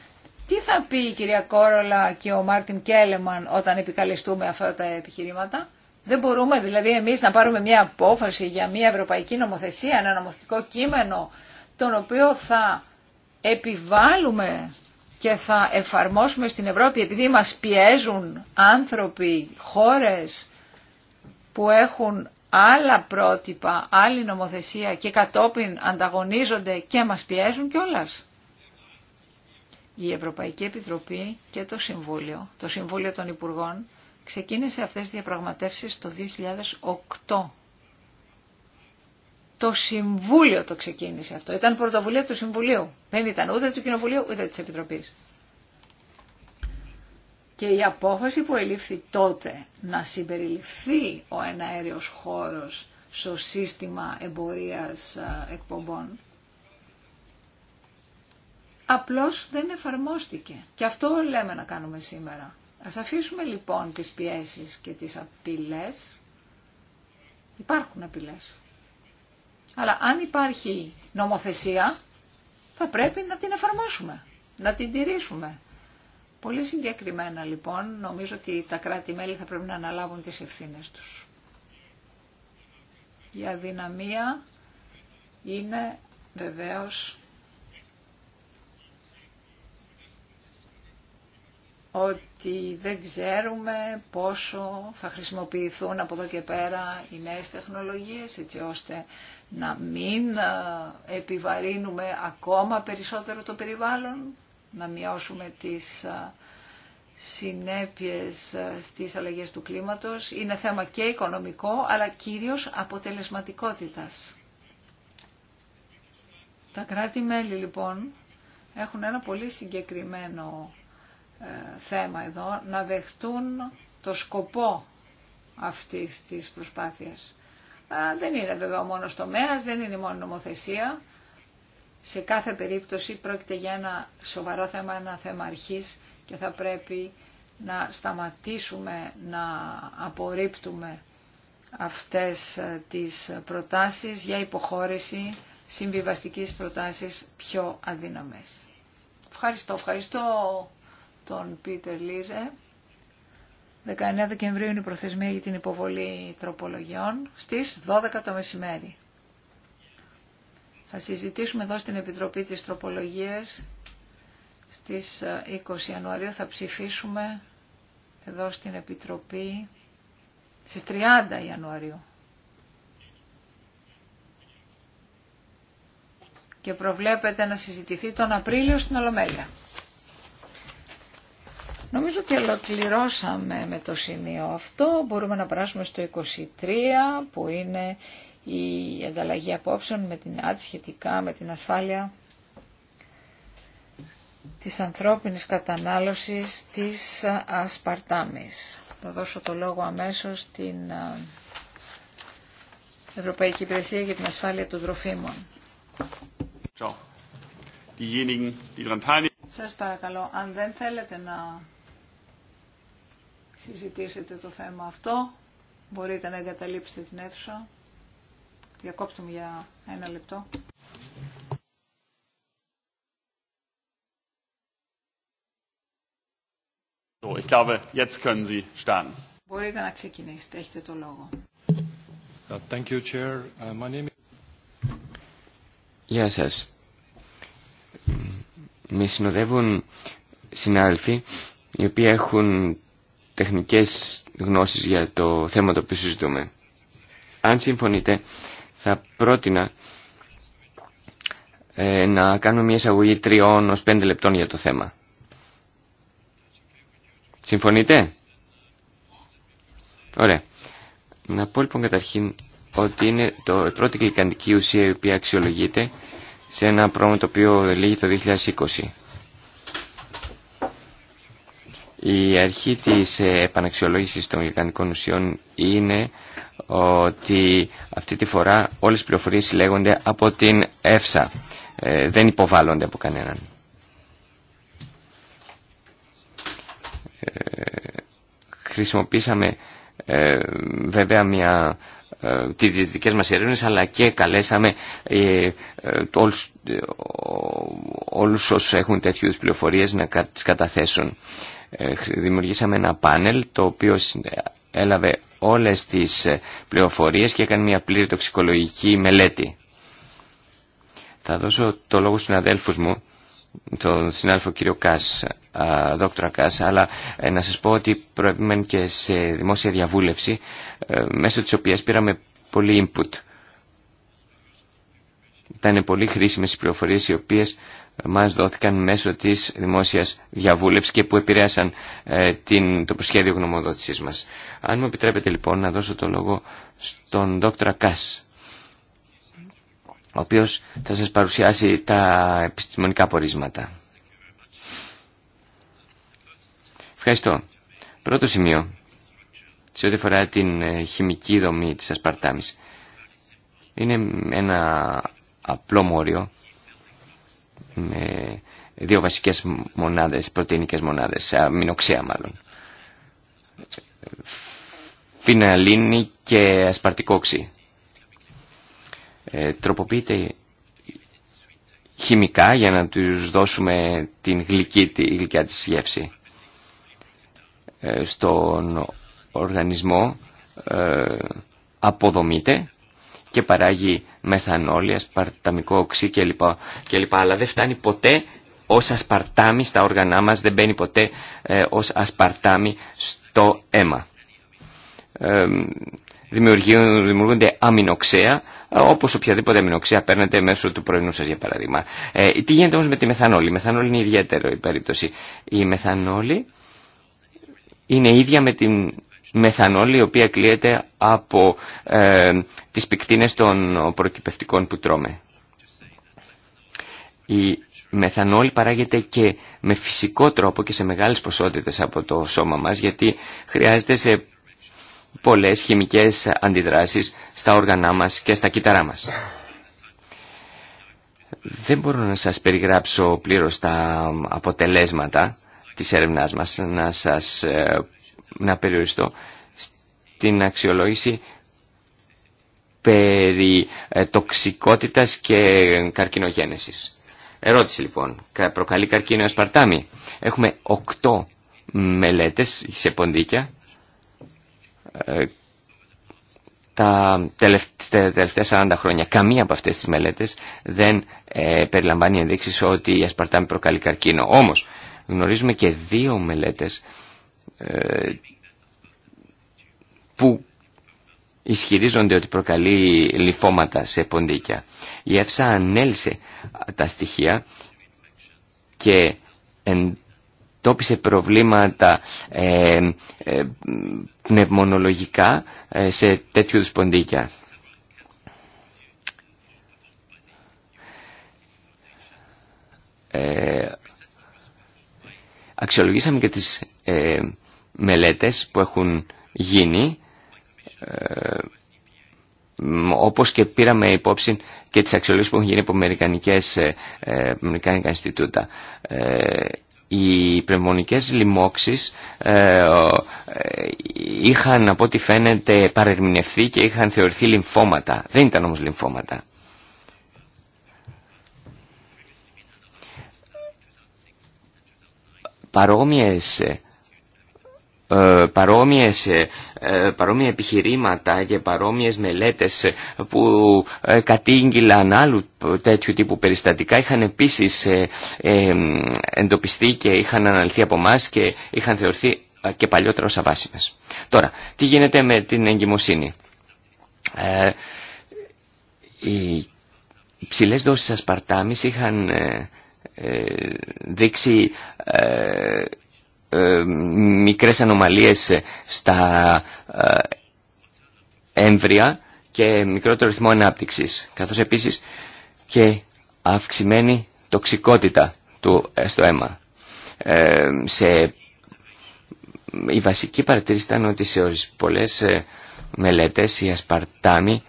Τι θα πει η κυρία Κόρολα και ο Μάρτιν Κέλεμαν όταν επικαλεστούμε αυτά τα επιχειρήματα. Δεν μπορούμε δηλαδή εμείς να πάρουμε μια απόφαση για μια ευρωπαϊκή νομοθεσία, ένα νομοθετικό κείμενο, τον οποίο θα επιβάλλουμε και θα εφαρμόσουμε στην Ευρώπη επειδή μας πιέζουν άνθρωποι, χώρες που έχουν άλλα πρότυπα, άλλη νομοθεσία και κατόπιν ανταγωνίζονται και μας πιέζουν κιόλας. Η Ευρωπαϊκή Επιτροπή και το Συμβούλιο, το Συμβούλιο των Υπουργών, ξεκίνησε αυτές τις διαπραγματεύσεις το 2008. Το Συμβούλιο το ξεκίνησε αυτό. Ήταν πρωτοβουλία του Συμβουλίου. Δεν ήταν ούτε του Κοινοβουλίου ούτε της Επιτροπής. Και η απόφαση που ελήφθη τότε να συμπεριληφθεί ο εναέριος χώρος στο σύστημα εμπορίας εκπομπών απλώς δεν εφαρμόστηκε. Και αυτό λέμε να κάνουμε σήμερα. Ας αφήσουμε λοιπόν τις πιέσεις και τις απειλές. Υπάρχουν απειλές. Αλλά αν υπάρχει νομοθεσία, θα πρέπει να την εφαρμόσουμε, να την τηρήσουμε. Πολύ συγκεκριμένα λοιπόν, νομίζω ότι τα κράτη-μέλη θα πρέπει να αναλάβουν τις ευθύνες τους. Η αδυναμία είναι βεβαίως ότι δεν ξέρουμε πόσο θα χρησιμοποιηθούν από εδώ και πέρα οι νέες τεχνολογίες έτσι ώστε να μην ε, επιβαρύνουμε ακόμα περισσότερο το περιβάλλον, να μειώσουμε τις ε, συνέπειες ε, στις αλλαγές του κλίματος. Είναι θέμα και οικονομικό αλλά κυρίως αποτελεσματικότητας. Τα κράτη-μέλη λοιπόν έχουν ένα πολύ συγκεκριμένο ε, θέμα εδώ, να δεχτούν το σκοπό αυτής της προσπάθειας. δεν είναι βέβαια ο μόνος τομέας, δεν είναι μόνο νομοθεσία. Σε κάθε περίπτωση πρόκειται για ένα σοβαρό θέμα, ένα θέμα αρχής και θα πρέπει να σταματήσουμε να απορρίπτουμε αυτές ε, τις προτάσεις για υποχώρηση συμβιβαστικής προτάσεις πιο αδύναμες. Ευχαριστώ, ευχαριστώ τον Πίτερ Λίζε. 19 Δεκεμβρίου είναι η προθεσμία για την υποβολή τροπολογιών στις 12 το μεσημέρι. Θα συζητήσουμε εδώ στην Επιτροπή της Τροπολογίας στις 20 ε, Ιανουαρίου. Θα ψηφίσουμε εδώ στην Επιτροπή στις 30 Ιανουαρίου. Και προβλέπεται να συζητηθεί τον Απρίλιο στην Ολομέλεια. Νομίζω ότι ολοκληρώσαμε με το σημείο αυτό. Μπορούμε να περάσουμε στο 23 που είναι η ανταλλαγή απόψεων με την ΑΤ με την ασφάλεια της ανθρώπινης κατανάλωσης της ασπαρτάμης. Θα δώσω το λόγο αμέσως στην Ευρωπαϊκή Υπηρεσία για την Ασφάλεια των Τροφίμων. Σας παρακαλώ, αν δεν θέλετε να συζητήσετε το θέμα αυτό. Μπορείτε να εγκαταλείψετε την αίθουσα. Διακόψτε μου για ένα λεπτό. So, ich glaube, jetzt können Sie starten. Μπορείτε να ξεκινήσετε. Έχετε το λόγο. Uh, thank you, Chair. Uh, my name... Γεια σας. Με συνοδεύουν συνάδελφοι οι οποίοι έχουν τεχνικές γνώσεις για το θέμα το οποίο συζητούμε. Αν συμφωνείτε, θα πρότεινα ε, να κάνουμε μια εισαγωγή τριών ως πέντε λεπτών για το θέμα. Συμφωνείτε? Ωραία. Να πω λοιπόν καταρχήν ότι είναι το, η πρώτη γλυκαντική ουσία η οποία αξιολογείται σε ένα πρόγραμμα το οποίο λύγει το 2020. Η αρχή της ε, επαναξιολόγησης των γλυκανικών ουσιών είναι ότι αυτή τη φορά όλες οι πληροφορίες συλλέγονται από την ΕΦΣΑ. Ε, δεν υποβάλλονται από κανέναν. Ε, χρησιμοποίησαμε βέβαια μια, τις δικές μας ερεύνες αλλά και καλέσαμε ε, όλους, όσους έχουν τέτοιου πληροφορίες να τις καταθέσουν. Ε, δημιουργήσαμε ένα πάνελ το οποίο ε, έλαβε όλες τις ε, πληροφορίες και έκανε μια πλήρη τοξικολογική μελέτη. Θα δώσω το λόγο στους αδέλφους μου, τον συνάδελφο κύριο Κάς, δόκτωρα Κάς, αλλά να σας πω ότι προεπήμεν και σε δημόσια διαβούλευση, μέσω της οποίας πήραμε πολύ input. Ήταν πολύ χρήσιμες οι πληροφορίες οι οποίες μας δόθηκαν μέσω της δημόσιας διαβούλευσης και που επηρέασαν ε, την, το προσχέδιο γνωμοδότησής μας. Αν μου επιτρέπετε λοιπόν να δώσω το λόγο στον Δόκτρα Κάς, ο οποίος θα σας παρουσιάσει τα επιστημονικά πορίσματα. Ευχαριστώ. Πρώτο σημείο, σε ό,τι αφορά την ε, χημική δομή της ασπαρτάμης. Είναι ένα απλό μόριο δύο βασικές μονάδες, πρωτεϊνικές μονάδες, αμινοξέα μάλλον. Φιναλίνη και ασπαρτικόξι. Ε, τροποποιείται χημικά για να τους δώσουμε την γλυκή, τη γλυκιά της γεύση. Ε, στον οργανισμό ε, αποδομείται και παράγει μεθανόλη, ασπαρταμικό οξύ κλπ. κλπ. Αλλά δεν φτάνει ποτέ ως ασπαρτάμι στα όργανά μας, δεν μπαίνει ποτέ ε, ως ασπαρτάμι στο αίμα. Ε, δημιουργούνται αμινοξέα, όπως οποιαδήποτε αμινοξέα παίρνετε μέσω του πρωινού σας για παράδειγμα. Ε, τι γίνεται όμως με τη μεθανόλη. Η μεθανόλη είναι ιδιαίτερη η περίπτωση. Η μεθανόλη είναι ίδια με την μεθανόλη η οποία κλείεται από ε, τις των προκυπευτικών που τρώμε. Η μεθανόλη παράγεται και με φυσικό τρόπο και σε μεγάλες ποσότητες από το σώμα μας γιατί χρειάζεται σε πολλές χημικές αντιδράσεις στα όργανά μας και στα κύτταρά μας. Δεν μπορώ να σας περιγράψω πλήρως τα αποτελέσματα της έρευνάς μας, να σας ε, να περιοριστώ στην αξιολόγηση περί ε, τοξικότητας και καρκινογένεσης. Ερώτηση λοιπόν, προκαλεί καρκίνο ασπαρτάμι. Έχουμε οκτώ μελέτες σε ποντίκια. Ε, τα τελευταία 40 χρόνια καμία από αυτές τις μελέτες δεν ε, περιλαμβάνει ενδείξεις ότι η ασπαρτάμι προκαλεί καρκίνο. Όμως γνωρίζουμε και δύο μελέτες ε, που ισχυρίζονται ότι προκαλεί λιφώματα σε ποντίκια. Η ΕΦΣΑ ανέλησε τα στοιχεία και εντόπισε προβλήματα ε, ε, πνευμονολογικά σε τέτοιου ποντίκια. Ε, Αξιολογήσαμε και τις ε, μελέτες που έχουν γίνει, ε, όπως και πήραμε υπόψη και τις αξιολογήσεις που έχουν γίνει από αμερικανικές, ε, ε, αμερικανικά Ινστιτούτα. Ε, οι πνευμονικές λοιμώξεις ε, ε, είχαν από ό,τι φαίνεται παρερμηνευθεί και είχαν θεωρηθεί λυμφώματα. Δεν ήταν όμως λυμφώματα. παρόμοιες, ε, παρόμοιες, ε, παρόμοια επιχειρήματα και παρόμοιες μελέτες που ε, κατήγγυλαν άλλου τέτοιου τύπου περιστατικά είχαν επίσης εντοπιστεί και είχαν αναλυθεί από εμά και είχαν θεωρηθεί και παλιότερα ως αβάσιμες. Τώρα, τι γίνεται με την εγκυμοσύνη. Ε, οι ψηλές δόσεις ασπαρτάμις είχαν ε, δείξει ε, ε, μικρές ανομαλίες στα έμβρια και μικρότερο ρυθμό ανάπτυξης, καθώς επίσης και αυξημένη τοξικότητα του στο αίμα. σε, η βασική παρατήρηση ήταν ότι σε πολλές μελέτες η ασπαρτάμι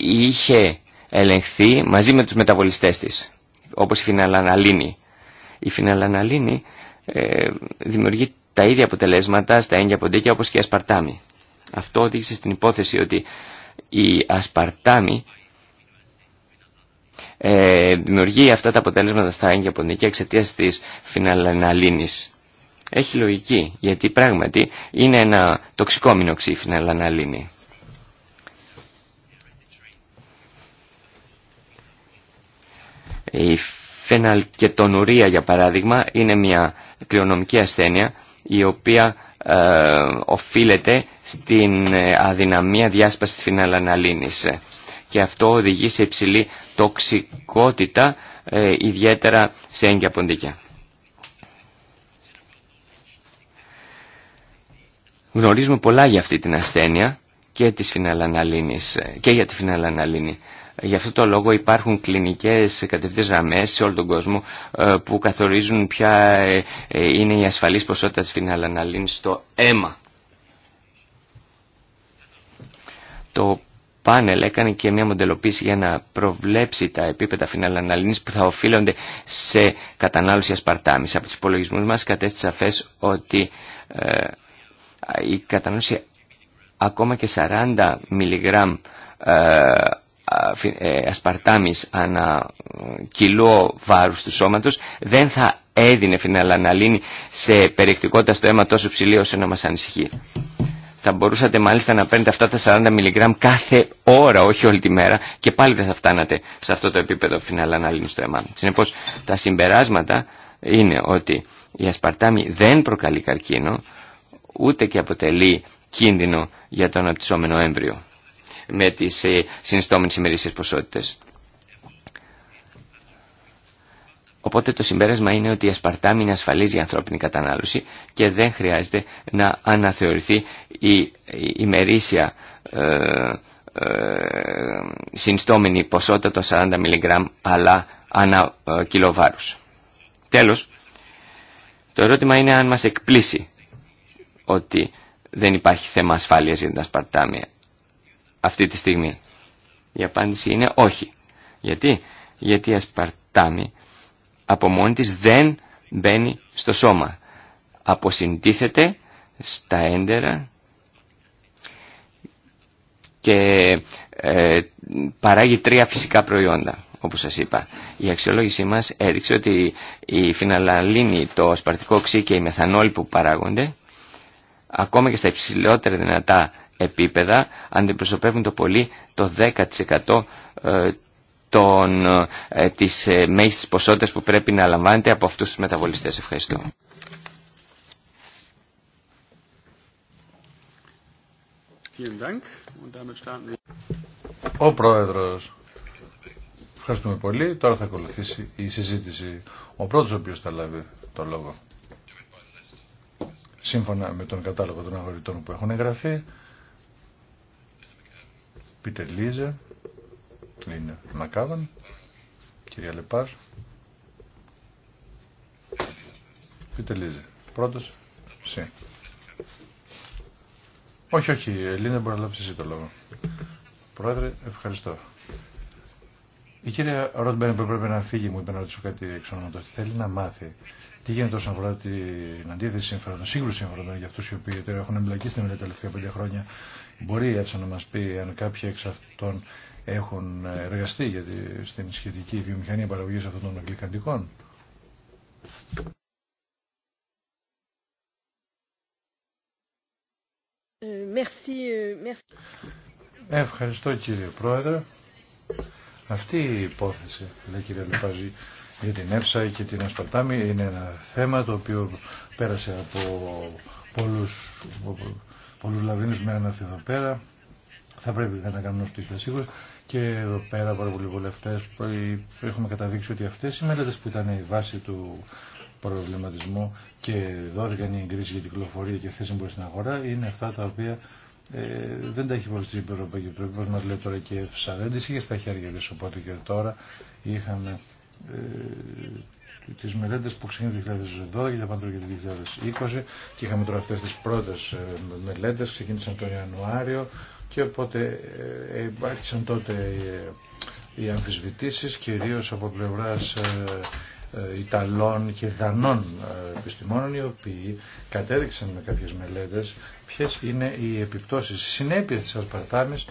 είχε ελεγχθεί μαζί με τους μεταβολιστές της, όπως η φιναλαναλίνη. Η φιναλαναλίνη ε, δημιουργεί τα ίδια αποτελέσματα στα έγκια ποντίκια όπως και η ασπαρτάμι. Αυτό οδήγησε στην υπόθεση ότι η ασπαρτάμι ε, δημιουργεί αυτά τα αποτελέσματα στα έγκια ποντίκια εξαιτία της φιναλαναλίνης. Έχει λογική, γιατί πράγματι είναι ένα τοξικό μηνόξι η φιναλαναλίνη. Η φεναλκετονουρία και για παράδειγμα είναι μια κληρονομική ασθένεια η οποία ε, οφείλεται στην ε, αδυναμία διάσπασης φιναλαναλίνης και αυτό οδηγεί σε υψηλή τοξικότητα ε, ιδιαίτερα σε έγκια ποντίκια. Γνωρίζουμε πολλά για αυτή την ασθένεια και, της ε, και για τη φιναλαναλίνη. Γι' αυτό το λόγο υπάρχουν κλινικές κατευθυντές γραμμές σε όλο τον κόσμο ε, που καθορίζουν ποια ε, ε, είναι η ασφαλής ποσότητα της φιναλαναλίνης στο αίμα. Το πάνελ έκανε και μια μοντελοποίηση για να προβλέψει τα επίπεδα φιναλαναλίνης που θα οφείλονται σε κατανάλωση ασπαρτάμης. Από τους υπολογισμούς μας κατέστησε σαφές ότι η κατανάλωση ακόμα και 40 μιλιγράμμ ε, ασπαρτάμις ανά κιλό βάρους του σώματος δεν θα έδινε φιναλαναλίνη σε περιεκτικότητα στο αίμα τόσο ψηλή όσο να μας ανησυχεί. Θα μπορούσατε μάλιστα να παίρνετε αυτά τα 40 μιλιγκράμμ κάθε ώρα, όχι όλη τη μέρα, και πάλι δεν θα φτάνατε σε αυτό το επίπεδο φιναλαναλίνη στο αίμα. Συνεπώς, τα συμπεράσματα είναι ότι η ασπαρτάμι δεν προκαλεί καρκίνο, ούτε και αποτελεί κίνδυνο για τον αναπτυσσόμενο έμβριο με τις ε, συνιστόμενες ημερήσιες ποσότητες. Οπότε το συμπέρασμα είναι ότι η είναι ασφαλίζει για ανθρώπινη κατανάλωση και δεν χρειάζεται να αναθεωρηθεί η ημερήσια ε, ε, συνιστόμενη ποσότητα των 40 μιλιγκράμμ αλλά ανά ε, κιλοβάρους. Τέλος, το ερώτημα είναι αν μας εκπλήσει ότι δεν υπάρχει θέμα ασφάλειας για την ασπαρτάμια αυτή τη στιγμή. Η απάντηση είναι όχι. Γιατί, Γιατί η ασπαρτάμι από μόνη της δεν μπαίνει στο σώμα. Αποσυντίθεται στα έντερα και ε, παράγει τρία φυσικά προϊόντα, όπως σας είπα. Η αξιολόγησή μας έδειξε ότι η φιναλαλίνη, το ασπαρτικό οξύ και οι μεθανόλοι που παράγονται, ακόμα και στα υψηλότερα δυνατά επίπεδα αντιπροσωπεύουν το πολύ το 10% ε, των, ε, της ε, ποσότητας που πρέπει να λαμβάνεται από αυτούς τους μεταβολιστές. Ευχαριστώ. Ο Πρόεδρος. Ευχαριστούμε πολύ. Τώρα θα ακολουθήσει η συζήτηση. Ο πρώτος ο οποίος θα λάβει το λόγο. Σύμφωνα με τον κατάλογο των αγοριτών που έχουν εγγραφεί, Πίτερ Λίζε, Λίνε Μακάβαν, κυρία Λεπάζ. Πίτερ Λίζε, πρώτος, συ. Όχι, όχι, Ελίνα μπορεί να λάβει εσύ το λόγο. Πρόεδρε, ευχαριστώ. Η κυρία Ρότμπερν που έπρεπε να φύγει μου είπε να ρωτήσω κάτι εξ ονόματος. Θέλει να μάθει τι γίνεται όσον αφορά την αντίθεση συμφερόντων, σύγκρουση σύμφωνα για αυτού οι οποίοι τώρα έχουν εμπλακεί στην τα τελευταία πέντε χρόνια. Μπορεί έτσι να μας πει αν κάποιοι εξ αυτών έχουν εργαστεί γιατί στην σχετική βιομηχανία παραγωγής αυτών των γλυκαντικών. Ε, ε, Ευχαριστώ κύριε Πρόεδρε. Αυτή η υπόθεση, λέει κυρία Λεπάζη, για την Εύσα και την Ασπαρτάμι είναι ένα θέμα το οποίο πέρασε από πολλούς, πολλούς μέχρι με έναν εδώ πέρα. Θα πρέπει να κάνουμε αυτή σίγουρα. Και εδώ πέρα πάρα έχουμε καταδείξει ότι αυτές οι μελέτε που ήταν η βάση του προβληματισμού και δόθηκαν η εγκρίση για την κυκλοφορία και θέση που στην αγορά είναι αυτά τα οποία ε, δεν τα έχει βοηθήσει η Ευρωπαϊκή Επιτροπή, όπως μας λέει τώρα και η ΕΦΣΑ. Δεν είχε στα χέρια της, οπότε και τώρα είχαμε ε, τις μελέτες που ξεκίνησαν το 2012 και τα πάντα και το 2020 και είχαμε τώρα αυτές τις πρώτες ε, μελέτες, ξεκίνησαν τον Ιανουάριο και οπότε ε, άρχισαν τότε ε, οι αμφισβητήσεις κυρίως από πλευράς ε, ε, Ιταλών και Δανών ε, επιστημόνων οι οποίοι κατέδειξαν με κάποιες μελέτες ποιες είναι οι επιπτώσεις, οι συνέπειες της ασπαρτάμης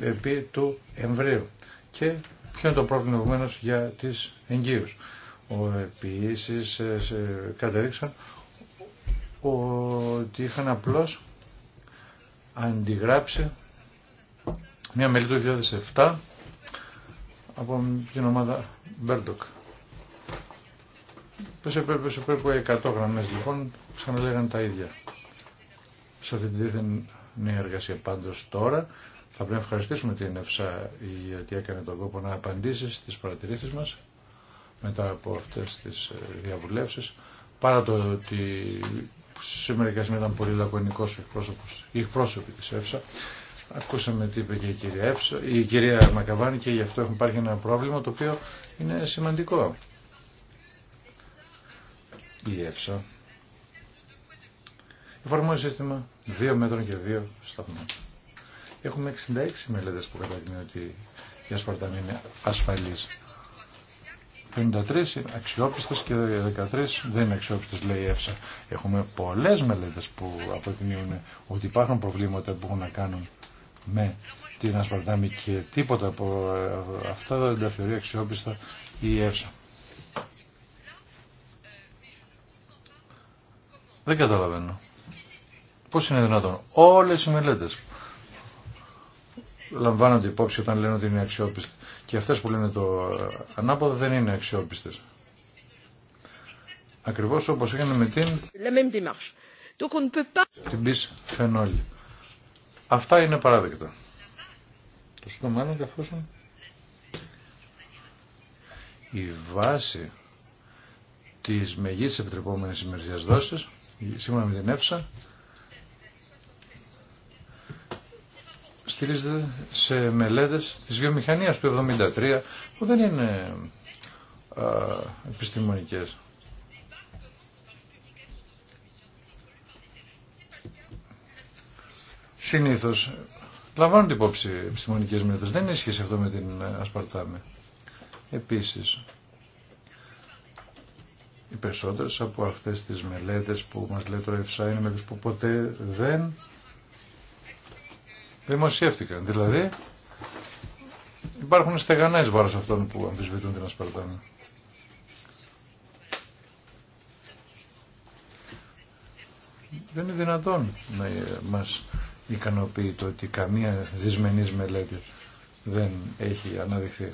επί του εμβρίου και ποιο είναι το πρόβλημα για τις εγγύους. Ο επίσης ε, κατέδειξαν ότι είχαν απλώς αντιγράψει μια μελή του 2007 από την ομάδα Μπέρντοκ. Σε περίπου 100 γραμμές λοιπόν ξαναλέγαν τα ίδια. Σε αυτή την δίθεν νέα εργασία πάντως τώρα θα πρέπει να ευχαριστήσουμε την ΕΦΣΑ γιατί έκανε τον κόπο να απαντήσει στις παρατηρήσεις μας μετά από αυτές τις ε, διαβουλεύσεις παρά το ότι σε μερικά σημεία ήταν πολύ λακωνικός η εκπρόσωπη της ΕΦΣΑ Ακούσαμε τι είπε και η κυρία, Εύσα, η κυρία Μακαβάνη και γι' αυτό έχουμε υπάρχει ένα πρόβλημα το οποίο είναι σημαντικό η ΕΦΣΑ εφαρμόζει σύστημα δύο μέτρων και 2 σταθμών. Έχουμε 66 μελέτες που καταδεικνύουν ότι η ασπαρταμ είναι ασφαλής. 53 είναι και 13 δεν είναι αξιόπιστες λέει η ΕΦΣΑ. Έχουμε πολλές μελέτες που αποδεικνύουν ότι υπάρχουν προβλήματα που έχουν να κάνουν με την ασπαρτάμι και τίποτα από αυτά δεν τα θεωρεί αξιόπιστα η ΕΦΣΑ. Δεν καταλαβαίνω. Πώς είναι δυνατόν. Όλες οι μελέτες λαμβάνονται υπόψη όταν λένε ότι είναι αξιόπιστοι. Και αυτές που λένε το ανάποδο δεν είναι αξιόπιστες. Ακριβώς όπως έγινε με την... Την πεις φαινόλη. Αυτά είναι παράδεκτα. Το σου το μάλλον καθώς η βάση της μεγής επιτρεπόμενης ημερησίας δόσης σύμφωνα με την ΕΦΣΑ, στηρίζεται σε μελέτες της βιομηχανίας του 1973 που δεν είναι α, επιστημονικές. Συνήθως λαμβάνονται υπόψη επιστημονικές μελέτες. Δεν σχέση αυτό με την ασπαρτάμε. Επίσης, οι περισσότερε από αυτές τις μελέτες που μας λέει το ΕΦΣΑ είναι μελέτε που ποτέ δεν δημοσιεύτηκαν. Δηλαδή υπάρχουν στεγανές βάρο αυτών που αμφισβητούν την ασπαρτάνη. Δεν είναι δυνατόν να μας ικανοποιεί το ότι καμία δυσμενής μελέτη δεν έχει αναδειχθεί.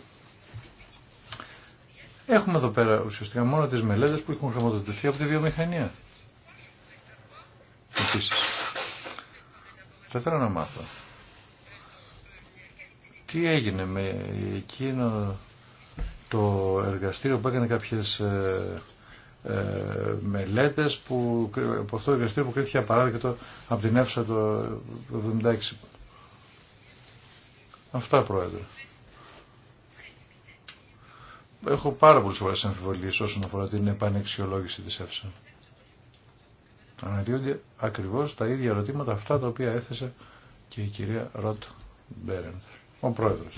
Έχουμε εδώ πέρα ουσιαστικά μόνο τις μελέτες που έχουν χρηματοδοτηθεί από τη βιομηχανία. Επίσης, θα ήθελα να μάθω τι έγινε με εκείνο το εργαστήριο που έκανε κάποιες ε, ε μελέτες που, από αυτό το εργαστήριο που κρίθηκε απαράδεκτο από την ΕΦΣΑ το 1976. Αυτά, Πρόεδρε έχω πάρα πολλές σοβαρές αμφιβολίες όσον αφορά την επανεξιολόγηση της ΕΦΣΑ. Αναδύονται ακριβώς τα ίδια ερωτήματα αυτά τα οποία έθεσε και η κυρία Ροτ Μπέρεν, ο πρόεδρος.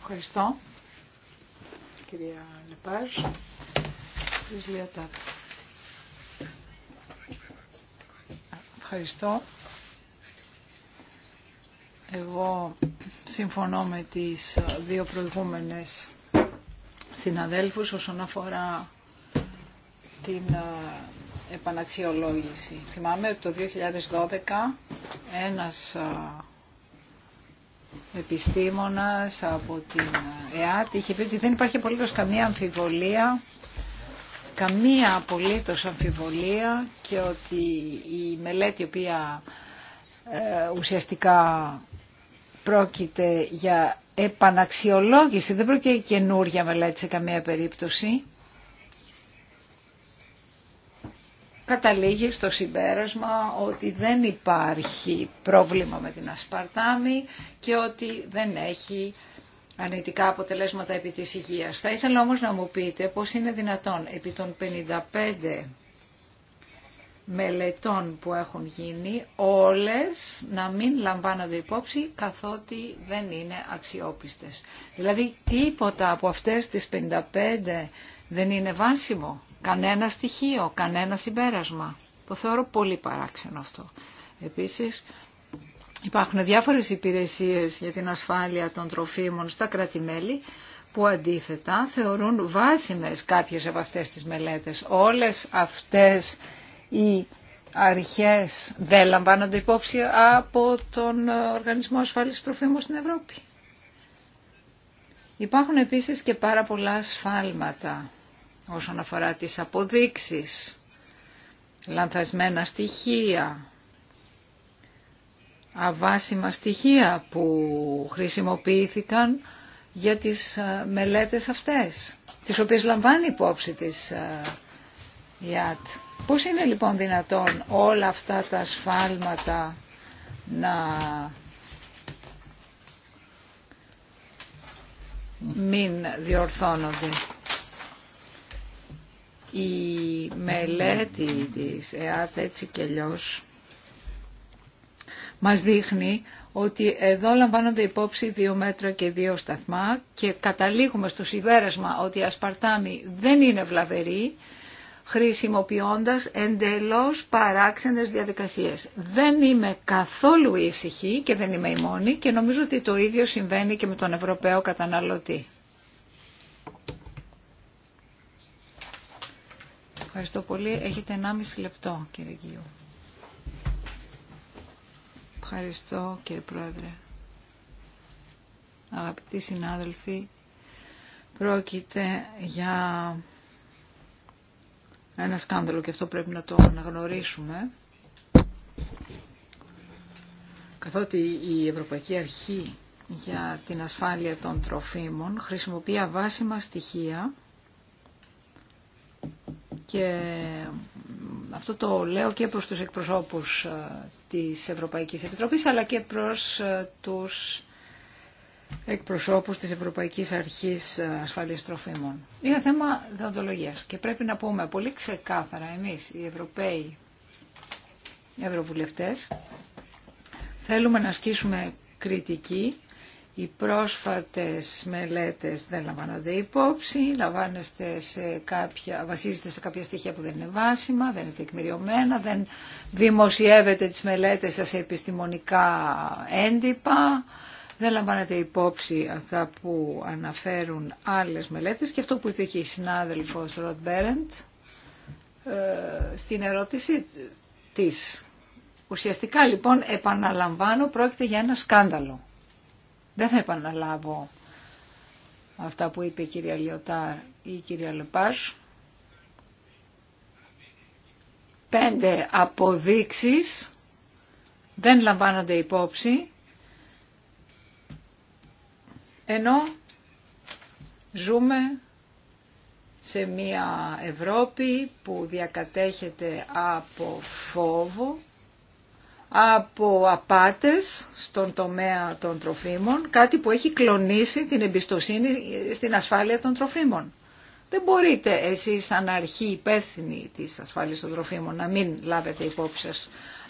Ευχαριστώ. Κυρία Λεπάζ, Ευχαριστώ. Εγώ συμφωνώ με τις δύο προηγούμενες συναδέλφους όσον αφορά την ε, επαναξιολόγηση. Θυμάμαι ότι το 2012 ένας ε, επιστήμονας από την ε, ΕΑΤ είχε πει ότι δεν υπάρχει απολύτως καμία αμφιβολία καμία απολύτως αμφιβολία και ότι η μελέτη η οποία ουσιαστικά πρόκειται για επαναξιολόγηση, δεν πρόκειται και καινούργια μελέτη σε καμία περίπτωση, καταλήγει στο συμπέρασμα ότι δεν υπάρχει πρόβλημα με την ασπαρτάμι και ότι δεν έχει αρνητικά αποτελέσματα επί της υγείας. Θα ήθελα όμως να μου πείτε πώς είναι δυνατόν επί των 55 μελετών που έχουν γίνει, όλες να μην λαμβάνονται υπόψη καθότι δεν είναι αξιόπιστες. Δηλαδή τίποτα από αυτές τις 55 δεν είναι βάσιμο, κανένα στοιχείο, κανένα συμπέρασμα. Το θεωρώ πολύ παράξενο αυτό. Επίσης υπάρχουν διάφορες υπηρεσίες για την ασφάλεια των τροφίμων στα κρατημέλη που αντίθετα θεωρούν βάσιμες κάποιες από αυτές τις μελέτες. Όλες αυτές οι αρχές δεν λαμβάνονται υπόψη από τον ε, Οργανισμό Ασφάλισης Τροφίμων στην Ευρώπη. Υπάρχουν επίσης και πάρα πολλά σφάλματα όσον αφορά τις αποδείξεις, λανθασμένα στοιχεία, αβάσιμα στοιχεία που χρησιμοποιήθηκαν για τις ε, μελέτες αυτές, τις οποίες λαμβάνει υπόψη της ΙΑΤ. Ε, Πώς είναι λοιπόν δυνατόν όλα αυτά τα σφάλματα να μην διορθώνονται. Η μελέτη της ΕΑΤ έτσι και αλλιώς μας δείχνει ότι εδώ λαμβάνονται υπόψη δύο μέτρα και δύο σταθμά και καταλήγουμε στο συμπέρασμα ότι η ασπαρτάμι δεν είναι βλαβερή χρησιμοποιώντας εντελώς παράξενες διαδικασίες. Δεν είμαι καθόλου ήσυχη και δεν είμαι η μόνη και νομίζω ότι το ίδιο συμβαίνει και με τον Ευρωπαίο καταναλωτή. Ευχαριστώ πολύ. Έχετε 1,5 λεπτό κύριε Γιού. Ευχαριστώ κύριε Πρόεδρε. Αγαπητοί συνάδελφοι, πρόκειται για ένα σκάνδαλο και αυτό πρέπει να το αναγνωρίσουμε. Καθότι η Ευρωπαϊκή Αρχή για την ασφάλεια των τροφίμων χρησιμοποιεί αβάσιμα στοιχεία και αυτό το λέω και προς τους εκπροσώπους ε, της Ευρωπαϊκής Επιτροπής αλλά και προς ε, τους εκπροσώπους της Ευρωπαϊκής Αρχής Ασφαλής Τροφίμων. Είναι θέμα δεοντολογίας και πρέπει να πούμε πολύ ξεκάθαρα εμείς οι Ευρωπαίοι Ευρωβουλευτές θέλουμε να ασκήσουμε κριτική. Οι πρόσφατες μελέτες δεν λαμβάνονται υπόψη, λαμβάνεστε σε κάποια, βασίζεται σε κάποια στοιχεία που δεν είναι βάσιμα, δεν είναι τεκμηριωμένα, δεν δημοσιεύετε τις μελέτες σε επιστημονικά έντυπα δεν λαμβάνεται υπόψη αυτά που αναφέρουν άλλες μελέτες και αυτό που είπε και η συνάδελφος Ροτ Μπέρεντ ε, στην ερώτηση της. Ουσιαστικά λοιπόν επαναλαμβάνω πρόκειται για ένα σκάνδαλο. Δεν θα επαναλάβω αυτά που είπε η κυρία Λιωτάρ ή η κυρία Λεπάζ. Πέντε αποδείξεις δεν λαμβάνονται υπόψη ενώ ζούμε σε μια Ευρώπη που διακατέχεται από φόβο, από απάτες στον τομέα των τροφίμων, κάτι που έχει κλονίσει την εμπιστοσύνη στην ασφάλεια των τροφίμων. Δεν μπορείτε εσείς σαν αρχή υπεύθυνη της ασφάλειας των τροφίμων να μην λάβετε υπόψη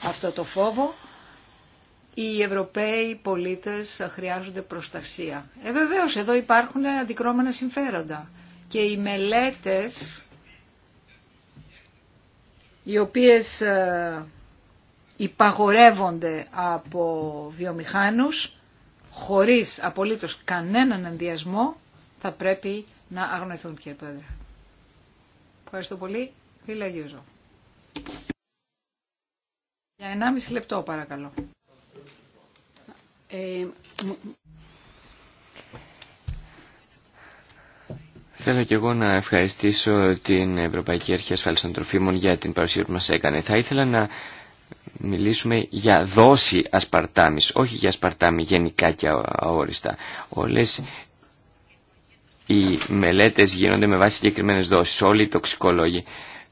αυτό το φόβο οι Ευρωπαίοι πολίτες χρειάζονται προστασία. Ε, βεβαίως, εδώ υπάρχουν αντικρώμενα συμφέροντα. Και οι μελέτες, οι οποίες ε, υπαγορεύονται από βιομηχάνους, χωρίς απολύτως κανέναν ενδιασμό, θα πρέπει να αγνοηθούν, κύριε Πρόεδρε. Ευχαριστώ πολύ. Φίλα Για 1,5 λεπτό παρακαλώ. Θέλω και εγώ να ευχαριστήσω την Ευρωπαϊκή Αρχή Ασφάλισης των Τροφίμων για την παρουσία που μας έκανε. Θα ήθελα να μιλήσουμε για δόση ασπαρτάμις, όχι για ασπαρτάμι γενικά και αόριστα. Όλες οι μελέτες γίνονται με βάση συγκεκριμένε δόσεις. Όλοι οι τοξικολόγοι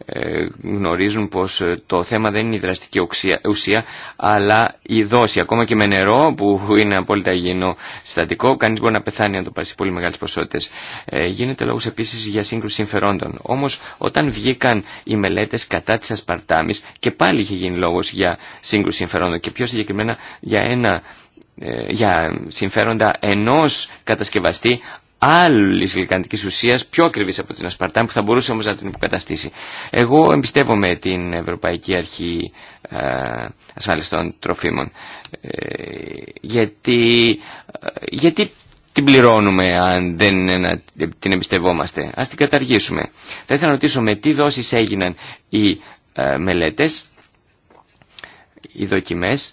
ε, γνωρίζουν πως ε, το θέμα δεν είναι η δραστική ουσία αλλά η δόση ακόμα και με νερό που είναι απόλυτα υγιεινό συστατικό κανείς μπορεί να πεθάνει αν το πάρει σε πολύ μεγάλες ποσότητες ε, γίνεται λόγος επίσης για σύγκρουση συμφερόντων όμως όταν βγήκαν οι μελέτες κατά της ασπαρτάμης και πάλι είχε γίνει λόγος για σύγκρουση συμφερόντων και πιο συγκεκριμένα για ένα για συμφέροντα ενός κατασκευαστή άλλη γλυκαντική ουσία πιο ακριβή από την ασπαρτάμ που θα μπορούσε όμως να την υποκαταστήσει. Εγώ εμπιστεύομαι την Ευρωπαϊκή Αρχή ε, Ασφάλιστων Τροφίμων ε, γιατί, ε, γιατί την πληρώνουμε αν δεν την εμπιστευόμαστε. Ας την καταργήσουμε. Θα ήθελα να ρωτήσω με τι δόσεις έγιναν οι μελέτες, οι δοκιμές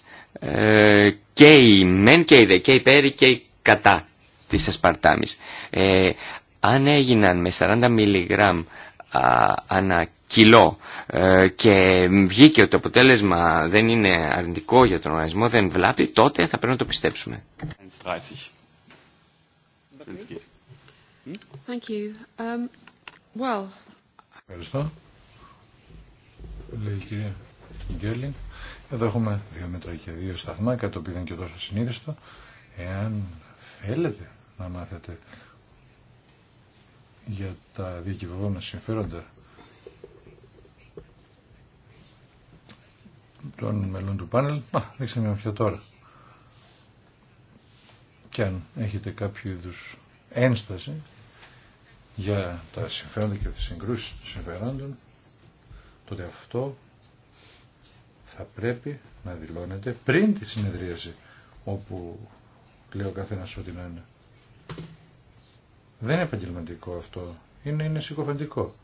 και οι μεν και οι δε και οι πέρι και οι κατά της ασπαρτάμης. Ε, αν έγιναν με 40 μιλιγράμμ ανά κιλό ε, και βγήκε ότι το αποτέλεσμα δεν είναι αρνητικό για τον οργανισμό, δεν βλάπτει, τότε θα πρέπει να το πιστέψουμε. Um, Ευχαριστώ. Λέει η κυρία Γκέλλη. Εδώ έχουμε δύο μέτρα και δύο σταθμά, κάτι το οποίο δεν και τόσο συνείδηστο. Εάν θέλετε να μάθετε για τα διακυβευόμενα συμφέροντα των μελών του πάνελ, να, ρίξτε μια πια τώρα. Και αν έχετε κάποιο είδου ένσταση για τα συμφέροντα και τις συγκρούσεις των συμφερόντων, τότε αυτό θα πρέπει να δηλώνεται πριν τη συνεδρίαση όπου λέει ο καθένας ό,τι να είναι. Δεν είναι επαγγελματικό αυτό. Είναι, είναι συκοφαντικό.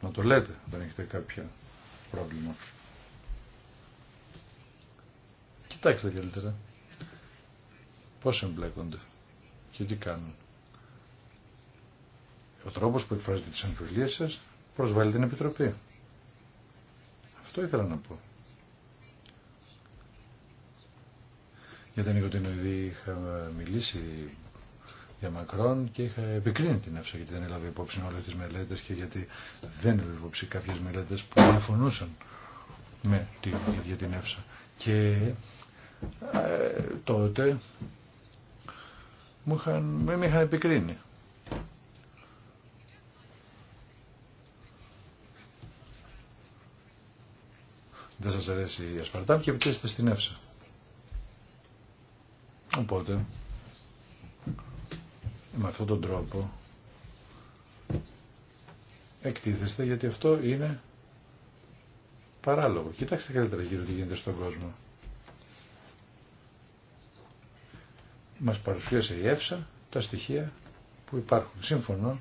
Να το λέτε όταν έχετε κάποιο πρόβλημα. Κοιτάξτε καλύτερα. Πώς εμπλέκονται και τι κάνουν. Ο τρόπος που εκφράζετε τις αμφιβολίες σας προσβάλλει την Επιτροπή. Αυτό ήθελα να πω. για τον είχα μιλήσει για Μακρόν και είχα επικρίνει την ΕΦΣΑ γιατί δεν έλαβε υπόψη όλες τις μελέτες και γιατί δεν έλαβε υπόψη κάποιες μελέτες που διαφωνούσαν με την ίδια την Και ε, τότε μου είχαν, με είχαν επικρίνει. Δεν σας αρέσει η Ασπαρτάμ και επιτρέψτε στην ΕΦΣΑ. Οπότε, με αυτόν τον τρόπο, εκτίθεστε γιατί αυτό είναι παράλογο. Κοιτάξτε καλύτερα γύρω τι γίνεται στον κόσμο. Μας παρουσίασε η ΕΦΣΑ τα στοιχεία που υπάρχουν. Σύμφωνο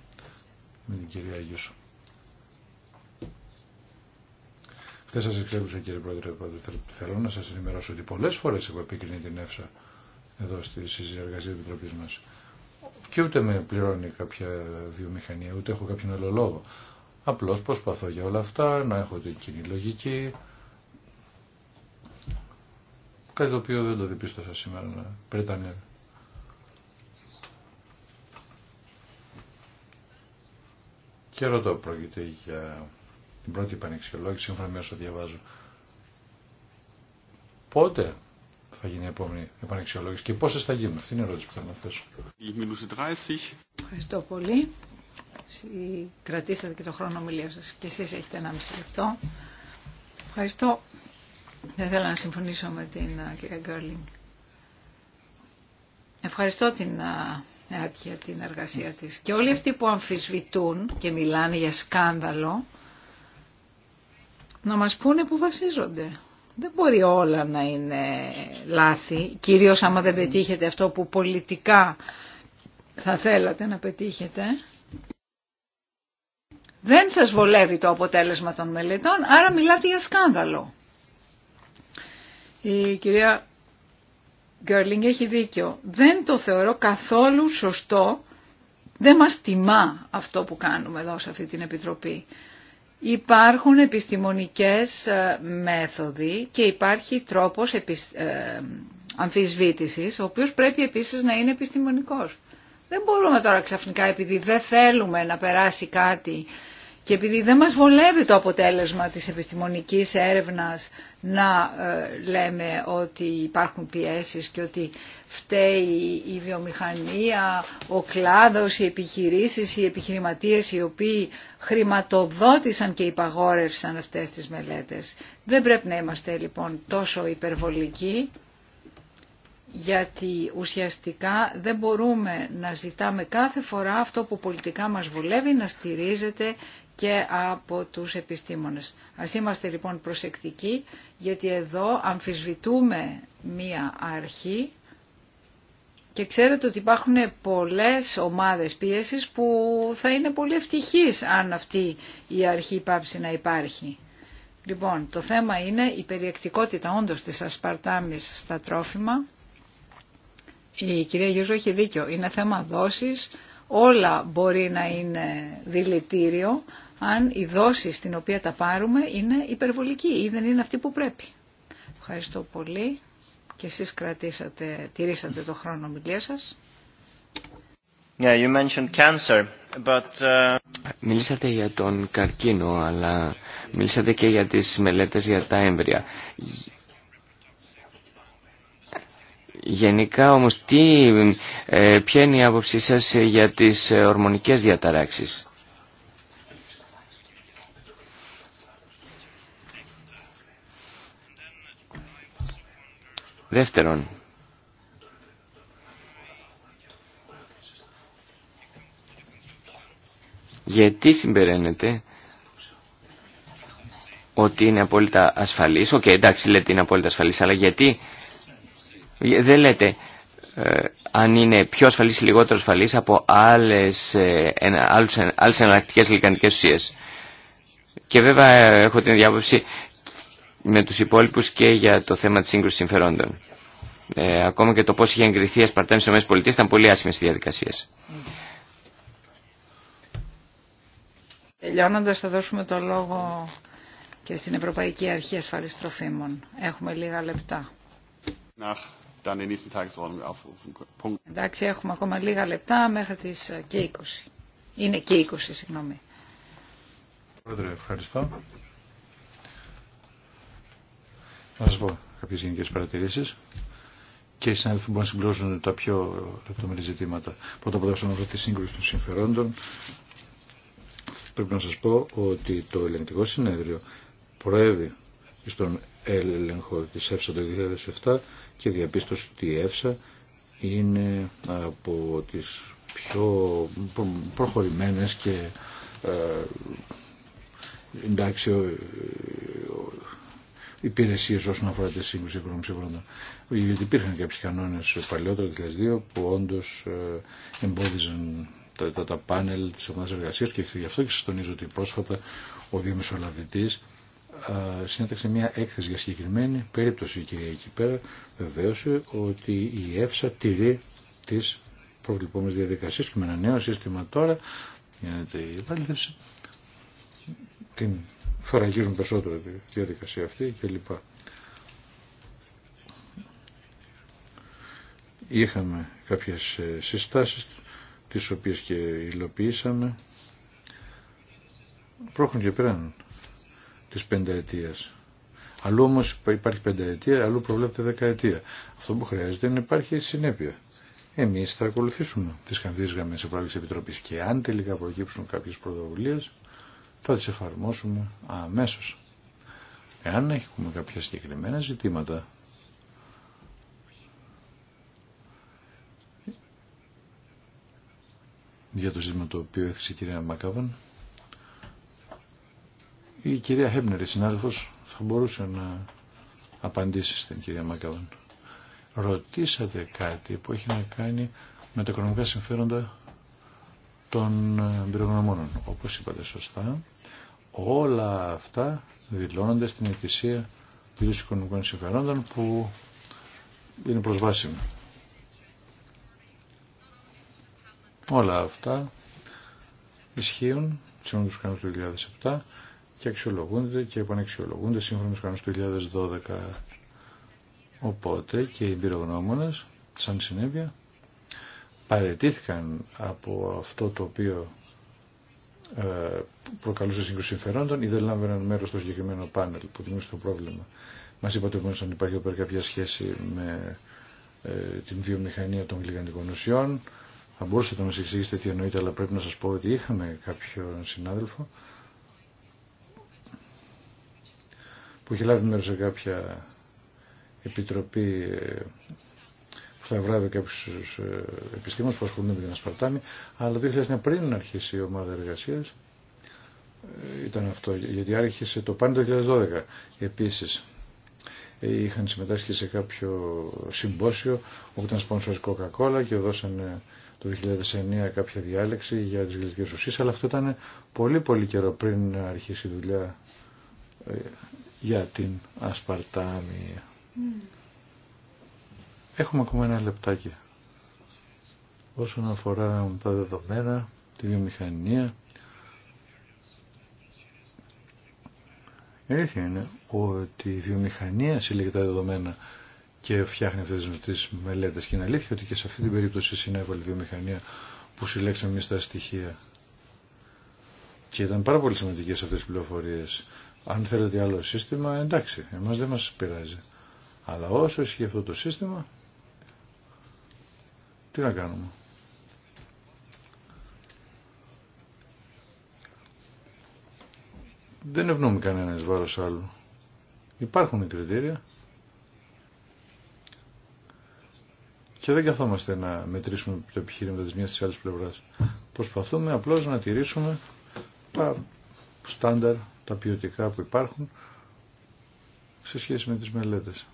με την κυρία Αγίουσο. Χθες σα εξέπληξα κύριε Πρόεδρε, θέλω να σας ενημερώσω ότι πολλές φορές έχω επικρινή την Εύσα εδώ στη συνεργασία της Επιτροπής μας. Και ούτε με πληρώνει κάποια βιομηχανία, ούτε έχω κάποιον άλλο λόγο. Απλώς προσπαθώ για όλα αυτά να έχω την κοινή λογική. Κάτι το οποίο δεν το διπίστωσα σήμερα να πρέτανε. Και ρωτώ, πρόκειται για την πρώτη πανεξιολόγηση, σύμφωνα με όσο διαβάζω. Πότε θα γίνει η επόμενη επανεξιολόγηση και πόσες θα γίνουν. Αυτή είναι η ερώτηση που θέλω να θέσω. Ευχαριστώ πολύ. Κρατήσατε και το χρόνο ομιλία σα και εσείς έχετε 1,5 λεπτό. Ευχαριστώ. Δεν θέλω να συμφωνήσω με την κυρία Γκέρλινγκ. Ευχαριστώ την Άτια την εργασία της. Και όλοι αυτοί που αμφισβητούν και μιλάνε για σκάνδαλο, να μας πούνε που βασίζονται. Δεν μπορεί όλα να είναι λάθη, κυρίως άμα δεν πετύχετε αυτό που πολιτικά θα θέλατε να πετύχετε. Δεν σας βολεύει το αποτέλεσμα των μελετών, άρα μιλάτε για σκάνδαλο. Η κυρία Γκέρλινγκ έχει δίκιο. Δεν το θεωρώ καθόλου σωστό. Δεν μας τιμά αυτό που κάνουμε εδώ σε αυτή την Επιτροπή. Υπάρχουν επιστημονικές ε, μέθοδοι και υπάρχει τρόπος ε, αμφισβήτησης, ο οποίος πρέπει επίσης να είναι επιστημονικός. Δεν μπορούμε τώρα ξαφνικά επειδή δεν θέλουμε να περάσει κάτι και επειδή δεν μας βολεύει το αποτέλεσμα της επιστημονικής έρευνας να ε, λέμε ότι υπάρχουν πιέσεις και ότι φταίει η βιομηχανία, ο κλάδος, οι επιχειρήσεις, οι επιχειρηματίες οι οποίοι χρηματοδότησαν και υπαγόρευσαν αυτές τις μελέτες. Δεν πρέπει να είμαστε λοιπόν τόσο υπερβολικοί γιατί ουσιαστικά δεν μπορούμε να ζητάμε κάθε φορά αυτό που πολιτικά μας βολεύει να στηρίζεται και από τους επιστήμονες. Ας είμαστε λοιπόν προσεκτικοί γιατί εδώ αμφισβητούμε μία αρχή και ξέρετε ότι υπάρχουν πολλές ομάδες πίεσης που θα είναι πολύ ευτυχείς αν αυτή η αρχή πάψει να υπάρχει. Λοιπόν, το θέμα είναι η περιεκτικότητα όντως της ασπαρτάμης στα τρόφιμα. Η κυρία Γιώργο έχει δίκιο, είναι θέμα δόσης, όλα μπορεί να είναι δηλητήριο, αν η δόση στην οποία τα πάρουμε είναι υπερβολική ή δεν είναι αυτή που πρέπει. Ευχαριστώ πολύ και εσείς κρατήσατε, τηρήσατε το χρόνο ομιλία σας. you mentioned uh, Μιλήσατε για τον καρκίνο, αλλά μιλήσατε και για τις μελέτες για τα έμβρια. Γενικά όμως, τι, ε, ποια είναι η άποψή σας για τις ε, ορμονικές διαταράξεις. Δεύτερον, γιατί συμπεραίνεται ότι είναι απόλυτα ασφαλής. Οκ, okay, εντάξει λέτε είναι απόλυτα ασφαλής, αλλά γιατί δεν λέτε ε, αν είναι πιο ασφαλής ή λιγότερο ασφαλής από άλλες, ε, άλλες, άλλες εναλλακτικές γλυκαντικές ουσίες. Και βέβαια ε, έχω την διάποψη με τους υπόλοιπους και για το θέμα της σύγκρουσης συμφερόντων. Ε, ακόμα και το πώς είχε εγκριθεί η Ασπαρτάνη στις ΟΠΑ ήταν πολύ άσχημες οι διαδικασίες. Τελειώνοντας θα δώσουμε το λόγο και στην Ευρωπαϊκή Αρχή Ασφαλής Τροφίμων. Έχουμε λίγα λεπτά. Εντάξει, έχουμε ακόμα λίγα λεπτά μέχρι τις ε, και 20. Είναι και 20, συγγνώμη. ευχαριστώ. Να σα πω κάποιε γενικέ παρατηρήσεις και οι συνάδελφοι μπορούν να συμπληρώσουν τα πιο λεπτομερή ζητήματα. Πρώτα απ' όλα, όσον αφορά τη σύγκρουση των συμφερόντων, πρέπει να σας πω ότι το ελεγκτικό συνέδριο προέβη στον έλεγχο τη ΕΦΣΑ το 2007 και διαπίστωσε ότι η ΕΦΣΑ είναι από τις πιο προχωρημένες και ε, εντάξει υπηρεσίες όσον αφορά τη σύγκρουση συμφωνών. Γιατί υπήρχαν κάποιοι κανόνε παλαιότερα το 2002 που όντω ε, εμπόδιζαν τα, τα, τα πάνελ τη ομάδα εργασία και γι' αυτό και σα τονίζω ότι πρόσφατα ο διαμεσολαβητή ε, συνέταξε μια έκθεση για συγκεκριμένη περίπτωση και εκεί πέρα βεβαίωσε ότι η ΕΦΣΑ τηρεί τι προβληπόμενε διαδικασίε και με ένα νέο σύστημα τώρα γίνεται η επαλήθευση φαραγίζουν περισσότερο τη διαδικασία αυτή κλπ. Είχαμε κάποιες ε, συστάσεις τις οποίες και υλοποιήσαμε. Πρόχουν και πέραν της πενταετίας. Αλλού όμως υπάρχει πενταετία, αλλού προβλέπεται δεκαετία. Αυτό που χρειάζεται είναι υπάρχει συνέπεια. Εμείς θα ακολουθήσουμε τις χαμηλές γραμμές επράλεξης επιτροπής και αν τελικά προκύψουν κάποιες πρωτοβουλίες, θα τις εφαρμόσουμε αμέσως. Εάν έχουμε κάποια συγκεκριμένα ζητήματα για το ζήτημα το οποίο έθιξε η κυρία Μακάβαν, η κυρία Χέμπνερ, η συνάδελφος, θα μπορούσε να απαντήσει στην κυρία Μακάβαν. Ρωτήσατε κάτι που έχει να κάνει με τα οικονομικά συμφέροντα των ε, εμπειρογνωμόνων. Όπως είπατε σωστά, όλα αυτά δηλώνονται στην ετησία του οικονομικών συμφερόντων που είναι προσβάσιμα. Όλα αυτά ισχύουν σύμφωνα με τους του 2007 και αξιολογούνται και επανεξιολογούνται σύμφωνα με τους κανόνες του 2012. Οπότε και οι εμπειρογνώμονες σαν συνέπεια παρετήθηκαν από αυτό το οποίο ε, προκαλούσε σύγκρουση συμφερόντων ή δεν λάμβαναν μέρο στο συγκεκριμένο πάνελ που δημιούργησε το πρόβλημα. Μα είπατε όμω αν υπάρχει εδώ κάποια σχέση με ε, την βιομηχανία των γλυκαντικών ουσιών. Θα μπορούσατε να μα εξηγήσετε τι εννοείται, αλλά πρέπει να σα πω ότι είχαμε κάποιον συνάδελφο που είχε λάβει μέρο σε κάποια επιτροπή ε, θα βράδυ κάποιου ε, επιστήμονε που ασχολούνται με την ασπαρτάμι, αλλά το 2009 πριν αρχίσει η ομάδα εργασία ε, ήταν αυτό, γιατί άρχισε το πάνη το 2012. Επίση, ε, είχαν συμμετάσχει σε κάποιο συμπόσιο όπου ήταν σπόνσορ Coca-Cola και δώσανε το 2009 κάποια διάλεξη για τις γλυκές ουσίες, αλλά αυτό ήταν πολύ πολύ καιρό πριν αρχίσει η δουλειά για την Ασπαρτάμι. Έχουμε ακόμα ένα λεπτάκι. Όσον αφορά τα δεδομένα, τη βιομηχανία, Αλήθεια είναι ότι η βιομηχανία συλλέγει τα δεδομένα και φτιάχνει αυτές τις μελέτες. Και είναι αλήθεια ότι και σε αυτή την περίπτωση συνέβαλε η βιομηχανία που συλλέξαμε εμείς τα στοιχεία. Και ήταν πάρα πολύ σημαντικέ αυτές τις πληροφορίες. Αν θέλετε άλλο σύστημα, εντάξει, εμάς δεν μας πειράζει. Αλλά όσο ισχύει αυτό το σύστημα, τι να κάνουμε. Δεν ευνοούμε κανένα εις βάρος άλλου. Υπάρχουν κριτήρια και δεν καθόμαστε να μετρήσουμε το επιχείρημα της μιας της άλλης πλευράς. Προσπαθούμε απλώς να τηρήσουμε τα στάνταρ, τα ποιοτικά που υπάρχουν σε σχέση με τις μελέτες.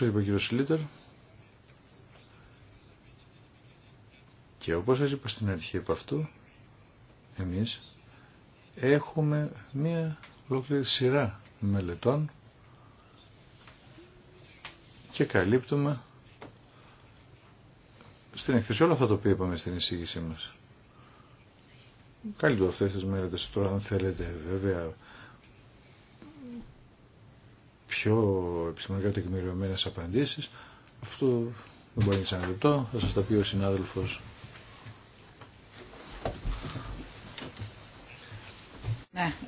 είπε Και όπως σας είπα στην αρχή από αυτού, εμείς έχουμε μία ολόκληρη σειρά μελετών και καλύπτουμε στην εκθέση όλα αυτά τα οποία είπαμε στην εισήγησή μας. Καλύπτω αυτές τις μελέτες τώρα αν θέλετε βέβαια πιο επιστημονικά τεκμηριωμένες απαντήσεις. Αυτό δεν μπορεί να είναι σαν λεπτό, θα σας τα πει ο συνάδελφος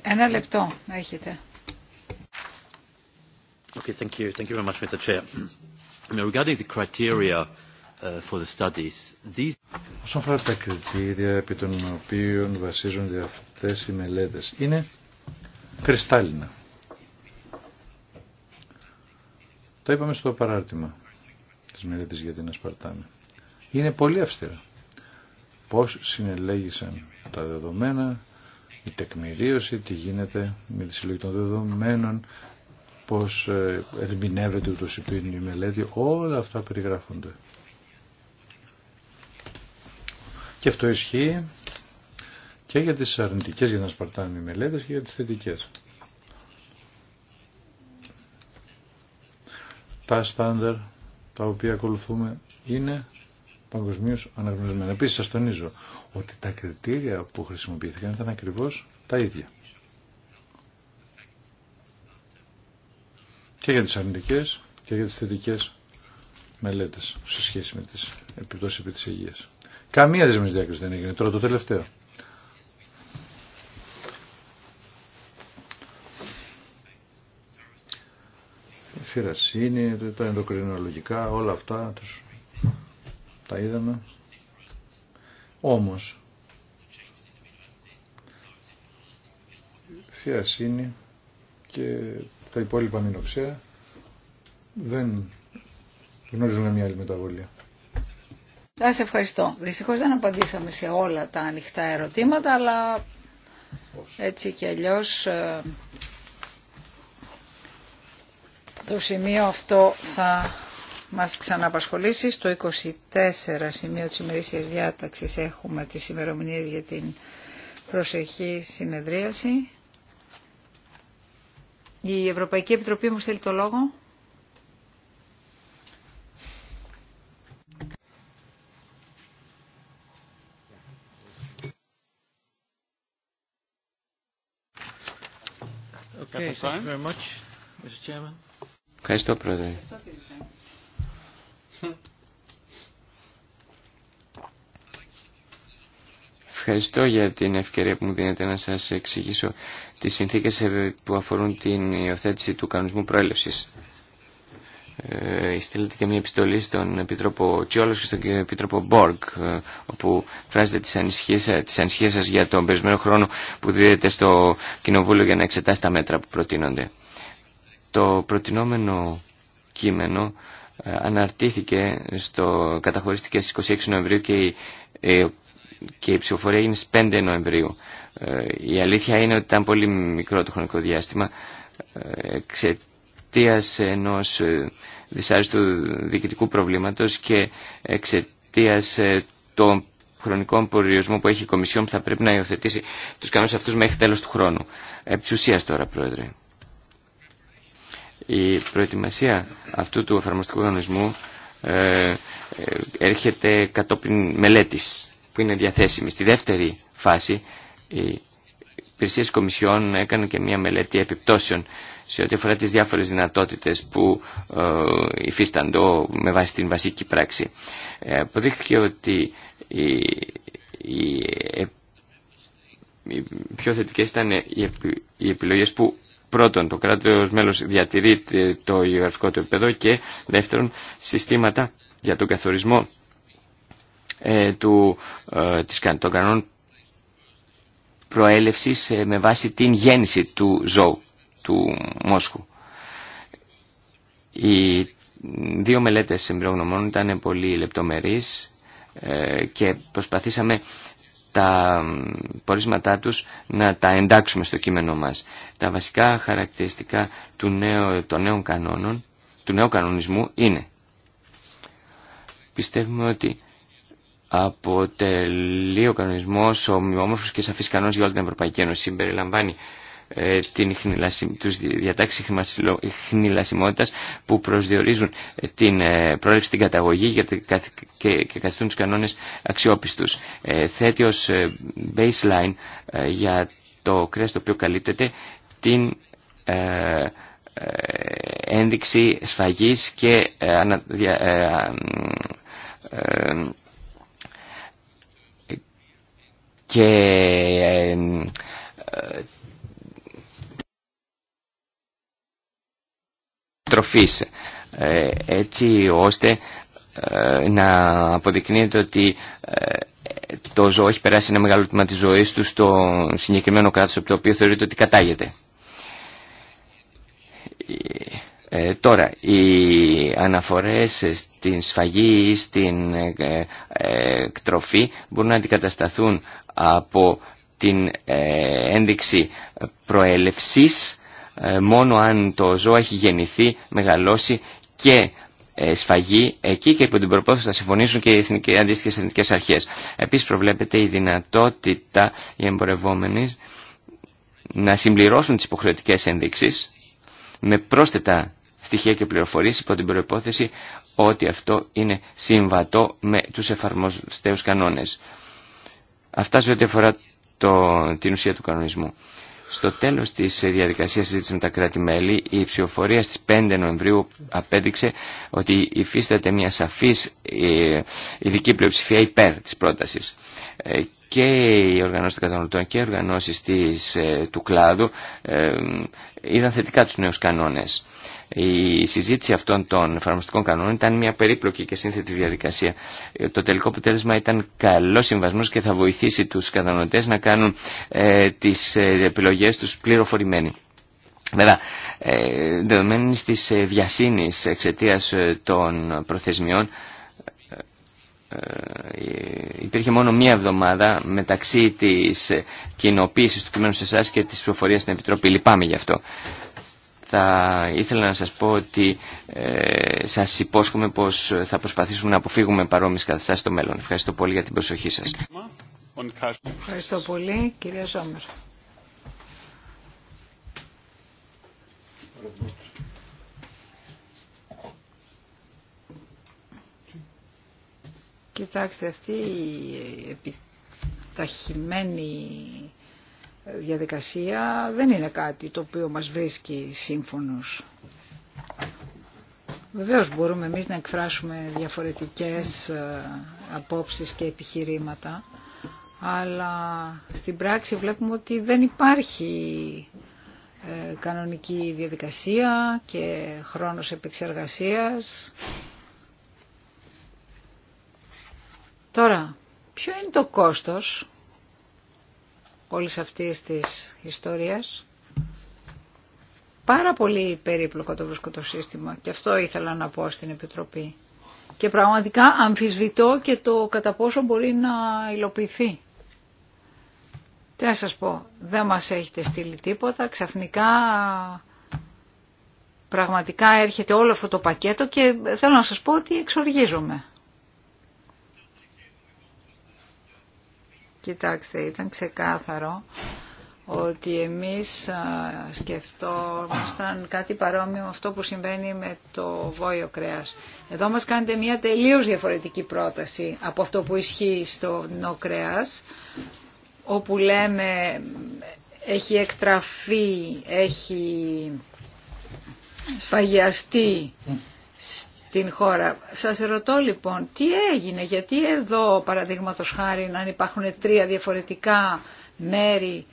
ένα λεπτό έχετε. Okay, thank you. Thank you very much, Mr. Chair. Regarding the criteria uh, for the studies, these... Όσον αφορά τα κριτήρια επί των οποίων βασίζονται αυτές οι μελέτες, είναι κρυστάλλινα. Το είπαμε στο παράρτημα της μελέτης για την Ασπαρτάνη. Είναι πολύ αυστηρά. Πώς συνελέγησαν τα δεδομένα, η τεκμηρίωση, τι γίνεται με τη συλλογή των δεδομένων, πώς ε, ερμηνεύεται ούτως η μελέτη, όλα αυτά περιγράφονται. Και αυτό ισχύει και για τις αρνητικές για να σπαρτάνε οι μελέτες και για τις θετικές. Τα στάνταρ τα οποία ακολουθούμε είναι παγκοσμίω αναγνωρισμένα. Επίσης σας τονίζω ότι τα κριτήρια που χρησιμοποιήθηκαν ήταν ακριβώς τα ίδια. Και για τις αρνητικές και για τις θετικές μελέτες σε σχέση με τις επιπτώσεις επί της υγείας. Καμία δεσμής διάκριση δεν έγινε. Τώρα το τελευταίο. Η θηρασύνη, τα ενδοκρινολογικά, όλα αυτά τα είδαμε. Όμως, θεασίνη και τα υπόλοιπα μηνοξέα δεν γνωρίζουν μια άλλη μεταβολία. σε ευχαριστώ. Δυστυχώς δεν απαντήσαμε σε όλα τα ανοιχτά ερωτήματα, αλλά έτσι και αλλιώς ε, το σημείο αυτό θα μας ξαναπασχολήσει. Στο 24 σημείο της ημερήσιας διάταξης έχουμε τις ημερομηνίες για την προσεχή συνεδρίαση. Η Ευρωπαϊκή Επιτροπή μου στέλνει το λόγο. Okay, thank you Πρόεδρε. Ευχαριστώ για την ευκαιρία που μου δίνετε να σας εξηγήσω τις συνθήκες που αφορούν την υιοθέτηση του κανονισμού προέλευσης. Ε, στείλετε και μια επιστολή στον Επιτρόπο Τσιόλος και στον Επιτρόπο Μπόργκ ε, όπου φράζετε τις ανησυχίες, ε, τις σας για τον περισμένο χρόνο που δίδεται στο Κοινοβούλιο για να εξετάσει τα μέτρα που προτείνονται. Το προτινόμενο κείμενο αναρτήθηκε, στο, καταχωρίστηκε στις 26 Νοεμβρίου ε, και η, ψηφοφορία έγινε στις 5 Νοεμβρίου. Ε, η αλήθεια είναι ότι ήταν πολύ μικρό το χρονικό διάστημα ε, εξαιτία ενός δυσάριστου διοικητικού προβλήματος και εξαιτία των χρονικών περιορισμών που έχει η Κομισιόν που θα πρέπει να υιοθετήσει τους κανόνες αυτούς μέχρι τέλο του χρόνου. Επί τώρα, Πρόεδρε. Η προετοιμασία αυτού του εφαρμοστικού κανονισμού ε, ε, έρχεται κατόπιν μελέτης που είναι διαθέσιμη. Στη δεύτερη φάση οι υπηρεσίες κομισιών έκαναν και μια μελέτη επιπτώσεων σε ό,τι αφορά τις διάφορες δυνατότητες που ε, υφίσταντο με βάση την βασική πράξη. Ε, αποδείχθηκε ότι οι, πιο θετικές ήταν οι, επιλογές που Πρώτον, το κράτος μέλος διατηρεί το γεωγραφικό του επίπεδο και δεύτερον, συστήματα για τον καθορισμό ε, του, ε, της, των κανόνων προέλευσης ε, με βάση την γέννηση του ζώου, του μόσχου. Οι δύο μελέτες συμπρογνωμών ήταν πολύ λεπτομερείς ε, και προσπαθήσαμε τα πορίσματά τους να τα εντάξουμε στο κείμενό μας. Τα βασικά χαρακτηριστικά του νέου, των νέων κανόνων, του νέου κανονισμού είναι πιστεύουμε ότι αποτελεί ο κανονισμός ομοιόμορφος και σαφής κανόνας για όλη την Ευρωπαϊκή Ένωση. Συμπεριλαμβάνει ε, την τους διατάξεις χνηλασιμότητας που προσδιορίζουν ε, την ε, πρόληψη στην καταγωγή και καθιστούν τους κανόνες αξιόπιστους. Θέτει ως baseline για το κρέας το οποίο καλύπτεται την ένδειξη σφαγής και και τροφής ε, έτσι ώστε ε, να αποδεικνύεται ότι ε, το ζώο έχει περάσει ένα μεγάλο τμήμα της ζωής του στο συγκεκριμένο κράτος από το οποίο θεωρείται ότι κατάγεται. τώρα, οι αναφορές στην σφαγή ή στην ε, κτροφή μπορούν να αντικατασταθούν από την ένδειξη προέλευσης ε, μόνο αν το ζώο έχει γεννηθεί, μεγαλώσει και ε, σφαγεί εκεί και υπό την προπόθεση θα συμφωνήσουν και οι εθνικές, αντίστοιχες εθνικές αρχές. Επίσης προβλέπεται η δυνατότητα οι εμπορευόμενοι να συμπληρώσουν τις υποχρεωτικές ενδείξεις με πρόσθετα στοιχεία και πληροφορίες υπό την προπόθεση ότι αυτό είναι συμβατό με τους εφαρμοστέους κανόνες. Αυτά σε ό,τι αφορά το, την ουσία του κανονισμού. Στο τέλος της διαδικασίας συζήτηση με τα κράτη-μέλη, η ψηφοφορία στις 5 Νοεμβρίου απέδειξε ότι υφίσταται μια σαφής ε, ειδική πλειοψηφία υπέρ της πρότασης. Ε, και οι οργανώσεις των καταναλωτών και οι οργανώσεις της, ε, του κλάδου είδαν θετικά τους νέους κανόνες. Η συζήτηση αυτών των εφαρμοστικών κανόνων ήταν μια περίπλοκη και σύνθετη διαδικασία. Ε, το τελικό αποτέλεσμα ήταν καλό συμβασμό και θα βοηθήσει του κατανοητέ να κάνουν ε, τι ε, επιλογέ του πληροφορημένοι. Βέβαια, ε, δεδομένη τη βιασύνη εξαιτία των προθεσμιών, υπήρχε μόνο μία εβδομάδα μεταξύ της κοινοποίηση του κειμένου σε εσά και της προφορίας στην Επιτροπή. Λυπάμαι γι' αυτό θα ήθελα να σας πω ότι ε, σας υπόσχομαι πως θα προσπαθήσουμε να αποφύγουμε παρόμοιες καταστάσεις στο μέλλον. Ευχαριστώ πολύ για την προσοχή σας. Ευχαριστώ πολύ, κυρία Σόμερ. Κοιτάξτε, αυτή η επιταχυμένη διαδικασία δεν είναι κάτι το οποίο μας βρίσκει σύμφωνος. Βεβαίως μπορούμε εμείς να εκφράσουμε διαφορετικές ε, απόψεις και επιχειρήματα, αλλά στην πράξη βλέπουμε ότι δεν υπάρχει ε, κανονική διαδικασία και χρόνος επεξεργασίας. Τώρα, ποιο είναι το κόστος όλης αυτής της ιστορίας. Πάρα πολύ περίπλοκο το βρίσκω το σύστημα και αυτό ήθελα να πω στην Επιτροπή. Και πραγματικά αμφισβητώ και το κατά πόσο μπορεί να υλοποιηθεί. Τι να σας πω, δεν μας έχετε στείλει τίποτα, ξαφνικά πραγματικά έρχεται όλο αυτό το πακέτο και θέλω να σας πω ότι εξοργίζομαι. Κοιτάξτε, ήταν ξεκάθαρο ότι εμείς σκεφτόμασταν κάτι παρόμοιο με αυτό που συμβαίνει με το βόλιο κρέας. Εδώ μας κάνετε μια τελείως διαφορετική πρόταση από αυτό που ισχύει στο νο κρέας, όπου λέμε έχει εκτραφεί, έχει σφαγιαστεί την χώρα. Σας ρωτώ λοιπόν τι έγινε, γιατί εδώ παραδείγματος χάρη να υπάρχουν τρία διαφορετικά μέρη,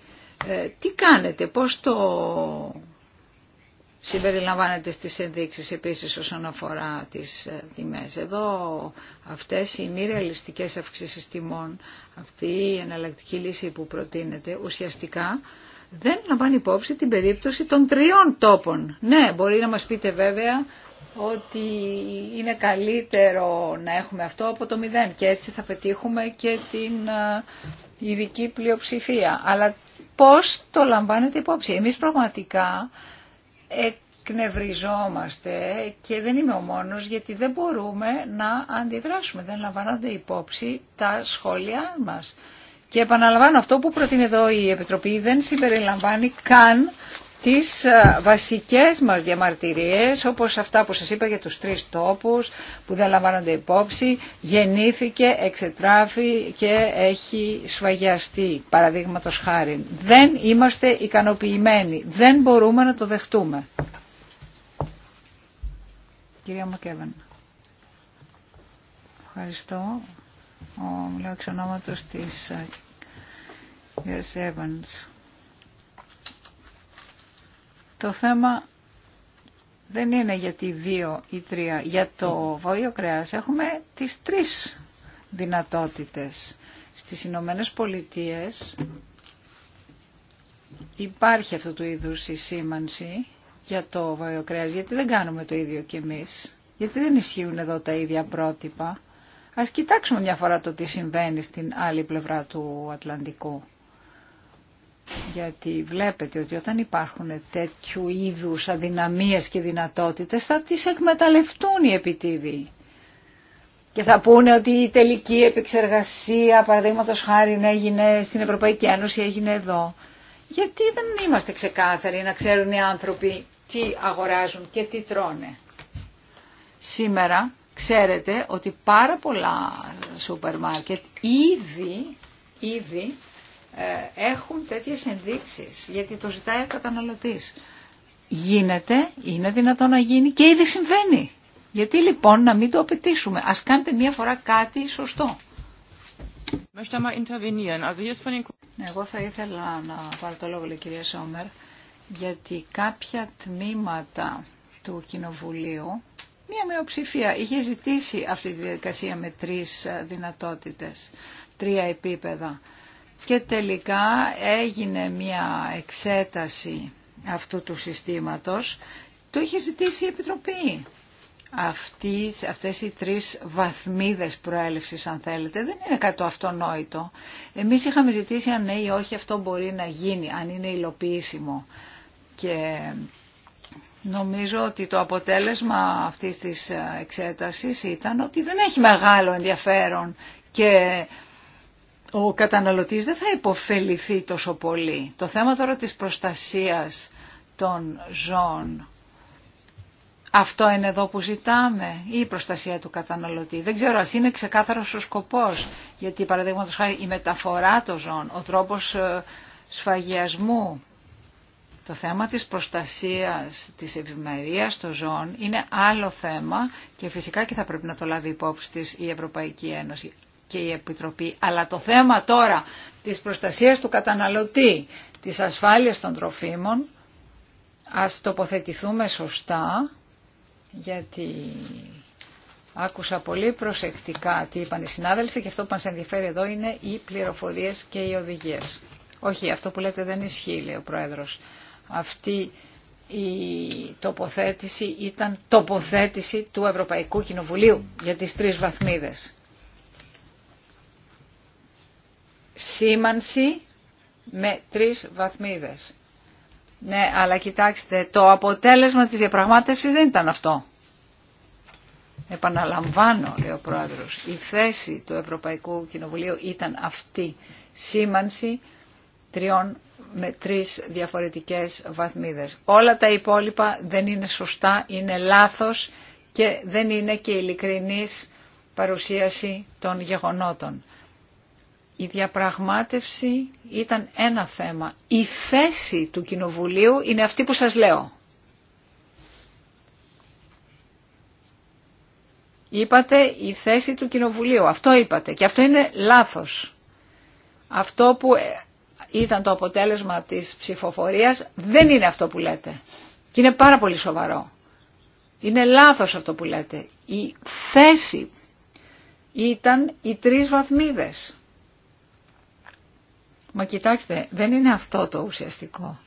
ε, τι κάνετε, πώς το συμπεριλαμβάνετε στις ενδείξεις επίσης όσον αφορά τις ε, τιμές. Εδώ αυτές οι μη ρεαλιστικές αυξήσεις τιμών, αυτή η εναλλακτική λύση που προτείνεται ουσιαστικά δεν λαμβάνει υπόψη την περίπτωση των τριών τόπων. Ναι, μπορεί να μας πείτε βέβαια ότι είναι καλύτερο να έχουμε αυτό από το μηδέν και έτσι θα πετύχουμε και την ειδική πλειοψηφία. Αλλά πώς το λαμβάνετε υπόψη. Εμείς πραγματικά εκνευριζόμαστε και δεν είμαι ο μόνος γιατί δεν μπορούμε να αντιδράσουμε. Δεν λαμβάνονται υπόψη τα σχόλιά μας. Και επαναλαμβάνω αυτό που προτείνει εδώ η Επιτροπή δεν συμπεριλαμβάνει καν τις ε, βασικές μας διαμαρτυρίες όπως αυτά που σας είπα για τους τρεις τόπους που δεν λαμβάνονται υπόψη γεννήθηκε, εξετράφει και έχει σφαγιαστεί παραδείγματος χάρη. Δεν είμαστε ικανοποιημένοι, δεν μπορούμε να το δεχτούμε. Κυρία Μακέβεν. Ευχαριστώ. Ο, μιλάω εξ ονόματος της ε, Evans. Το θέμα δεν είναι για δύο ή τρία. Για το βόλιο κρέας έχουμε τις τρεις δυνατότητες. Στις Ηνωμένε Πολιτείες υπάρχει αυτού του είδου η σήμανση για το βόλιο κρέας. Γιατί δεν κάνουμε το ίδιο κι εμείς. Γιατί δεν ισχύουν εδώ τα ίδια πρότυπα. Ας κοιτάξουμε μια φορά το τι συμβαίνει στην άλλη πλευρά του Ατλαντικού γιατί βλέπετε ότι όταν υπάρχουν τέτοιου είδους αδυναμίες και δυνατότητες θα τις εκμεταλλευτούν οι επιτίδοι. Και θα πούνε ότι η τελική επεξεργασία, παραδείγματο χάρη, έγινε στην Ευρωπαϊκή Ένωση, έγινε εδώ. Γιατί δεν είμαστε ξεκάθαροι να ξέρουν οι άνθρωποι τι αγοράζουν και τι τρώνε. Σήμερα ξέρετε ότι πάρα πολλά σούπερ μάρκετ ήδη ε, έχουν τέτοιες ενδείξεις, γιατί το ζητάει ο καταναλωτής. Γίνεται, είναι δυνατό να γίνει και ήδη συμβαίνει. Γιατί λοιπόν να μην το απαιτήσουμε. Ας κάνετε μία φορά κάτι σωστό. Ναι, εγώ θα ήθελα να πάρω το λόγο, λέει, κυρία Σόμερ, γιατί κάποια τμήματα του Κοινοβουλίου, μία μειοψηφία, είχε ζητήσει αυτή τη διαδικασία με τρεις ε, δυνατότητες, τρία επίπεδα και τελικά έγινε μια εξέταση αυτού του συστήματος. Το είχε ζητήσει η Επιτροπή. Αυτές, αυτές οι τρεις βαθμίδες προέλευσης αν θέλετε δεν είναι κάτι το αυτονόητο. Εμείς είχαμε ζητήσει αν ναι ή όχι αυτό μπορεί να γίνει, αν είναι υλοποιήσιμο. Και νομίζω ότι το αποτέλεσμα αυτής της ε, εξέτασης ήταν ότι δεν έχει μεγάλο ενδιαφέρον και ο καταναλωτής δεν θα υποφεληθεί τόσο πολύ. Το θέμα τώρα της προστασίας των ζώων. Αυτό είναι εδώ που ζητάμε ή η προστασία του καταναλωτή. Δεν ξέρω ας είναι ξεκάθαρος ο σκοπός. Γιατί παραδείγματος χάρη η μεταφορά των ζώων, ο τρόπος ε, σφαγιασμού, το θέμα της προστασίας της ευημερίας των ζώων είναι άλλο θέμα και φυσικά και θα πρέπει να το λάβει υπόψη της η Ευρωπαϊκή Ένωση και η Επιτροπή. Αλλά το θέμα τώρα της προστασίας του καταναλωτή, της ασφάλειας των τροφίμων, ας τοποθετηθούμε σωστά, γιατί άκουσα πολύ προσεκτικά τι είπαν οι συνάδελφοι και αυτό που μας ενδιαφέρει εδώ είναι οι πληροφορίες και οι οδηγίες. Όχι, αυτό που λέτε δεν ισχύει, λέει ο Πρόεδρος. Αυτή η τοποθέτηση ήταν τοποθέτηση του Ευρωπαϊκού Κοινοβουλίου για τις τρεις βαθμίδες. σήμανση με τρεις βαθμίδες. Ναι, αλλά κοιτάξτε, το αποτέλεσμα της διαπραγμάτευσης δεν ήταν αυτό. Επαναλαμβάνω, λέει ο Πρόεδρος, η θέση του Ευρωπαϊκού Κοινοβουλίου ήταν αυτή. Σήμανση με τρεις διαφορετικές βαθμίδες. Όλα τα υπόλοιπα δεν είναι σωστά, είναι λάθος και δεν είναι και ειλικρινής παρουσίαση των γεγονότων. Η διαπραγμάτευση ήταν ένα θέμα. Η θέση του Κοινοβουλίου είναι αυτή που σας λέω. Είπατε η θέση του Κοινοβουλίου. Αυτό είπατε. Και αυτό είναι λάθος. Αυτό που ε, ήταν το αποτέλεσμα της ψηφοφορίας δεν είναι αυτό που λέτε. Και είναι πάρα πολύ σοβαρό. Είναι λάθος αυτό που λέτε. Η θέση ήταν οι τρεις βαθμίδες. Μα κοιτάξτε, δεν είναι αυτό το ουσιαστικό.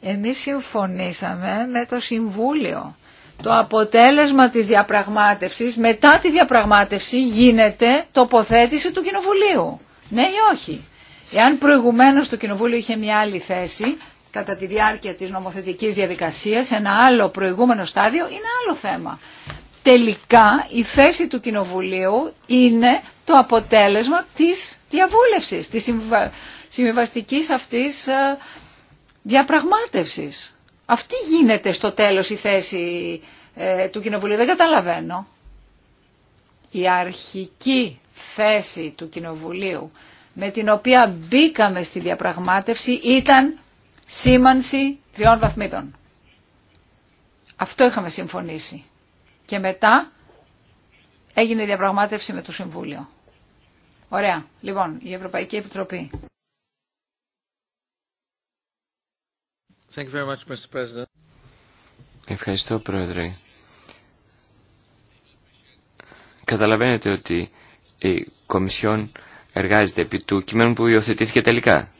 Εμείς συμφωνήσαμε με το Συμβούλιο. Το αποτέλεσμα της διαπραγμάτευσης, μετά τη διαπραγμάτευση γίνεται τοποθέτηση του Κοινοβουλίου. Ναι ή όχι. Εάν προηγουμένως το Κοινοβούλιο είχε μια άλλη θέση, κατά τη διάρκεια της νομοθετικής διαδικασίας, ένα άλλο προηγούμενο στάδιο, είναι άλλο θέμα. Τελικά η θέση του Κοινοβουλίου είναι το αποτέλεσμα της διαβούλευσης, της συμβιβαστικής αυτής ε, διαπραγμάτευσης. Αυτή γίνεται στο τέλος η θέση ε, του Κοινοβουλίου. Δεν καταλαβαίνω. Η αρχική θέση του Κοινοβουλίου με την οποία μπήκαμε στη διαπραγμάτευση ήταν σήμανση τριών βαθμίδων. Αυτό είχαμε συμφωνήσει. Και μετά έγινε διαπραγμάτευση με το Συμβούλιο. Ωραία. Λοιπόν, η Ευρωπαϊκή Επιτροπή. Ευχαριστώ, Πρόεδρε. Καταλαβαίνετε ότι η Κομισιόν εργάζεται επί του κειμένου που υιοθετήθηκε τελικά.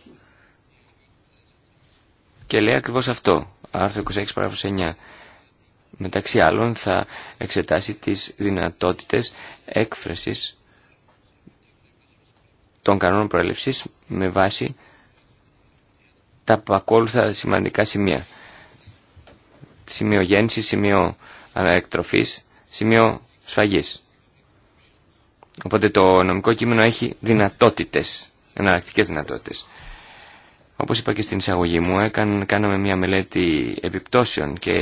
Και λέει ακριβώς αυτό, άρθρο 26 παράγραφος 9. Μεταξύ άλλων θα εξετάσει τις δυνατότητες έκφρασης των κανόνων προέλευσης με βάση τα ακόλουθα σημαντικά σημεία. Σημείο γέννηση, σημείο εκτροφής, σημείο σφαγής. Οπότε το νομικό κείμενο έχει δυνατότητες, εναλλακτικές δυνατότητες. Όπως είπα και στην εισαγωγή μου, έκαν, κάναμε μια μελέτη επιπτώσεων και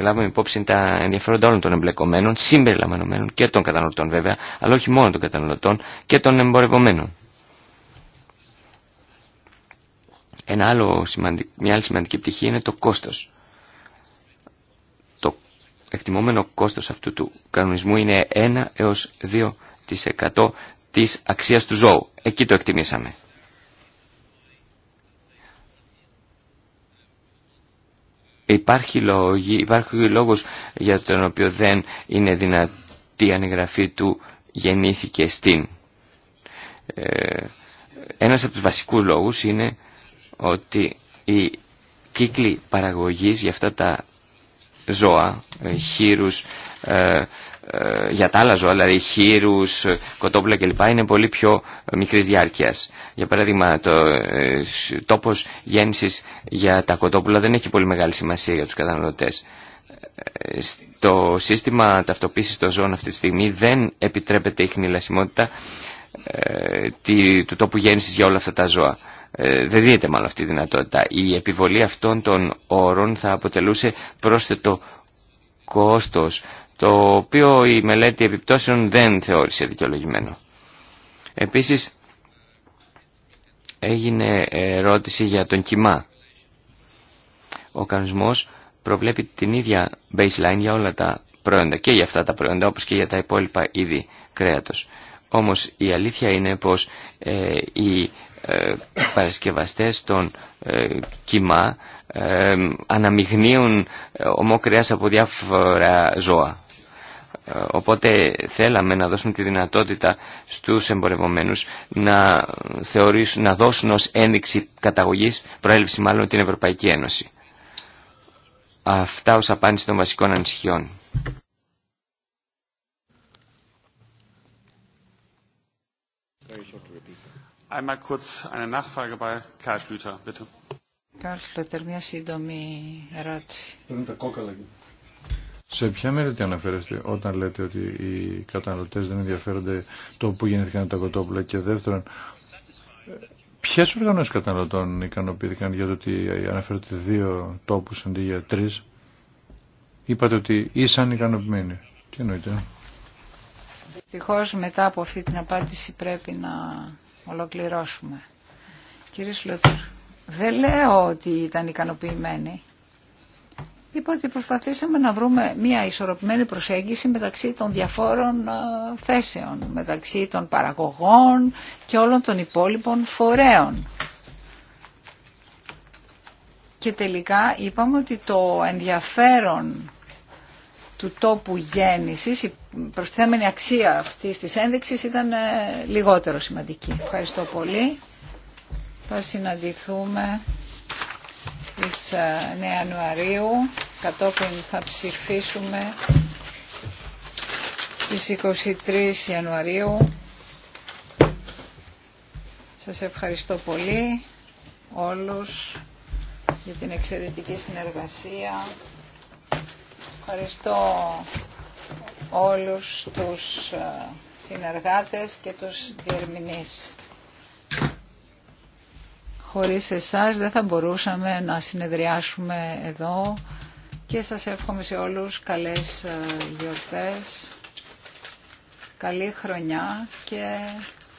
λάβαμε υπόψη τα ενδιαφέροντα όλων των εμπλεκομένων, συμπεριλαμβανομένων και των καταναλωτών βέβαια, αλλά όχι μόνο των καταναλωτών και των εμπορευομένων. Ένα άλλο Μια άλλη σημαντική πτυχή είναι το κόστος. Το εκτιμόμενο κόστος αυτού του κανονισμού είναι 1 έως 2% της αξίας του ζώου. Εκεί το εκτιμήσαμε. Υπάρχει, λόγη, υπάρχει λόγος για τον οποίο δεν είναι δυνατή η ανεγγραφή του γεννήθηκε στην. Ε, ένας από τους βασικούς λόγους είναι ότι οι κύκλοι παραγωγής για αυτά τα ζώα, ε, χείρους, ε, ε, για τα άλλα ζώα, δηλαδή χείρους, κοτόπουλα κλπ. είναι πολύ πιο μικρής διάρκειας. Για παράδειγμα, το τόπος γέννησης για τα κοτόπουλα δεν έχει πολύ μεγάλη σημασία για τους καταναλωτές. Στο σύστημα ταυτοποίησης των ζώων αυτή τη στιγμή δεν επιτρέπεται η χνηλασιμότητα του τόπου γέννησης για όλα αυτά τα ζώα. Ε, δεν δίνεται μάλλον αυτή η δυνατότητα. Η επιβολή αυτών των όρων θα αποτελούσε πρόσθετο κόστος, το οποίο η μελέτη επιπτώσεων δεν θεώρησε δικαιολογημένο. Επίσης, έγινε ερώτηση για τον κοιμά. Ο κανονισμός προβλέπει την ίδια baseline για όλα τα προϊόντα και για αυτά τα προϊόντα όπως και για τα υπόλοιπα είδη κρέατος. Όμως η αλήθεια είναι πως ε, η ε, παρασκευαστές των ε, κοιμά ε, αναμειγνύουν ομόκριας από διάφορα ζώα. Οπότε θέλαμε να δώσουμε τη δυνατότητα στους εμπορευομένους να, θεωρήσουν, να δώσουν ως ένδειξη καταγωγής, προέλευση μάλλον την Ευρωπαϊκή Ένωση. Αυτά ως απάντηση των βασικών ανησυχιών. Einmal kurz eine Nachfrage bei Karl Schlüter, bitte. Karl Schlüter, μια σύντομη ερώτηση. Σε ποια μέρη τι αναφέρεστε όταν λέτε ότι οι καταναλωτές δεν ενδιαφέρονται το που γεννήθηκαν τα κοτόπουλα και δεύτερον, ποιες οργανώσεις καταναλωτών ικανοποιήθηκαν για το ότι αναφέρετε δύο τόπους αντί για τρεις. Είπατε ότι ήσαν ικανοποιημένοι. Τι εννοείτε. Δυστυχώ μετά από αυτή την απάντηση πρέπει να ολοκληρώσουμε. Κύριε Σλούτερ, δεν λέω ότι ήταν ικανοποιημένοι. Είπα ότι προσπαθήσαμε να βρούμε μια ισορροπημένη προσέγγιση μεταξύ των διαφόρων θέσεων, μεταξύ των παραγωγών και όλων των υπόλοιπων φορέων. Και τελικά είπαμε ότι το ενδιαφέρον του τόπου γέννησης, η προσθέμενη αξία αυτής της ένδειξης ήταν ε, λιγότερο σημαντική. Ευχαριστώ πολύ. Θα συναντηθούμε της 9 ε, Ιανουαρίου, κατόπιν θα ψηφίσουμε στις 23 Ιανουαρίου. Σας ευχαριστώ πολύ όλους για την εξαιρετική συνεργασία. Ευχαριστώ όλους τους ε, συνεργάτες και τους διερμηνείς. Χωρίς εσάς δεν θα μπορούσαμε να συνεδριάσουμε εδώ και σας εύχομαι σε όλους καλές ε, γιορτές, καλή χρονιά και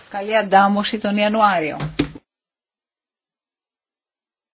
καλή αντάμωση τον Ιανουάριο.